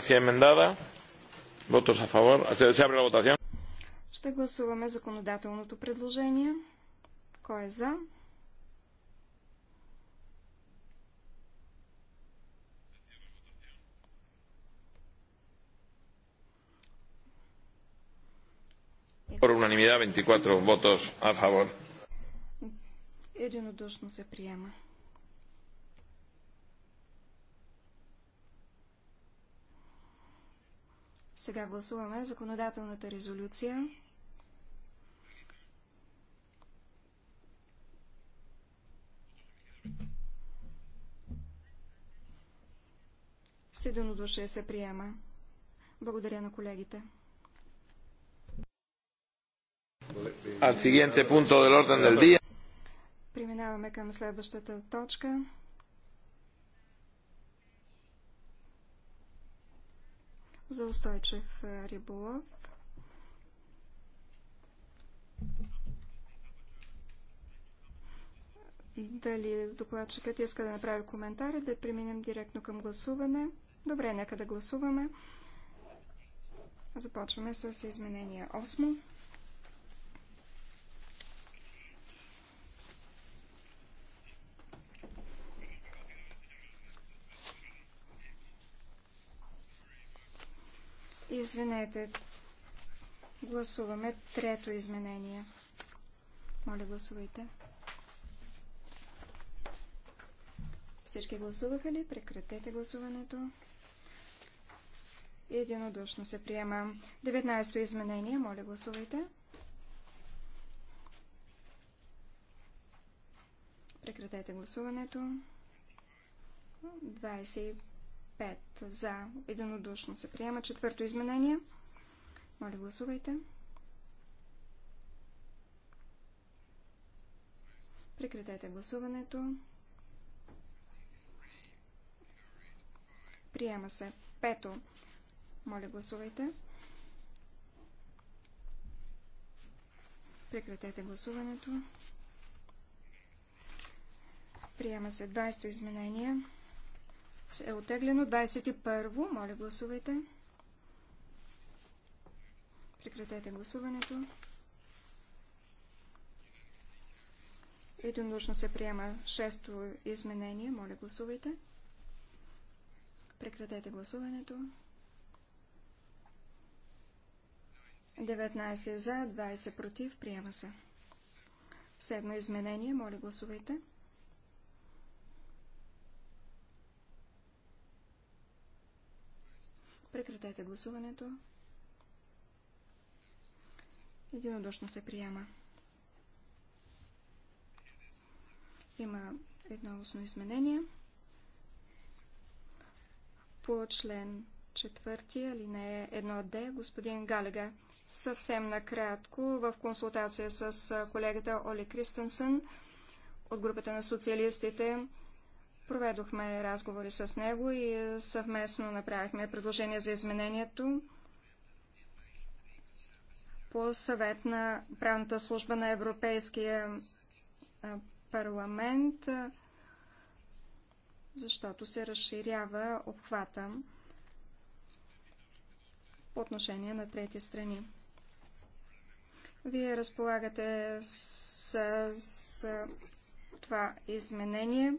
Си емендада. Votos a favor. Se abre la votación. Ще гласуваме законодателното предложение. Кой е за? Por unanimidad, 24 votos a favor. Единодушно се приема. Сега гласуваме законодателната резолюция. С единодушие се приема. Благодаря на колегите. Преминаваме към следващата точка. за устойчив е, риболов. Дали докладчикът иска да направи коментари, да преминем директно към гласуване. Добре, нека да гласуваме. Започваме с изменение 8. Извинете, гласуваме трето изменение. Моля, гласувайте. Всички гласуваха ли? Прекратете гласуването. Единодушно се приема. 19-то изменение. Моля, гласувайте. Прекратете гласуването. 25 5 за. Единодушно се приема. Четвърто изменение. Моля, гласувайте. Прекратете гласуването. Приема се. Пето. Моля, гласувайте. Прекратете гласуването. Приема се 20 изменение е отеглено. 21. Моля, гласувайте. Прекратете гласуването. Единодушно се приема шесто изменение. Моля, гласувайте. Прекратете гласуването. 19 за, 20 против. Приема се. Седмо изменение. Моля, гласувайте. Гласувайте. Прекратете гласуването. Единодушно се приема. Има едно устно изменение по член 4, алинея 1D, господин Галега. Съвсем накратко, в консултация с колегата Оли Кристенсен от групата на социалистите, Проведохме разговори с него и съвместно направихме предложение за изменението по съвет на правната служба на Европейския парламент, защото се разширява обхвата по отношение на трети страни. Вие разполагате с, с това изменение.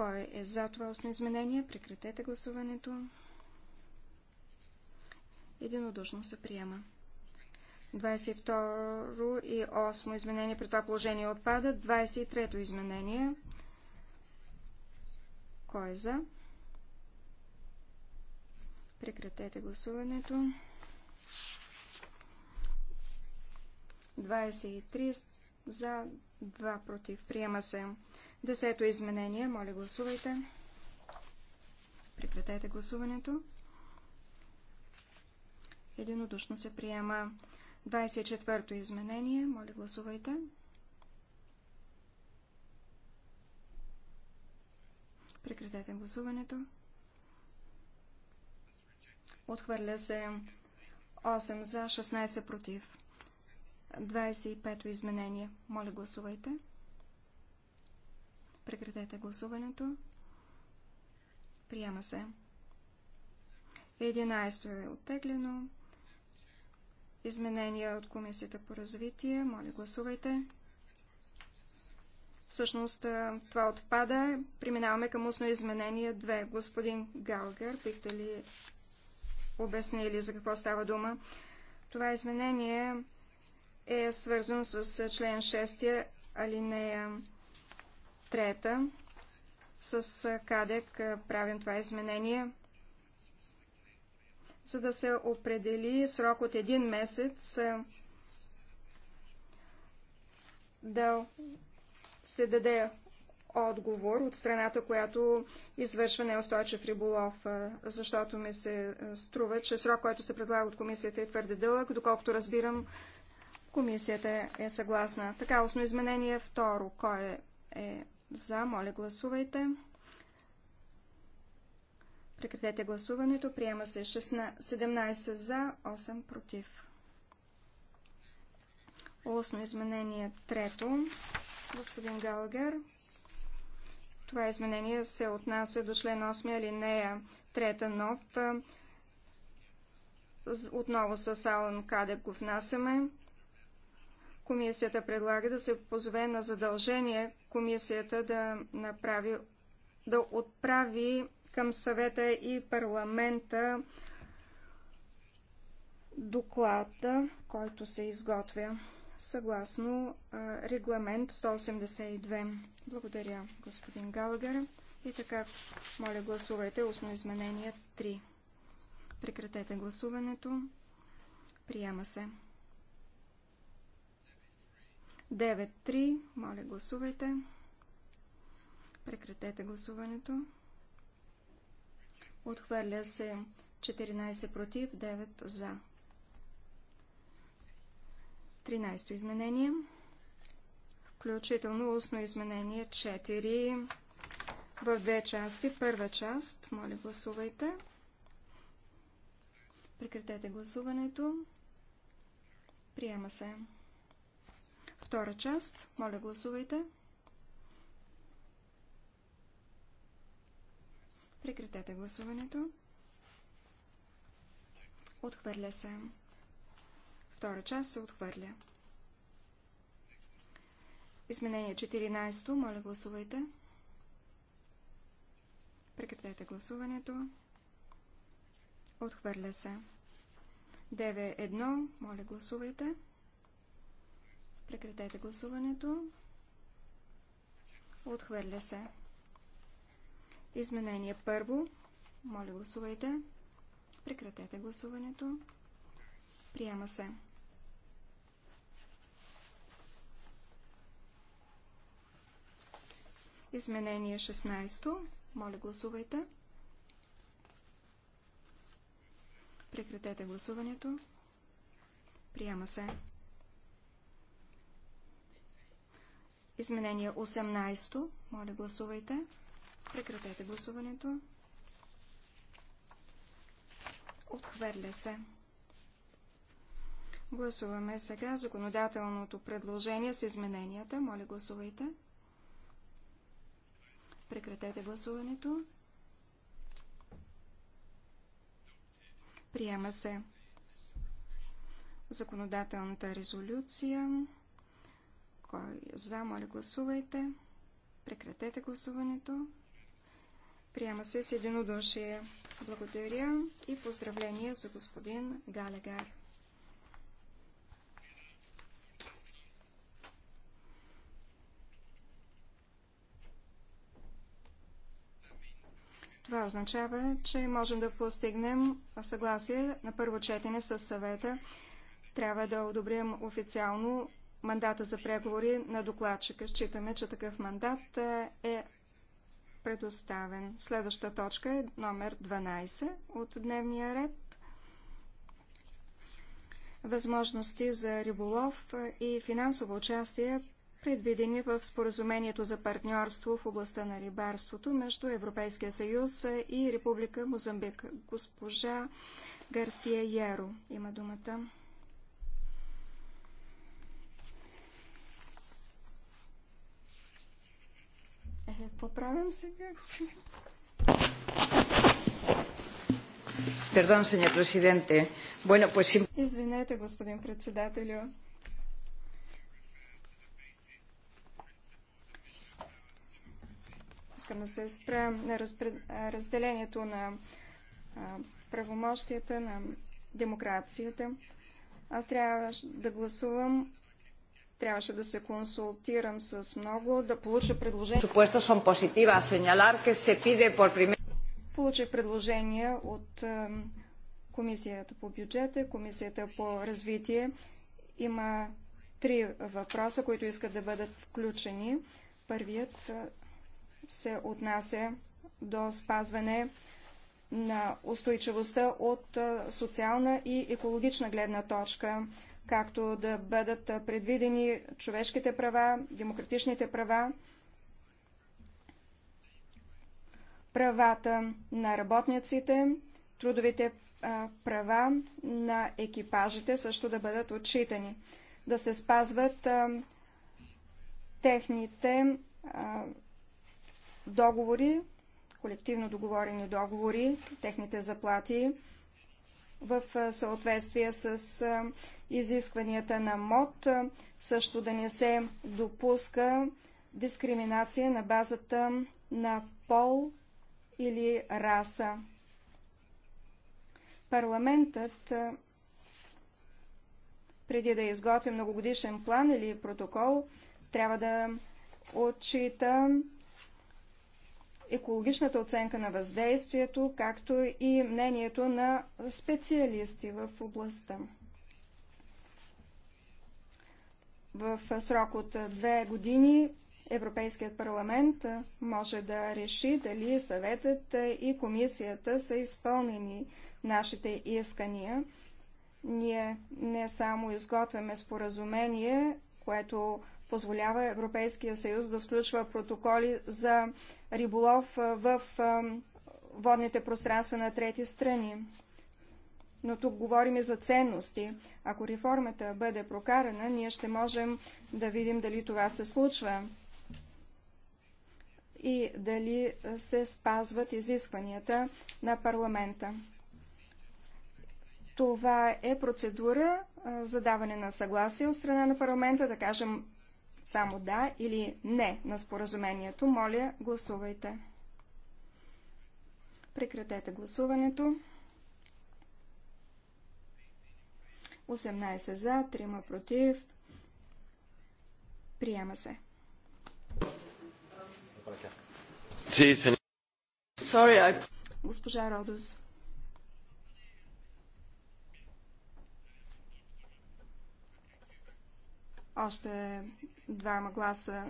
Кой е за това устно изменение? Прекратете гласуването. Единодушно се приема. 22 и 8 изменение при това положение отпадат. 23-то изменение. Кой е за? Прекратете гласуването. 23 за, 2 против. Приема се. Десето изменение. Моля, гласувайте. Прекратете гласуването. Единодушно се приема 24-то изменение. Моля, гласувайте. Прекратете гласуването. Отхвърля се 8 за, 16 против. 25-то изменение. Моля, гласувайте. Прекратете гласуването. Приема се. 11 е оттеглено. Изменения от Комисията по развитие. Моля, гласувайте. Всъщност това отпада. Преминаваме към устно изменение 2. Господин Галгер, бихте ли обяснили за какво става дума? Това изменение е свързано с член 6 алинея Трета, с кадек правим това изменение, за да се определи срок от един месец да се даде отговор от страната, която извършва неустойчив риболов, защото ми се струва, че срок, който се предлага от комисията е твърде дълъг, доколкото разбирам, комисията е съгласна. Така, основно изменение второ. Кой е, е за, моля гласувайте. Прекратете гласуването. Приема се 17 за, 8 против. Осно изменение трето. Господин Галгер. Това изменение се отнася до член 8 алинея 3 нов. Отново с Алан Кадек го внасяме. Комисията предлага да се позове на задължение комисията да направи, да отправи към съвета и парламента доклада, който се изготвя съгласно регламент 182. Благодаря, господин Галагер. И така, моля, гласувайте устно изменение 3. Прекратете гласуването. Приема се. 9.3. Моля, гласувайте. Прекратете гласуването. Отхвърля се 14 против, 9 за. 13 изменение. Включително устно изменение 4 в две части. Първа част. Моля, гласувайте. Прекратете гласуването. Приема се. Втора част. Моля, гласувайте. Прекратете гласуването. Отхвърля се. Втора част се отхвърля. Изменение 14. Моля, гласувайте. Прекратете гласуването. Отхвърля се. 9.1. Моля, гласувайте. Прекратете гласуването. Отхвърля се. Изменение първо. Моля гласувайте. Прекратете гласуването. Приема се. Изменение 16. Моля гласувайте. Прекратете гласуването. Приема се. Изменение 18. Моля, гласувайте. Прекратете гласуването. Отхвърля се. Гласуваме сега законодателното предложение с измененията. Моля, гласувайте. Прекратете гласуването. Приема се законодателната резолюция. Кой е за, моля гласувайте. Прекратете гласуването. Приема се с единодушие. Благодаря и поздравления за господин Галегар. Това означава, че можем да постигнем съгласие на първо четене с съвета. Трябва да одобрим официално мандата за преговори на докладчика. Считаме, че такъв мандат е, е предоставен. Следваща точка е номер 12 от дневния ред. Възможности за риболов е, и финансово участие предвидени в споразумението за партньорство в областта на рибарството между Европейския съюз е, и Република Мозамбик. Госпожа Гарсия Яро има думата. Какво правим сега? Пердон, señor президенте. Bueno, pues... Извинете, господин председателю. Искам да се спра на разделението на правомощията на демокрацията. Аз трябва да гласувам Трябваше да се консултирам с много, да получа предложения. Получих предложения от Комисията по бюджета, Комисията по развитие. Има три въпроса, които искат да бъдат включени. Първият е, се отнася до спазване на устойчивостта от е, социална и екологична гледна точка както да бъдат предвидени човешките права, демократичните права, правата на работниците, трудовите права на екипажите също да бъдат отчитани, да се спазват техните договори, колективно договорени договори, техните заплати, в съответствие с изискванията на МОД, също да не се допуска дискриминация на базата на пол или раса. Парламентът, преди да изготви многогодишен план или протокол, трябва да отчита екологичната оценка на въздействието, както и мнението на специалисти в областта. В срок от две години Европейският парламент може да реши дали съветът и комисията са изпълнени нашите искания. Ние не само изготвяме споразумение което позволява Европейския съюз да сключва протоколи за риболов в водните пространства на трети страни. Но тук говорим и за ценности. Ако реформата бъде прокарана, ние ще можем да видим дали това се случва и дали се спазват изискванията на парламента. Това е процедура, за даване на съгласие от страна на парламента, да кажем само да или не на споразумението. Моля, гласувайте. Прекратете гласуването. 18 за, 3 против. Приема се. Госпожа Родос. Още двама гласа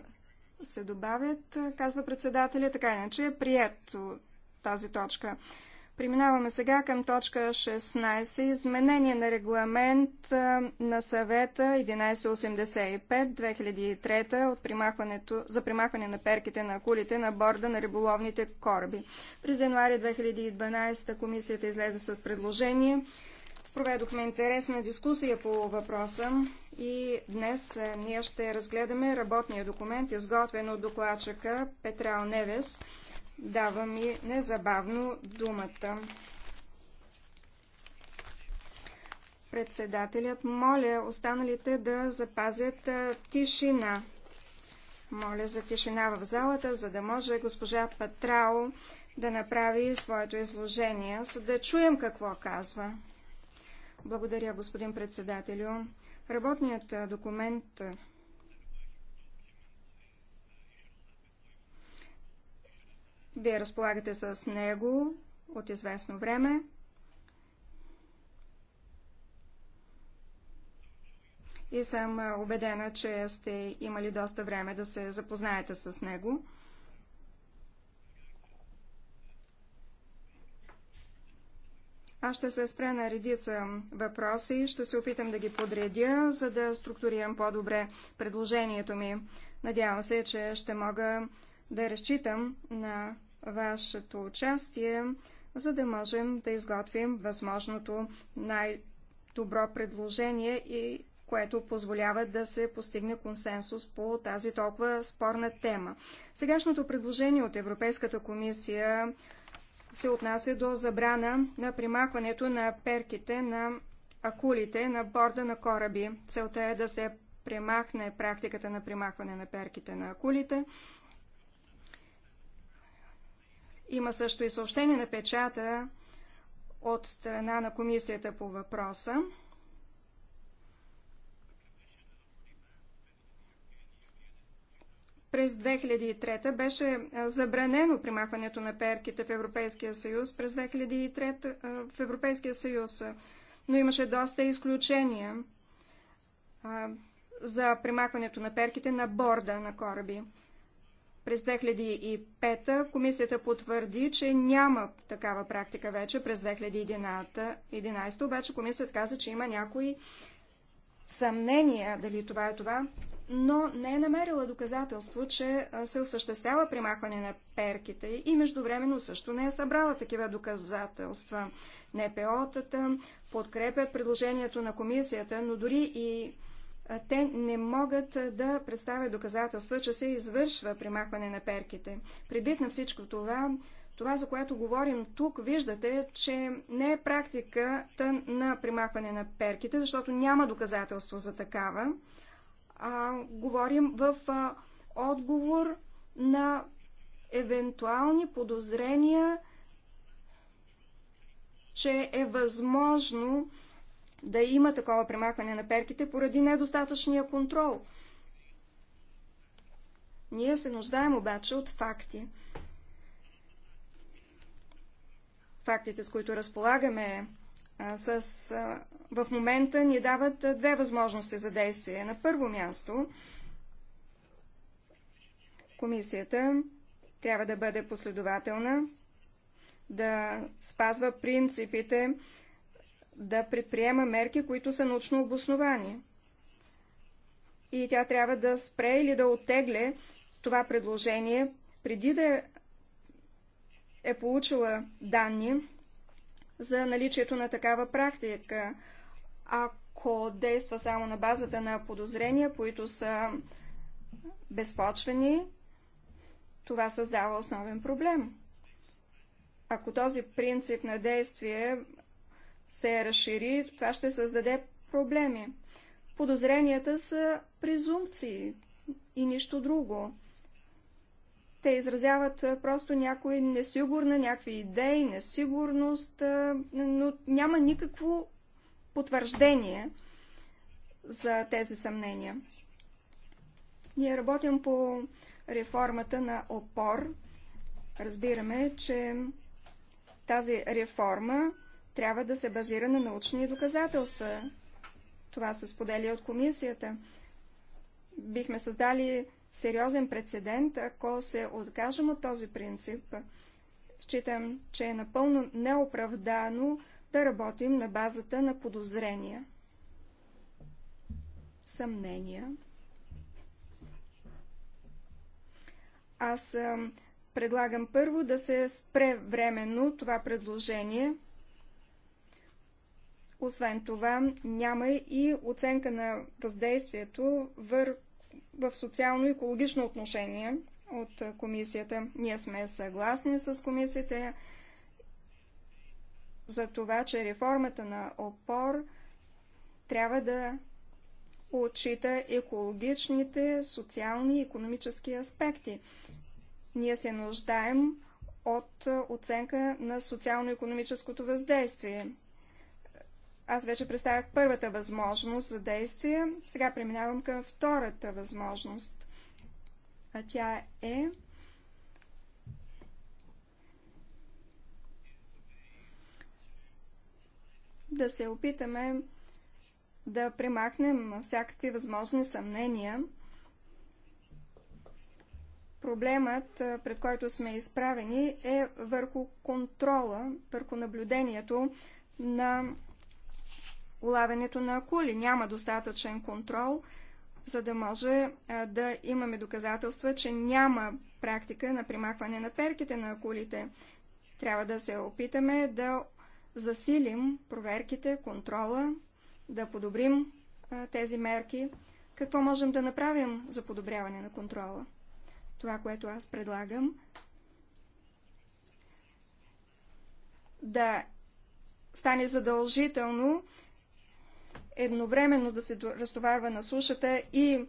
се добавят, казва председателя. Така иначе е прието тази точка. Преминаваме сега към точка 16. Изменение на регламент на съвета 1185-2003 от примахването, за примахване на перките на кулите на борда на риболовните кораби. През януари 2012 комисията излезе с предложение Проведохме интересна дискусия по въпроса и днес е, ние ще разгледаме работния документ, изготвен от докладчика Петрал Невес. Давам ми незабавно думата. Председателят моля останалите да запазят е, тишина. Моля за тишина в залата, за да може госпожа Патрао да направи своето изложение, за да чуем какво казва. Благодаря, господин председателю. Работният документ Вие разполагате с него от известно време. И съм убедена, че сте имали доста време да се запознаете с него. Аз ще се спре на редица въпроси, ще се опитам да ги подредя, за да структурирам по-добре предложението ми. Надявам се, че ще мога да разчитам на вашето участие, за да можем да изготвим възможното най-добро предложение и което позволява да се постигне консенсус по тази толкова спорна тема. Сегашното предложение от Европейската комисия се отнася до забрана на примахването на перките на акулите на борда на кораби. Целта е да се премахне практиката на примахване на перките на акулите. Има също и съобщение на печата от страна на комисията по въпроса. През 2003 беше забранено примахването на перките в Европейския съюз. През 2003 в Европейския съюз. Но имаше доста изключения за примахването на перките на борда на кораби. През 2005 комисията потвърди, че няма такава практика вече. През 2011 обаче комисията каза, че има някои съмнения дали това е това но не е намерила доказателство, че се осъществява примахване на перките и междувременно също не е събрала такива доказателства. НПО-тата подкрепят предложението на комисията, но дори и те не могат да представят доказателства, че се извършва примахване на перките. Предвид на всичко това, това, за което говорим тук, виждате, че не е практиката на примахване на перките, защото няма доказателство за такава а, говорим в а, отговор на евентуални подозрения, че е възможно да има такова премахване на перките поради недостатъчния контрол. Ние се нуждаем обаче от факти. Фактите, с които разполагаме, с, в момента ни дават две възможности за действие. На първо място, комисията трябва да бъде последователна, да спазва принципите, да предприема мерки, които са научно обосновани. И тя трябва да спре или да оттегле това предложение, преди да е получила данни за наличието на такава практика. Ако действа само на базата на подозрения, които са безпочвени, това създава основен проблем. Ако този принцип на действие се разшири, това ще създаде проблеми. Подозренията са презумпции и нищо друго. Те изразяват просто някои несигурна, някакви идеи, несигурност, но няма никакво потвърждение за тези съмнения. Ние работим по реформата на опор. Разбираме, че тази реформа трябва да се базира на научни доказателства. Това се споделя от комисията. Бихме създали сериозен прецедент, ако се откажем от този принцип. Считам, че е напълно неоправдано да работим на базата на подозрения, съмнения. Аз предлагам първо да се спре временно това предложение. Освен това, няма и оценка на въздействието върху в социално-екологично отношение от комисията. Ние сме съгласни с комисията за това, че реформата на ОПОР трябва да отчита екологичните, социални и економически аспекти. Ние се нуждаем от оценка на социално-економическото въздействие. Аз вече представях първата възможност за действие, сега преминавам към втората възможност. А тя е да се опитаме да премахнем всякакви възможни съмнения. Проблемът, пред който сме изправени, е върху контрола, върху наблюдението на улавянето на акули. Няма достатъчен контрол, за да може да имаме доказателства, че няма практика на примахване на перките на акулите. Трябва да се опитаме да засилим проверките, контрола, да подобрим а, тези мерки. Какво можем да направим за подобряване на контрола? Това, което аз предлагам, да стане задължително едновременно да се разтоварва на сушата и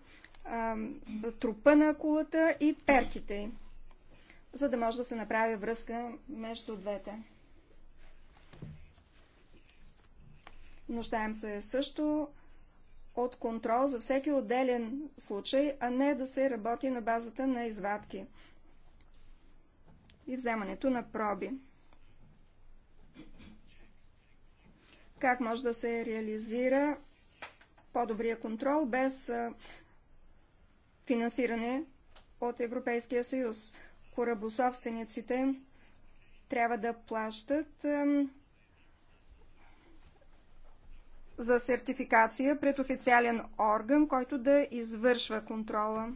а, трупа на кулата и перките, за да може да се направи връзка между двете. Нуждаем се също от контрол за всеки отделен случай, а не да се работи на базата на извадки и вземането на проби. как може да се реализира по-добрия контрол без финансиране от Европейския съюз. Корабособствениците трябва да плащат за сертификация пред официален орган, който да извършва контрола.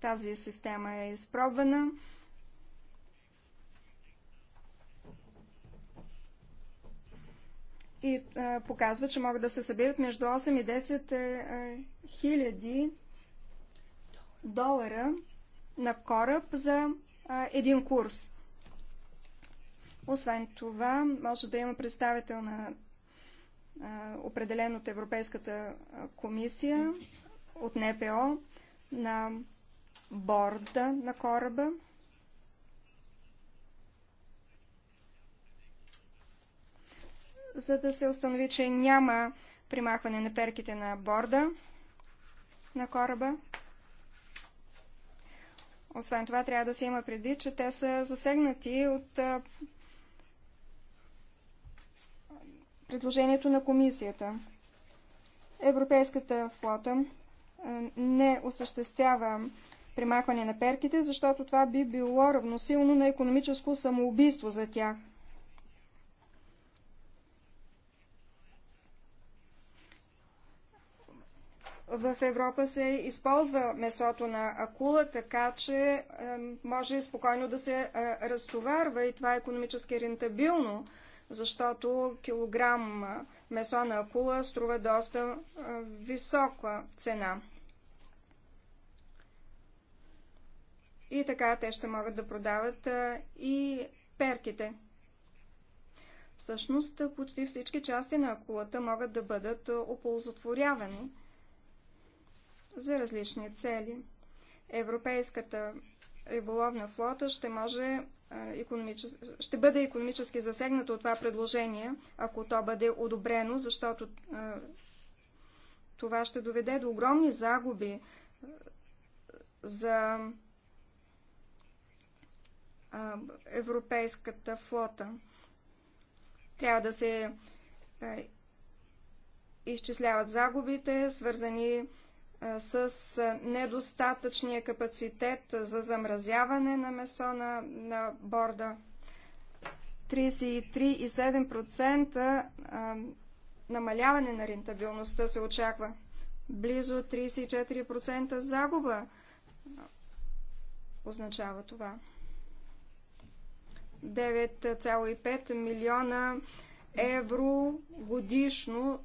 Тази система е изпробвана. и а, показва, че могат да се събират между 8 и 10 е, хиляди долара на кораб за а, един курс. Освен това, може да има представител на а, определен от Европейската комисия, от НПО, на борда на кораба. за да се установи, че няма примахване на перките на борда на кораба. Освен това, трябва да се има предвид, че те са засегнати от предложението на комисията. Европейската флота не осъществява примахване на перките, защото това би било равносилно на економическо самоубийство за тях – в Европа се използва месото на акула, така че може спокойно да се е, разтоварва и това е економически рентабилно, защото килограм е, месо на акула струва доста е, висока цена. И така те ще могат да продават и перките. Всъщност, почти всички части на акулата могат да бъдат оползотворявани за различни цели. Европейската риболовна флота ще, може, ще бъде економически засегната от това предложение, ако то бъде одобрено, защото това ще доведе до огромни загуби за европейската флота. Трябва да се изчисляват загубите, свързани с с недостатъчния капацитет за замразяване на месо на, на борда. 33,7% намаляване на рентабилността се очаква. Близо 34% загуба означава това. 9,5 милиона евро годишно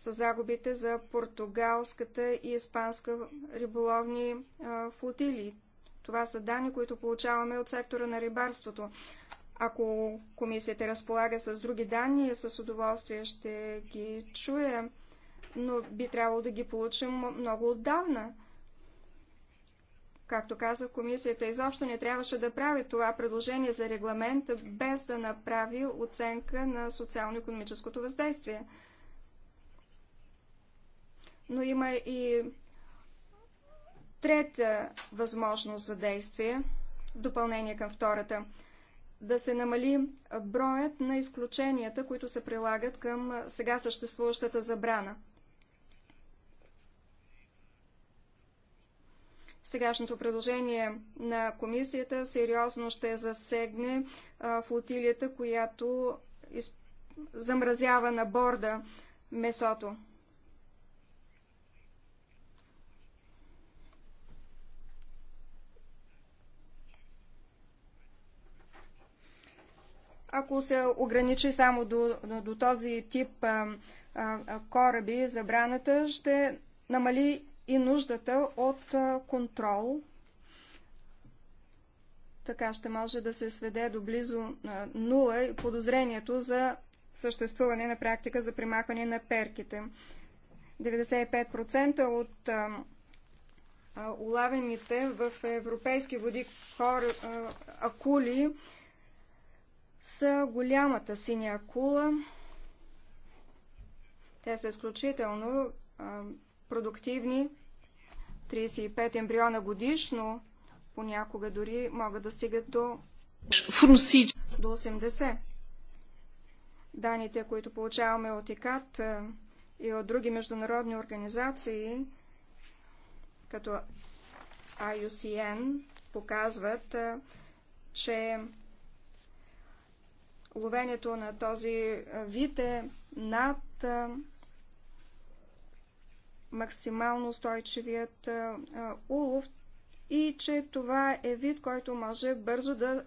с загубите за португалската и испанска риболовни флотилии. Това са данни, които получаваме от сектора на рибарството. Ако комисията разполага с други данни, с удоволствие ще ги чуя, но би трябвало да ги получим много отдавна. Както казах, комисията изобщо не трябваше да прави това предложение за регламент, без да направи оценка на социално-економическото въздействие но има и трета възможност за действие, в допълнение към втората, да се намали броят на изключенията, които се прилагат към сега съществуващата забрана. Сегашното предложение на комисията сериозно ще засегне флотилията, която замразява на борда месото. ако се ограничи само до, до, този тип а, а, кораби, забраната ще намали и нуждата от а, контрол. Така ще може да се сведе до близо а, нула и подозрението за съществуване на практика за примахване на перките. 95% от а, улавените в европейски води хор, акули са голямата синя акула. Те са изключително а, продуктивни. 35 ембриона годишно, понякога дори могат да стигат до, до 80. Даните, които получаваме от ИКАТ и от други международни организации, като IUCN, показват, че ловенето на този е, вид е над е, максимално устойчивият е, улов и че това е вид, който може бързо да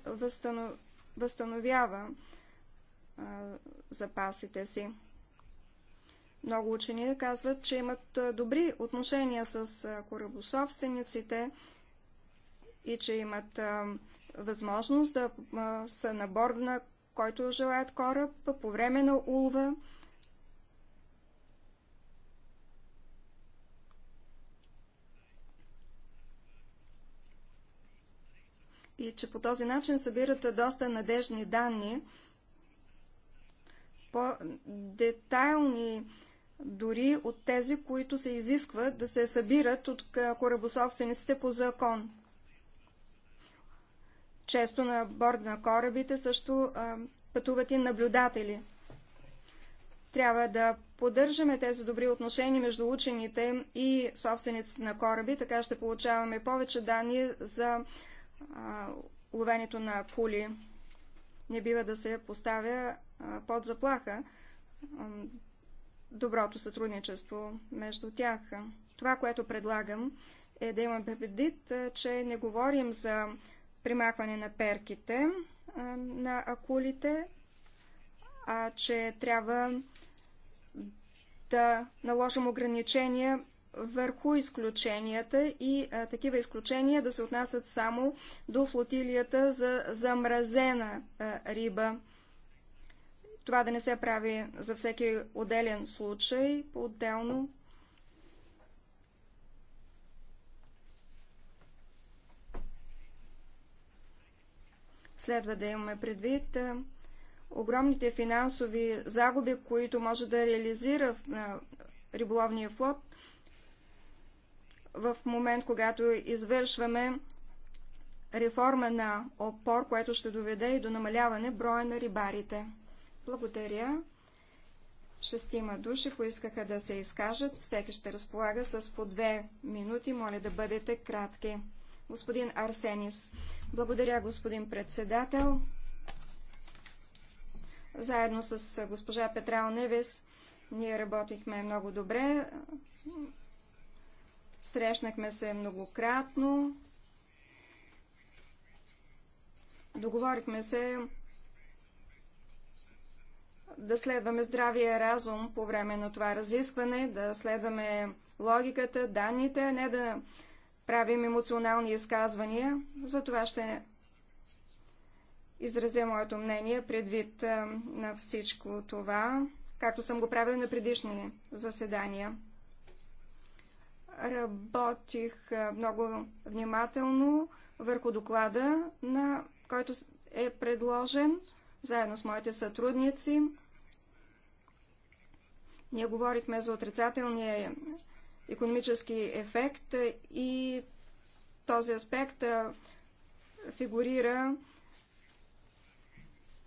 възстановява запасите си. Много учени казват, че имат добри отношения с корабособствениците и че имат възможност да са на борд на който желаят кораб по време на улва. И че по този начин събирате доста надежни данни, по-детайлни дори от тези, които се изискват да се събират от корабособствениците по закон. Често на борд на корабите също а, пътуват и наблюдатели. Трябва да поддържаме тези добри отношения между учените и собствениците на кораби, така ще получаваме повече данни за а, ловенето на кули. Не бива да се поставя а, под заплаха а, доброто сътрудничество между тях. Това, което предлагам, е да имам предвид, че не говорим за примахване на перките на акулите, а че трябва да наложим ограничения върху изключенията и а, такива изключения да се отнасят само до флотилията за замразена а, риба. Това да не се прави за всеки отделен случай, по-отделно Следва да имаме предвид огромните финансови загуби, които може да реализира риболовния флот в момент, когато извършваме реформа на опор, което ще доведе и до намаляване броя на рибарите. Благодаря. Шестима души поискаха да се изкажат. Всеки ще разполага с по две минути. Моля да бъдете кратки господин Арсенис. Благодаря, господин председател. Заедно с госпожа Петрал Невес ние работихме много добре. Срещнахме се многократно. Договорихме се да следваме здравия разум по време на това разискване, да следваме логиката, данните, а не да правим емоционални изказвания, за това ще изразя моето мнение предвид на всичко това, както съм го правил на предишни заседания. Работих много внимателно върху доклада, на който е предложен, заедно с моите сътрудници. Ние говорихме за отрицателния економически ефект и този аспект фигурира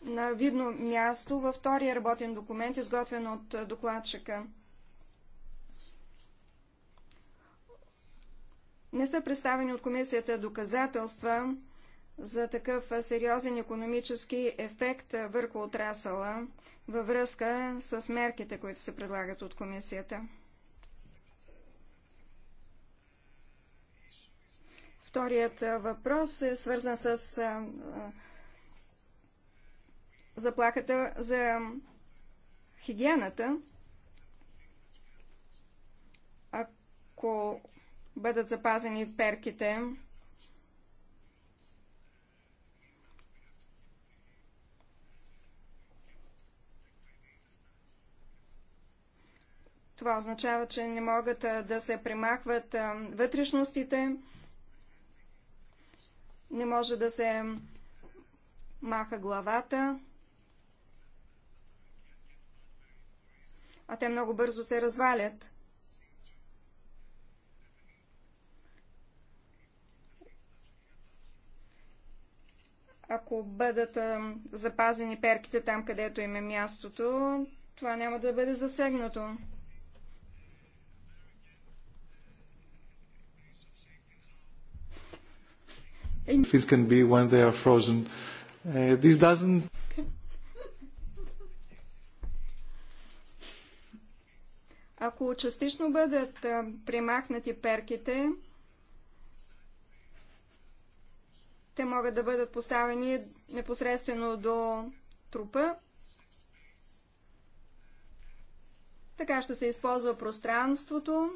на видно място във втория работен документ, изготвен от докладчика. Не са представени от комисията доказателства за такъв сериозен економически ефект върху отрасъла във връзка с мерките, които се предлагат от комисията. Вторият въпрос е свързан с заплахата за хигиената. Ако бъдат запазени перките, Това означава, че не могат да се примахват вътрешностите не може да се маха главата, а те много бързо се развалят. Ако бъдат а, запазени перките там, където им е мястото, това няма да бъде засегнато. Uh, Ако частично бъдат премахнати перките, те могат да бъдат поставени непосредствено до трупа. Така ще се използва пространството.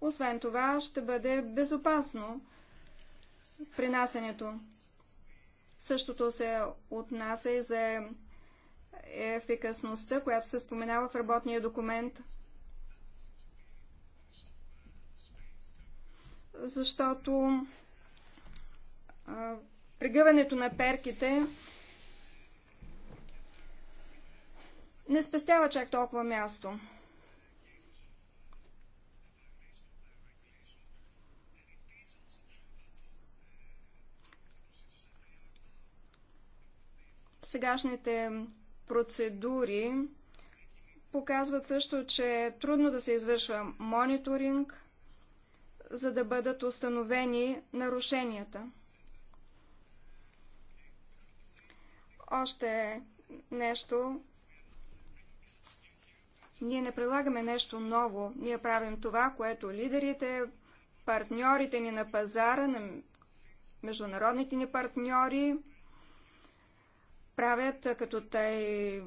Освен това, ще бъде безопасно принасенето. Същото се отнася и за ефикасността, която се споменава в работния документ. Защото а, пригъването на перките не спестява чак толкова място. Сегашните процедури показват също, че е трудно да се извършва мониторинг, за да бъдат установени нарушенията. Още нещо. Ние не прилагаме нещо ново. Ние правим това, което лидерите, партньорите ни на пазара, на международните ни партньори правят като Тай...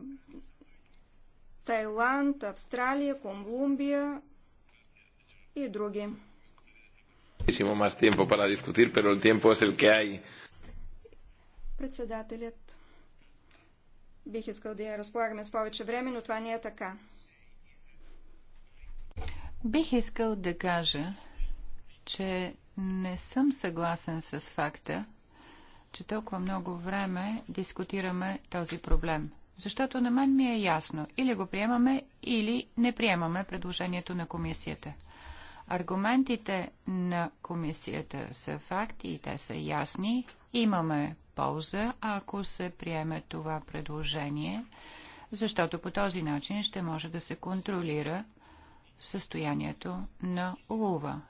Тайланд, Австралия, Колумбия и други. Председателят. Бих искал да я разполагаме с повече време, но това не е така. Бих искал да кажа, че не съм съгласен с факта, че толкова много време дискутираме този проблем. Защото на мен ми е ясно. Или го приемаме, или не приемаме предложението на комисията. Аргументите на комисията са факти и те са ясни. Имаме полза, ако се приеме това предложение, защото по този начин ще може да се контролира състоянието на улова.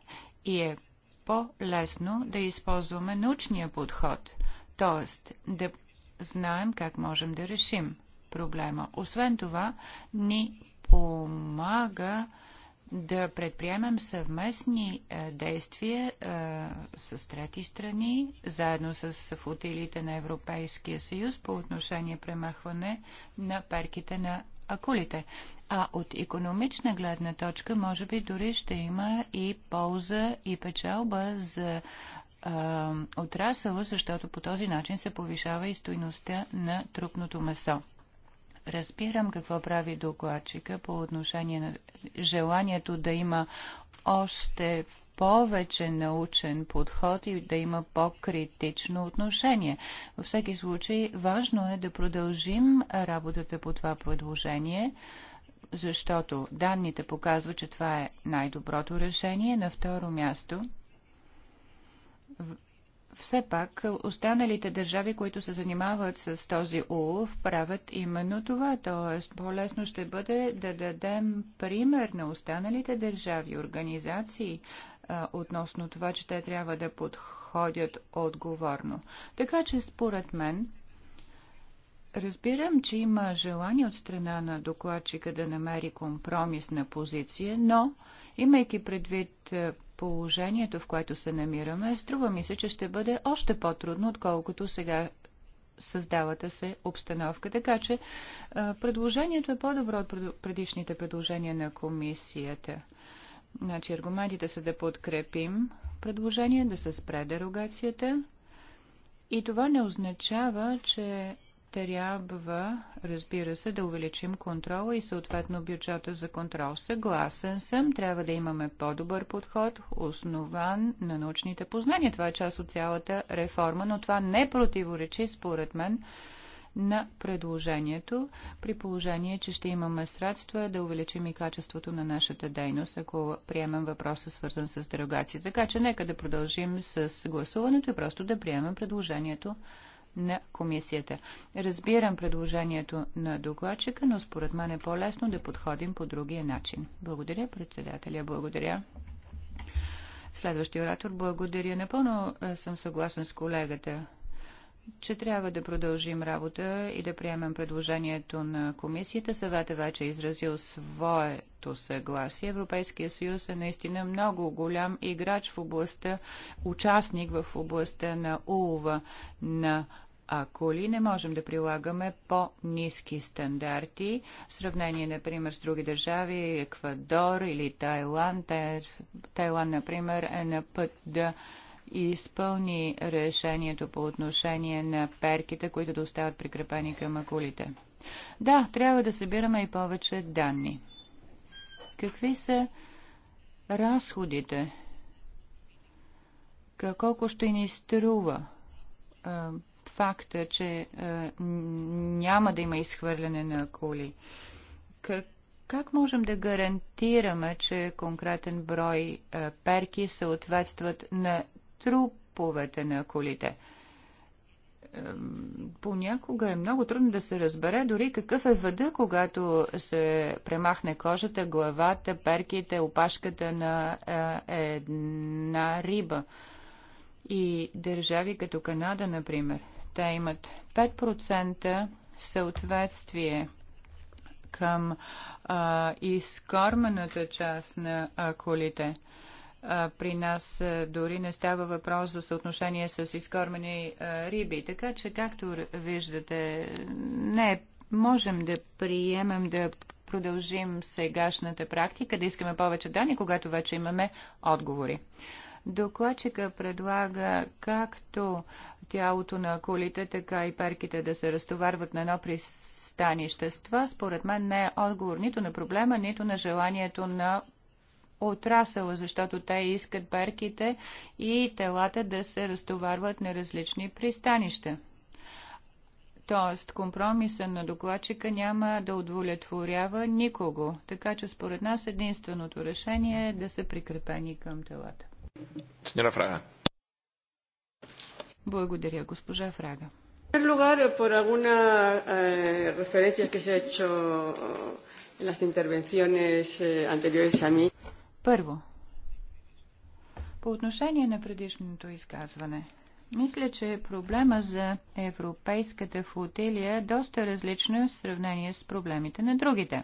И е по-лесно да използваме научния подход, Тоест, да знаем как можем да решим проблема. Освен това, ни помага да предприемем съвместни е, действия е, с трети страни, заедно с футилите на Европейския съюз по отношение премахване на перките на акулите. А от економична гледна точка, може би дори ще има и полза и печалба за е, а, отрасъла, защото по този начин се повишава и стойността на трупното месо. Разбирам какво прави докладчика по отношение на желанието да има още повече научен подход и да има по-критично отношение. Във всеки случай, важно е да продължим работата по това предложение, защото данните показват, че това е най-доброто решение. На второ място, все пак останалите държави, които се занимават с този улов, правят именно това. Тоест, по-лесно ще бъде да дадем пример на останалите държави, организации, а, относно това, че те трябва да подходят отговорно. Така че, според мен, разбирам, че има желание от страна на докладчика да намери компромисна позиция, но, имайки предвид положението, в което се намираме, струва ми се, че ще бъде още по-трудно, отколкото сега създавата се обстановка. Така че предложението е по-добро от предишните предложения на комисията. Значи аргументите са да подкрепим предложение, да се спре дерогацията. И това не означава, че трябва, разбира се, да увеличим контрола и съответно бюджета за контрол. Съгласен съм, трябва да имаме по-добър подход, основан на научните познания. Това е част от цялата реформа, но това не противоречи, според мен, на предложението, при положение, че ще имаме средства да увеличим и качеството на нашата дейност, ако приемем въпроса свързан с дерогация. Така че нека да продължим с гласуването и просто да приемем предложението на комисията. Разбирам предложението на докладчика, но според мен е по-лесно да подходим по другия начин. Благодаря, председателя. Благодаря. Следващия оратор. Благодаря. Напълно съм съгласен с колегата че трябва да продължим работа и да приемем предложението на комисията. Съвета вече е изразил своето съгласие. Европейския съюз е наистина много голям играч в областта, участник в областта на улова на ако ли не можем да прилагаме по-низки стандарти, в сравнение, например, с други държави, Еквадор или Тайланд. Тайланд, например, е на път да изпълни решението по отношение на перките, които да остават прикрепени към акулите. Да, трябва да събираме и повече данни. Какви са разходите? Колко ще ни струва факта, че няма да има изхвърляне на акули? Как как можем да гарантираме, че конкретен брой перки съответстват на труповете на колите. Понякога е много трудно да се разбере дори какъв е въда, когато се премахне кожата, главата, перките, опашката на е, една риба. И държави като Канада, например, те имат 5% съответствие към а, изкормената част на а, колите при нас дори не става въпрос за съотношение с изкормени риби. Така че, както виждате, не можем да приемем да продължим сегашната практика, да искаме повече данни, когато вече имаме отговори. Докладчика предлага както тялото на колите, така и перките да се разтоварват на едно пристанище. Това, според мен, не е отговор нито на проблема, нито на желанието на отрасъла, защото те искат перките и телата да се разтоварват на различни пристанища. Тоест, компромиса на докладчика няма да удовлетворява никого. Така че, според нас, единственото решение е да са прикрепени към телата. Сеньора Фрага. Благодаря, госпожа Фрага. En lugar, por alguna eh, referencia que se ha hecho en las intervenciones eh, anteriores a mí. Първо, по отношение на предишното изказване. Мисля, че проблема за европейската флотилия е доста различна в сравнение с проблемите на другите.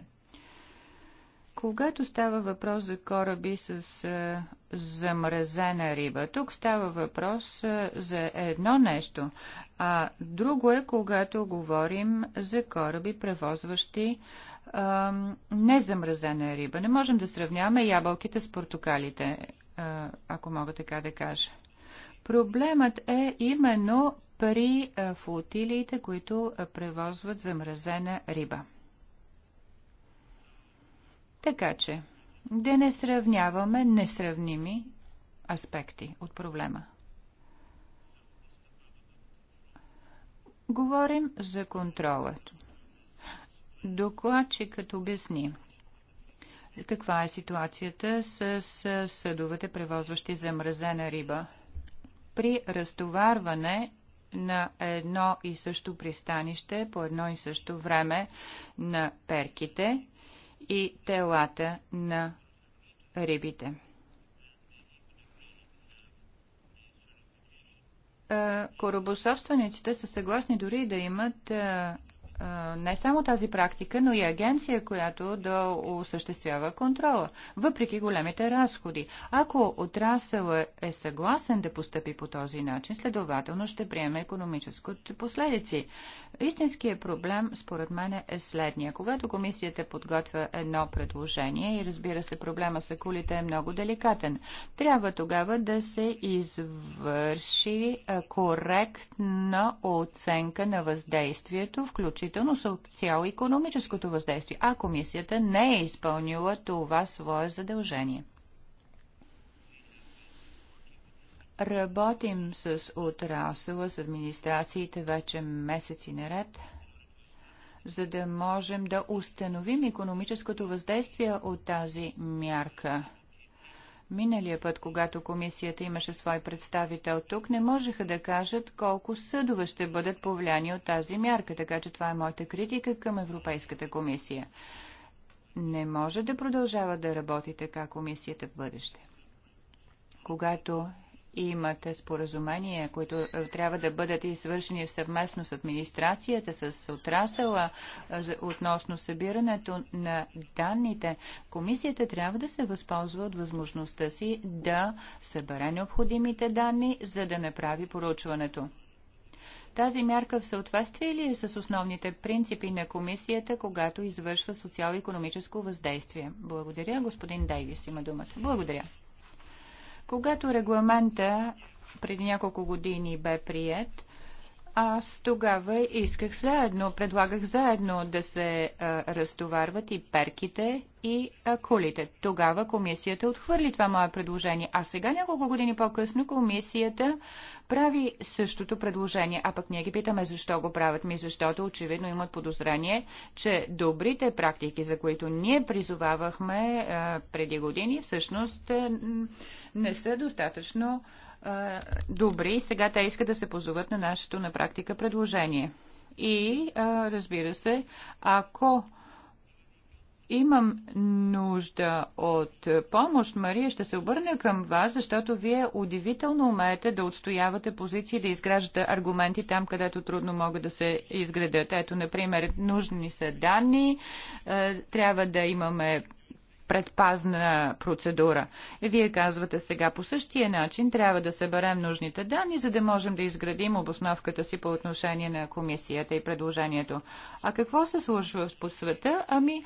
Когато става въпрос за кораби с а, замразена риба, тук става въпрос а, за едно нещо, а друго е когато говорим за кораби, превозващи незамразена риба. Не можем да сравняваме ябълките с портокалите, ако мога така да кажа. Проблемът е именно при флотилиите, които превозват замразена риба. Така че, да не сравняваме несравними аспекти от проблема. Говорим за контролът. Докладчикът обясни каква е ситуацията с съдовете, превозващи замразена риба. При разтоварване на едно и също пристанище по едно и също време на перките и телата на рибите. Е, корабособствениците са съгласни дори да имат е, не само тази практика, но и агенция, която да осъществява контрола, въпреки големите разходи. Ако отрасъл е съгласен да постъпи по този начин, следователно ще приеме економическите последици. Истинският проблем, според мен, е следния. Когато комисията подготвя едно предложение и разбира се, проблема с акулите е много деликатен, трябва тогава да се извърши коректна оценка на въздействието, включително включително с цяло економическото въздействие, а комисията не е изпълнила това свое задължение. Работим с отрасъла, с администрациите вече месеци наред, за да можем да установим економическото въздействие от тази мярка. Миналия път, когато комисията имаше свой представител тук, не можеха да кажат колко съдове ще бъдат повлияни от тази мярка, така че това е моята критика към Европейската комисия. Не може да продължава да работи така комисията в бъдеще. Когато имате споразумения, които е, трябва да бъдат извършени съвместно с администрацията, с отрасъла е, относно събирането на данните, комисията трябва да се възползва от възможността си да събере необходимите данни, за да направи поручването. Тази мярка в съответствие ли е с основните принципи на комисията, когато извършва социално-економическо въздействие? Благодаря. Господин Дейвис. има думата. Благодаря. Когато регламента преди няколко години бе прият, аз тогава исках заедно, предлагах заедно да се а, разтоварват и перките, и а, кулите. Тогава комисията отхвърли това мое предложение, а сега няколко години по-късно комисията прави същото предложение, а пък ние ги питаме защо го правят ми, защото очевидно имат подозрение, че добрите практики, за които ние призовавахме а, преди години, всъщност. А, не са достатъчно а, добри. Сега те искат да се позоват на нашето на практика предложение. И, а, разбира се, ако Имам нужда от помощ. Мария, ще се обърна към вас, защото вие удивително умеете да отстоявате позиции, да изграждате аргументи там, където трудно могат да се изградят. Ето, например, нужни са данни, трябва да имаме предпазна процедура. Вие казвате сега по същия начин трябва да съберем нужните данни, за да можем да изградим обосновката си по отношение на комисията и предложението. А какво се случва по света? Ами,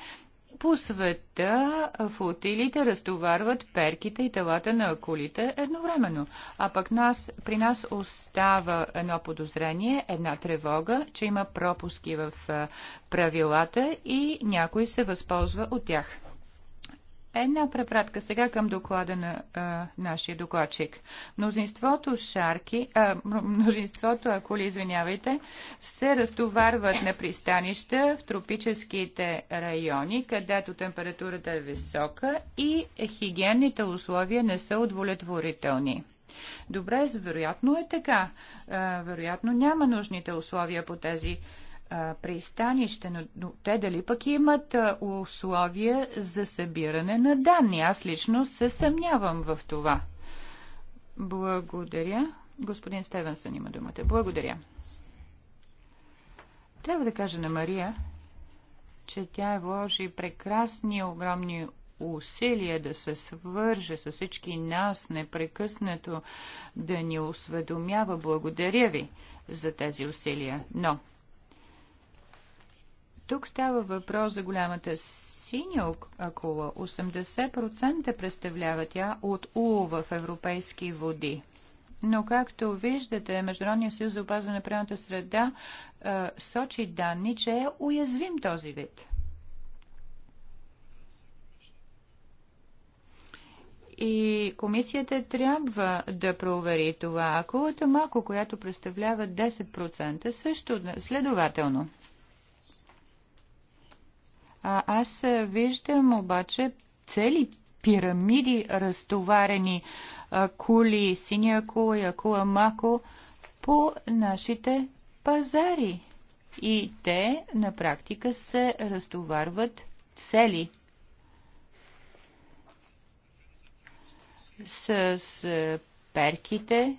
по света флотилите разтоварват перките и телата на акулите едновременно. А пък нас, при нас остава едно подозрение, една тревога, че има пропуски в правилата и някой се възползва от тях. Една препратка сега към доклада на а, нашия докладчик. Мнозинството шарки, а, мнозинството акули, извинявайте, се разтоварват на пристанища в тропическите райони, където температурата е висока и хигиенните условия не са удовлетворителни. Добре, вероятно е така. Вероятно няма нужните условия по тези пристанище, но, но те дали пък имат а, условия за събиране на данни? Аз лично се съмнявам в това. Благодаря. Господин Стевенсън има думата. Благодаря. Трябва да кажа на Мария, че тя вложи прекрасни, огромни усилия да се свърже с всички нас непрекъснато, да ни осведомява. Благодаря ви за тези усилия. Но тук става въпрос за голямата синя акула. 80% представлява тя от улова в европейски води. Но както виждате, Международния съюз за опазване на природната среда е, сочи данни, че е уязвим този вид. и комисията трябва да провери това. Акулата мако, която представлява 10%, също следователно а, аз виждам обаче цели пирамиди разтоварени а, кули, синя кула, акула мако по нашите пазари. И те на практика се разтоварват цели с перките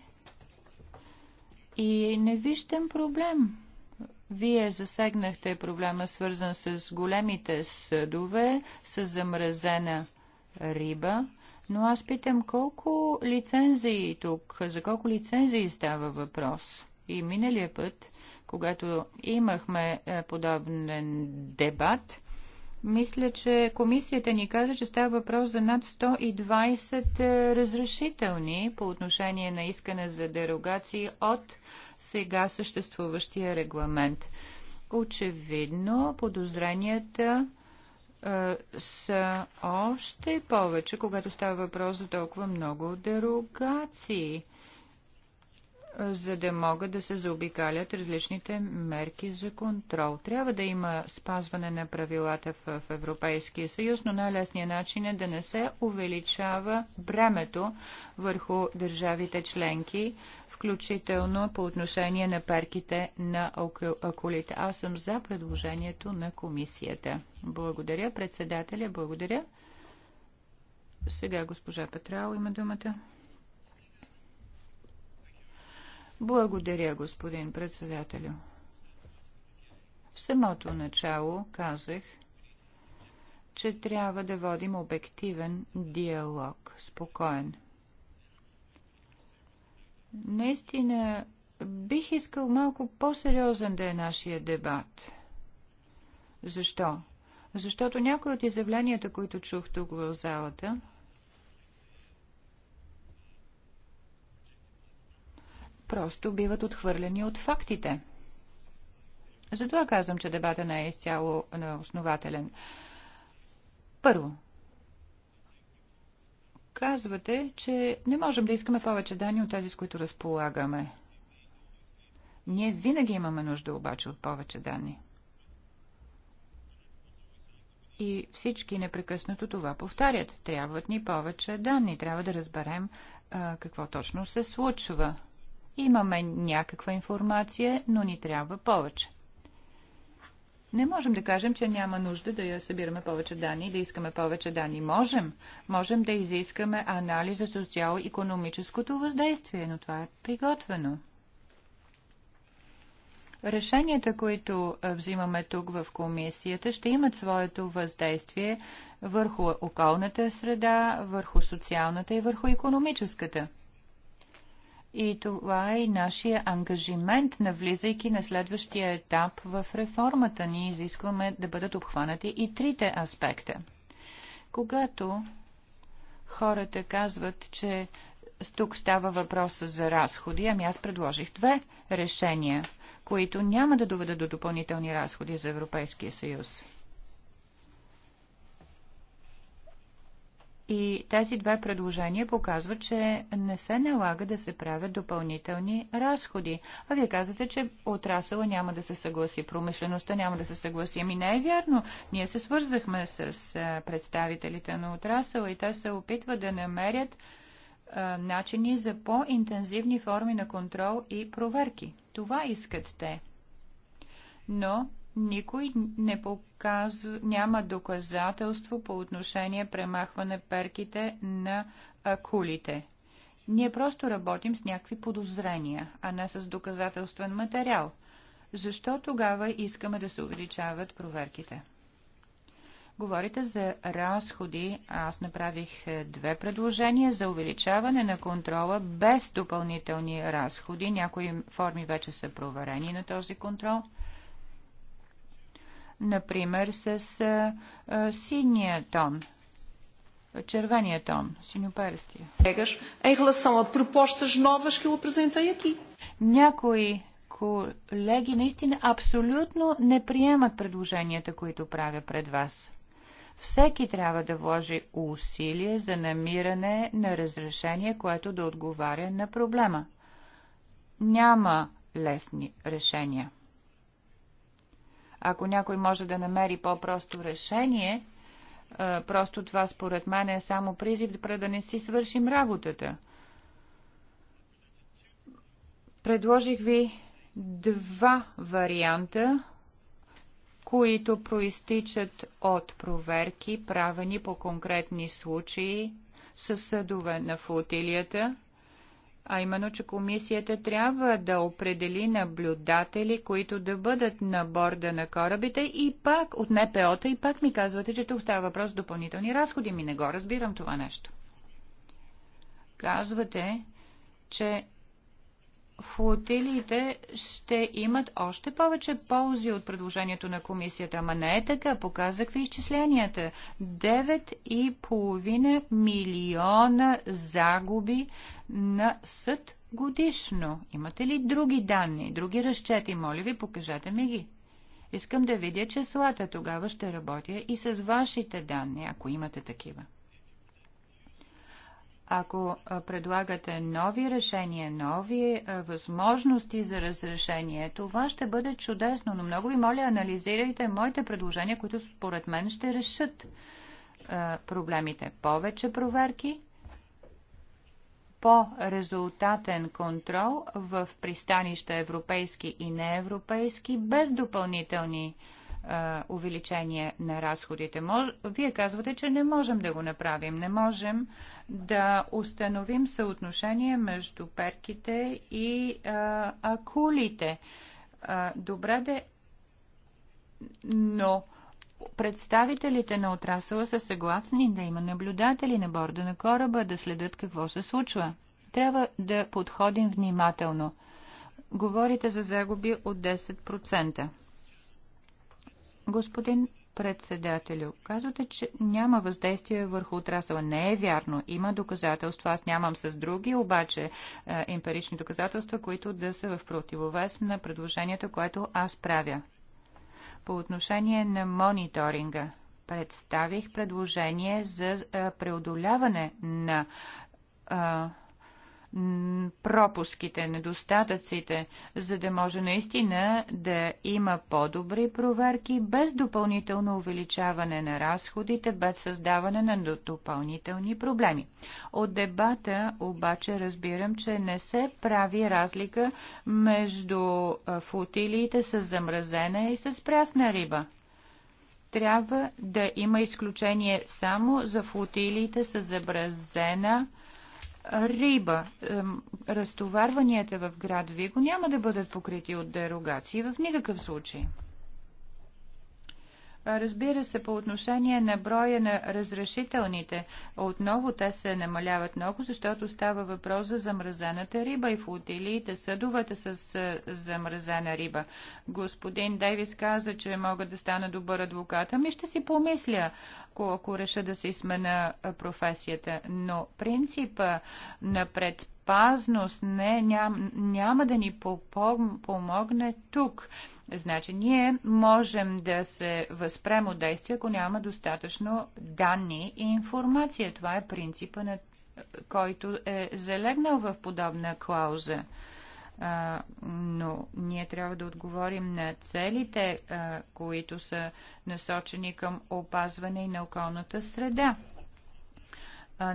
и не виждам проблем. Вие засегнахте проблема, свързан с големите съдове, с замразена риба, но аз питам колко лицензии тук, за колко лицензии става въпрос. И миналия път, когато имахме е, подобен дебат, мисля, че комисията ни каза, че става въпрос за над 120 е, разрешителни по отношение на искане за дерогации от сега съществуващия регламент. Очевидно, подозренията е, са още повече, когато става въпрос за толкова много дерогации за да могат да се заобикалят различните мерки за контрол. Трябва да има спазване на правилата в Европейския съюз, но най-лесният начин е да не се увеличава бремето върху държавите членки, включително по отношение на парките на акулите. Аз съм за предложението на комисията. Благодаря, председателя, благодаря. Сега госпожа Петрал има думата. Благодаря, господин председателю. В самото начало казах, че трябва да водим обективен диалог, спокоен. Наистина, бих искал малко по-сериозен да е нашия дебат. Защо? Защото някои от изявленията, които чух тук в залата, просто биват отхвърлени от фактите. Затова казвам, че дебата не е изцяло е, основателен. Първо, казвате, че не можем да искаме повече данни от тези, с които разполагаме. Ние винаги имаме нужда обаче от повече данни. И всички непрекъснато това повтарят. Трябват ни повече данни. Трябва да разберем а, какво точно се случва. Имаме някаква информация, но ни трябва повече. Не можем да кажем, че няма нужда да я събираме повече данни и да искаме повече данни. Можем. Можем да изискаме анализ за социално-економическото въздействие, но това е приготвено. Решенията, които взимаме тук в комисията, ще имат своето въздействие върху околната среда, върху социалната и върху економическата. И това е и нашия ангажимент, навлизайки на следващия етап в реформата. Ние изискваме да бъдат обхванати и трите аспекта. Когато хората казват, че тук става въпрос за разходи, ами аз предложих две решения, които няма да доведат до допълнителни разходи за Европейския съюз. И тези две предложения показват, че не се налага да се правят допълнителни разходи. А вие казвате, че отрасъла няма да се съгласи, промишлеността няма да се съгласи. Ами не е вярно. Ние се свързахме с представителите на отрасъла и те се опитват да намерят начини за по-интензивни форми на контрол и проверки. Това искат те. Но никой не показва, няма доказателство по отношение премахване перките на кулите. Ние просто работим с някакви подозрения, а не с доказателствен материал. Защо тогава искаме да се увеличават проверките? Говорите за разходи. Аз направих е, две предложения за увеличаване на контрола без допълнителни разходи. Някои форми вече са проверени на този контрол – например, с а, а, синия тон, червения тон, синьоперстия. Е, Някои колеги наистина абсолютно не приемат предложенията, които правя пред вас. Всеки трябва да вложи усилие за намиране на разрешение, което да отговаря на проблема. Няма лесни решения. Ако някой може да намери по-просто решение, е, просто това според мен е само призив да не си свършим работата. Предложих ви два варианта, които проистичат от проверки, правени по конкретни случаи със съдове на флотилията – а именно, че комисията трябва да определи наблюдатели, които да бъдат на борда на корабите и пак от НПО-та и пак ми казвате, че тук става въпрос допълнителни разходи. Ми не го разбирам това нещо. Казвате, че флотилиите ще имат още повече ползи от предложението на комисията. Ама не е така. Показах ви изчисленията. 9,5 милиона загуби на съд годишно. Имате ли други данни, други разчети? Моля ви, покажете ми ги. Искам да видя числата. Тогава ще работя и с вашите данни, ако имате такива. Ако предлагате нови решения, нови възможности за разрешение, това ще бъде чудесно, но много ви моля, анализирайте моите предложения, които според мен ще решат проблемите. Повече проверки, по-резултатен контрол в пристанища европейски и неевропейски, без допълнителни проверки а, увеличение на разходите. Мож... Вие казвате, че не можем да го направим. Не можем да установим съотношение между перките и а, акулите. А, добре де, но представителите на отрасъла са съгласни да има наблюдатели на борда на кораба, да следят какво се случва. Трябва да подходим внимателно. Говорите за загуби от 10%. Господин председателю, казвате, че няма въздействие върху отрасъла. Не е вярно. Има доказателства. Аз нямам с други, обаче е, емпирични доказателства, които да са в противовес на предложението, което аз правя. По отношение на мониторинга, представих предложение за е, преодоляване на е, пропуските, недостатъците, за да може наистина да има по-добри проверки без допълнително увеличаване на разходите, без създаване на допълнителни проблеми. От дебата обаче разбирам, че не се прави разлика между флотилиите с замразена и с прясна риба трябва да има изключение само за флотилиите с риба Риба, разтоварванията в град Виго няма да бъдат покрити от дерогации в никакъв случай. Разбира се, по отношение на броя на разрешителните, отново те се намаляват много, защото става въпрос за замразената риба и флотилиите, съдовете с е, замразена риба. Господин Дейвис каза, че мога да стана добър адвокат. Ами ще си помисля, ако, реша да се смена е, професията. Но принципа на предприятието предпазност не, ням, няма да ни помогне тук. Значи ние можем да се възпрем от действие, ако няма достатъчно данни и информация. Това е принципа, на който е залегнал в подобна клауза. А, но ние трябва да отговорим на целите, а, които са насочени към опазване и на околната среда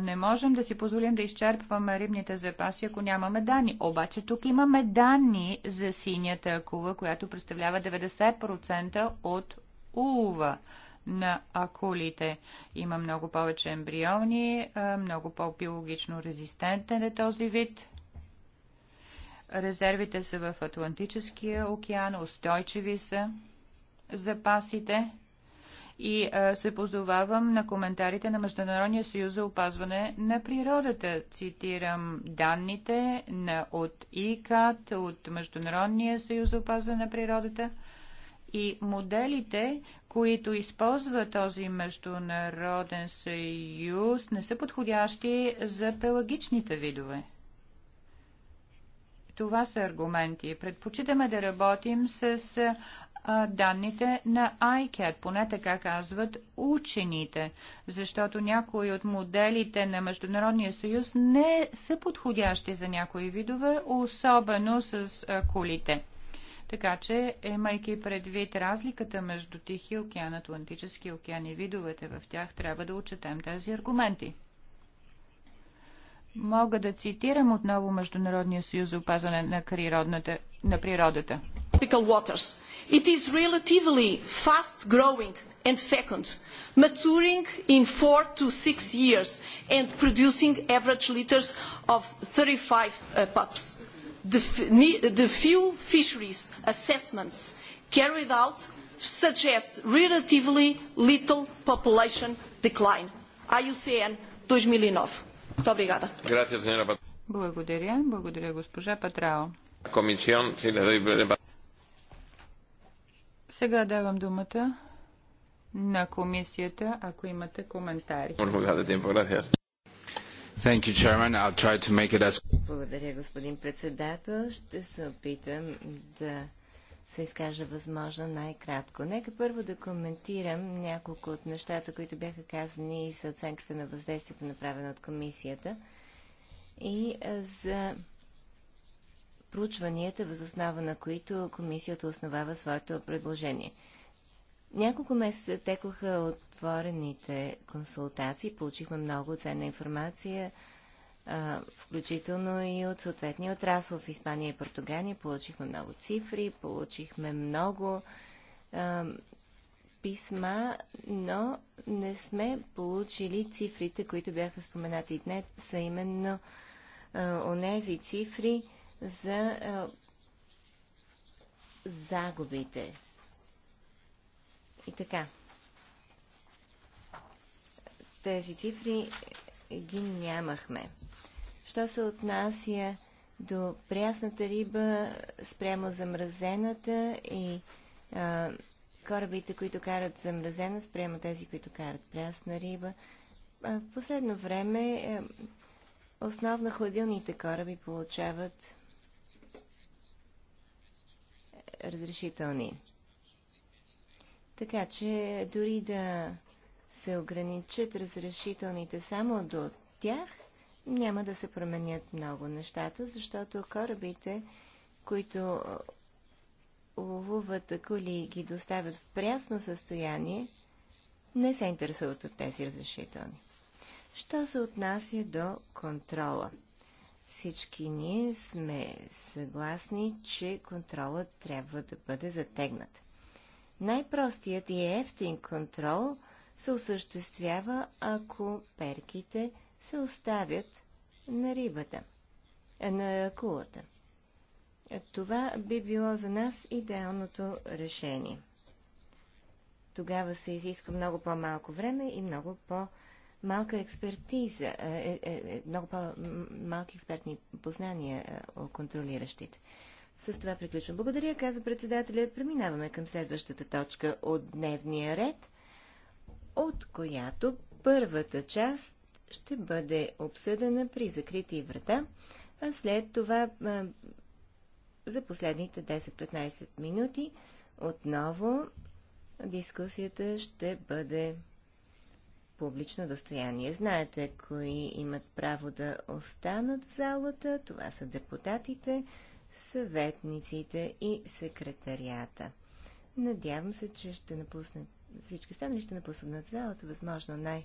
не можем да си позволим да изчерпваме рибните запаси, ако нямаме данни. Обаче тук имаме данни за синята акула, която представлява 90% от улова на акулите. Има много повече ембриони, много по-биологично резистентен е този вид. Резервите са в Атлантическия океан, устойчиви са запасите и а, се позовавам на коментарите на Международния съюз за опазване на природата. Цитирам данните на, от ИКАТ, от Международния съюз за опазване на природата и моделите, които използва този международен съюз, не са подходящи за пелагичните видове. Това са аргументи. Предпочитаме да работим с а, данните на ICAT, поне така казват учените, защото някои от моделите на Международния съюз не са подходящи за някои видове, особено с а, колите. Така че, имайки предвид разликата между Тихия океан, Атлантически океан и видовете в тях, трябва да отчетем тези аргументи. Мога да цитирам отново Международния съюз за опазване на, природната, на природата. It is relatively fast growing and fecund, maturing in four to six years and producing average liters of 35 uh, pups. The, the few fisheries assessments carried out suggest relatively little population decline. IUCN 2009. Obrigada. Благодаря. Благодаря, госпожа Патрао. сега давам думата на комисията, ако имате коментари. Благодаря, господин председател. Ще се опитам да се изкажа възможно най-кратко. Нека първо да коментирам няколко от нещата, които бяха казани и за оценката на въздействието, направено от комисията и за проучванията, възоснова на които комисията основава своето предложение. Няколко месеца текоха отворените консултации, получихме много ценна информация – включително и от съответния отрасъл в Испания и Португалия. Получихме много цифри, получихме много а, писма, но не сме получили цифрите, които бяха споменати и днес, са именно а, онези цифри за а, загубите. И така. Тези цифри ги нямахме. Що се отнася до прясната риба спрямо замразената и а, корабите, които карат замразена спрямо тези, които карат прясна риба, а, в последно време а, основно хладилните кораби получават разрешителни. Така че дори да се ограничат разрешителните само до тях, няма да се променят много нещата, защото корабите, които ловуват акули и ги доставят в прясно състояние, не се интересуват от тези разрешителни. Що се отнася до контрола? Всички ние сме съгласни, че контролът трябва да бъде затегнат. Най-простият и ефтин контрол – се осъществява, ако перките се оставят на рибата, е, на кулата. Това би било за нас идеалното решение. Тогава се изисква много по-малко време и много по-малка експертиза, е, е, много по-малки експертни познания о контролиращите. С това приключвам. Благодаря, казва председателят. Преминаваме към следващата точка от дневния ред – от която първата част ще бъде обсъдена при закрити врата, а след това за последните 10-15 минути отново дискусията ще бъде публично достояние. Знаете кои имат право да останат в залата. Това са депутатите, съветниците и секретарията. Надявам се, че ще напуснат всички останали ще напуснат залата, възможно най-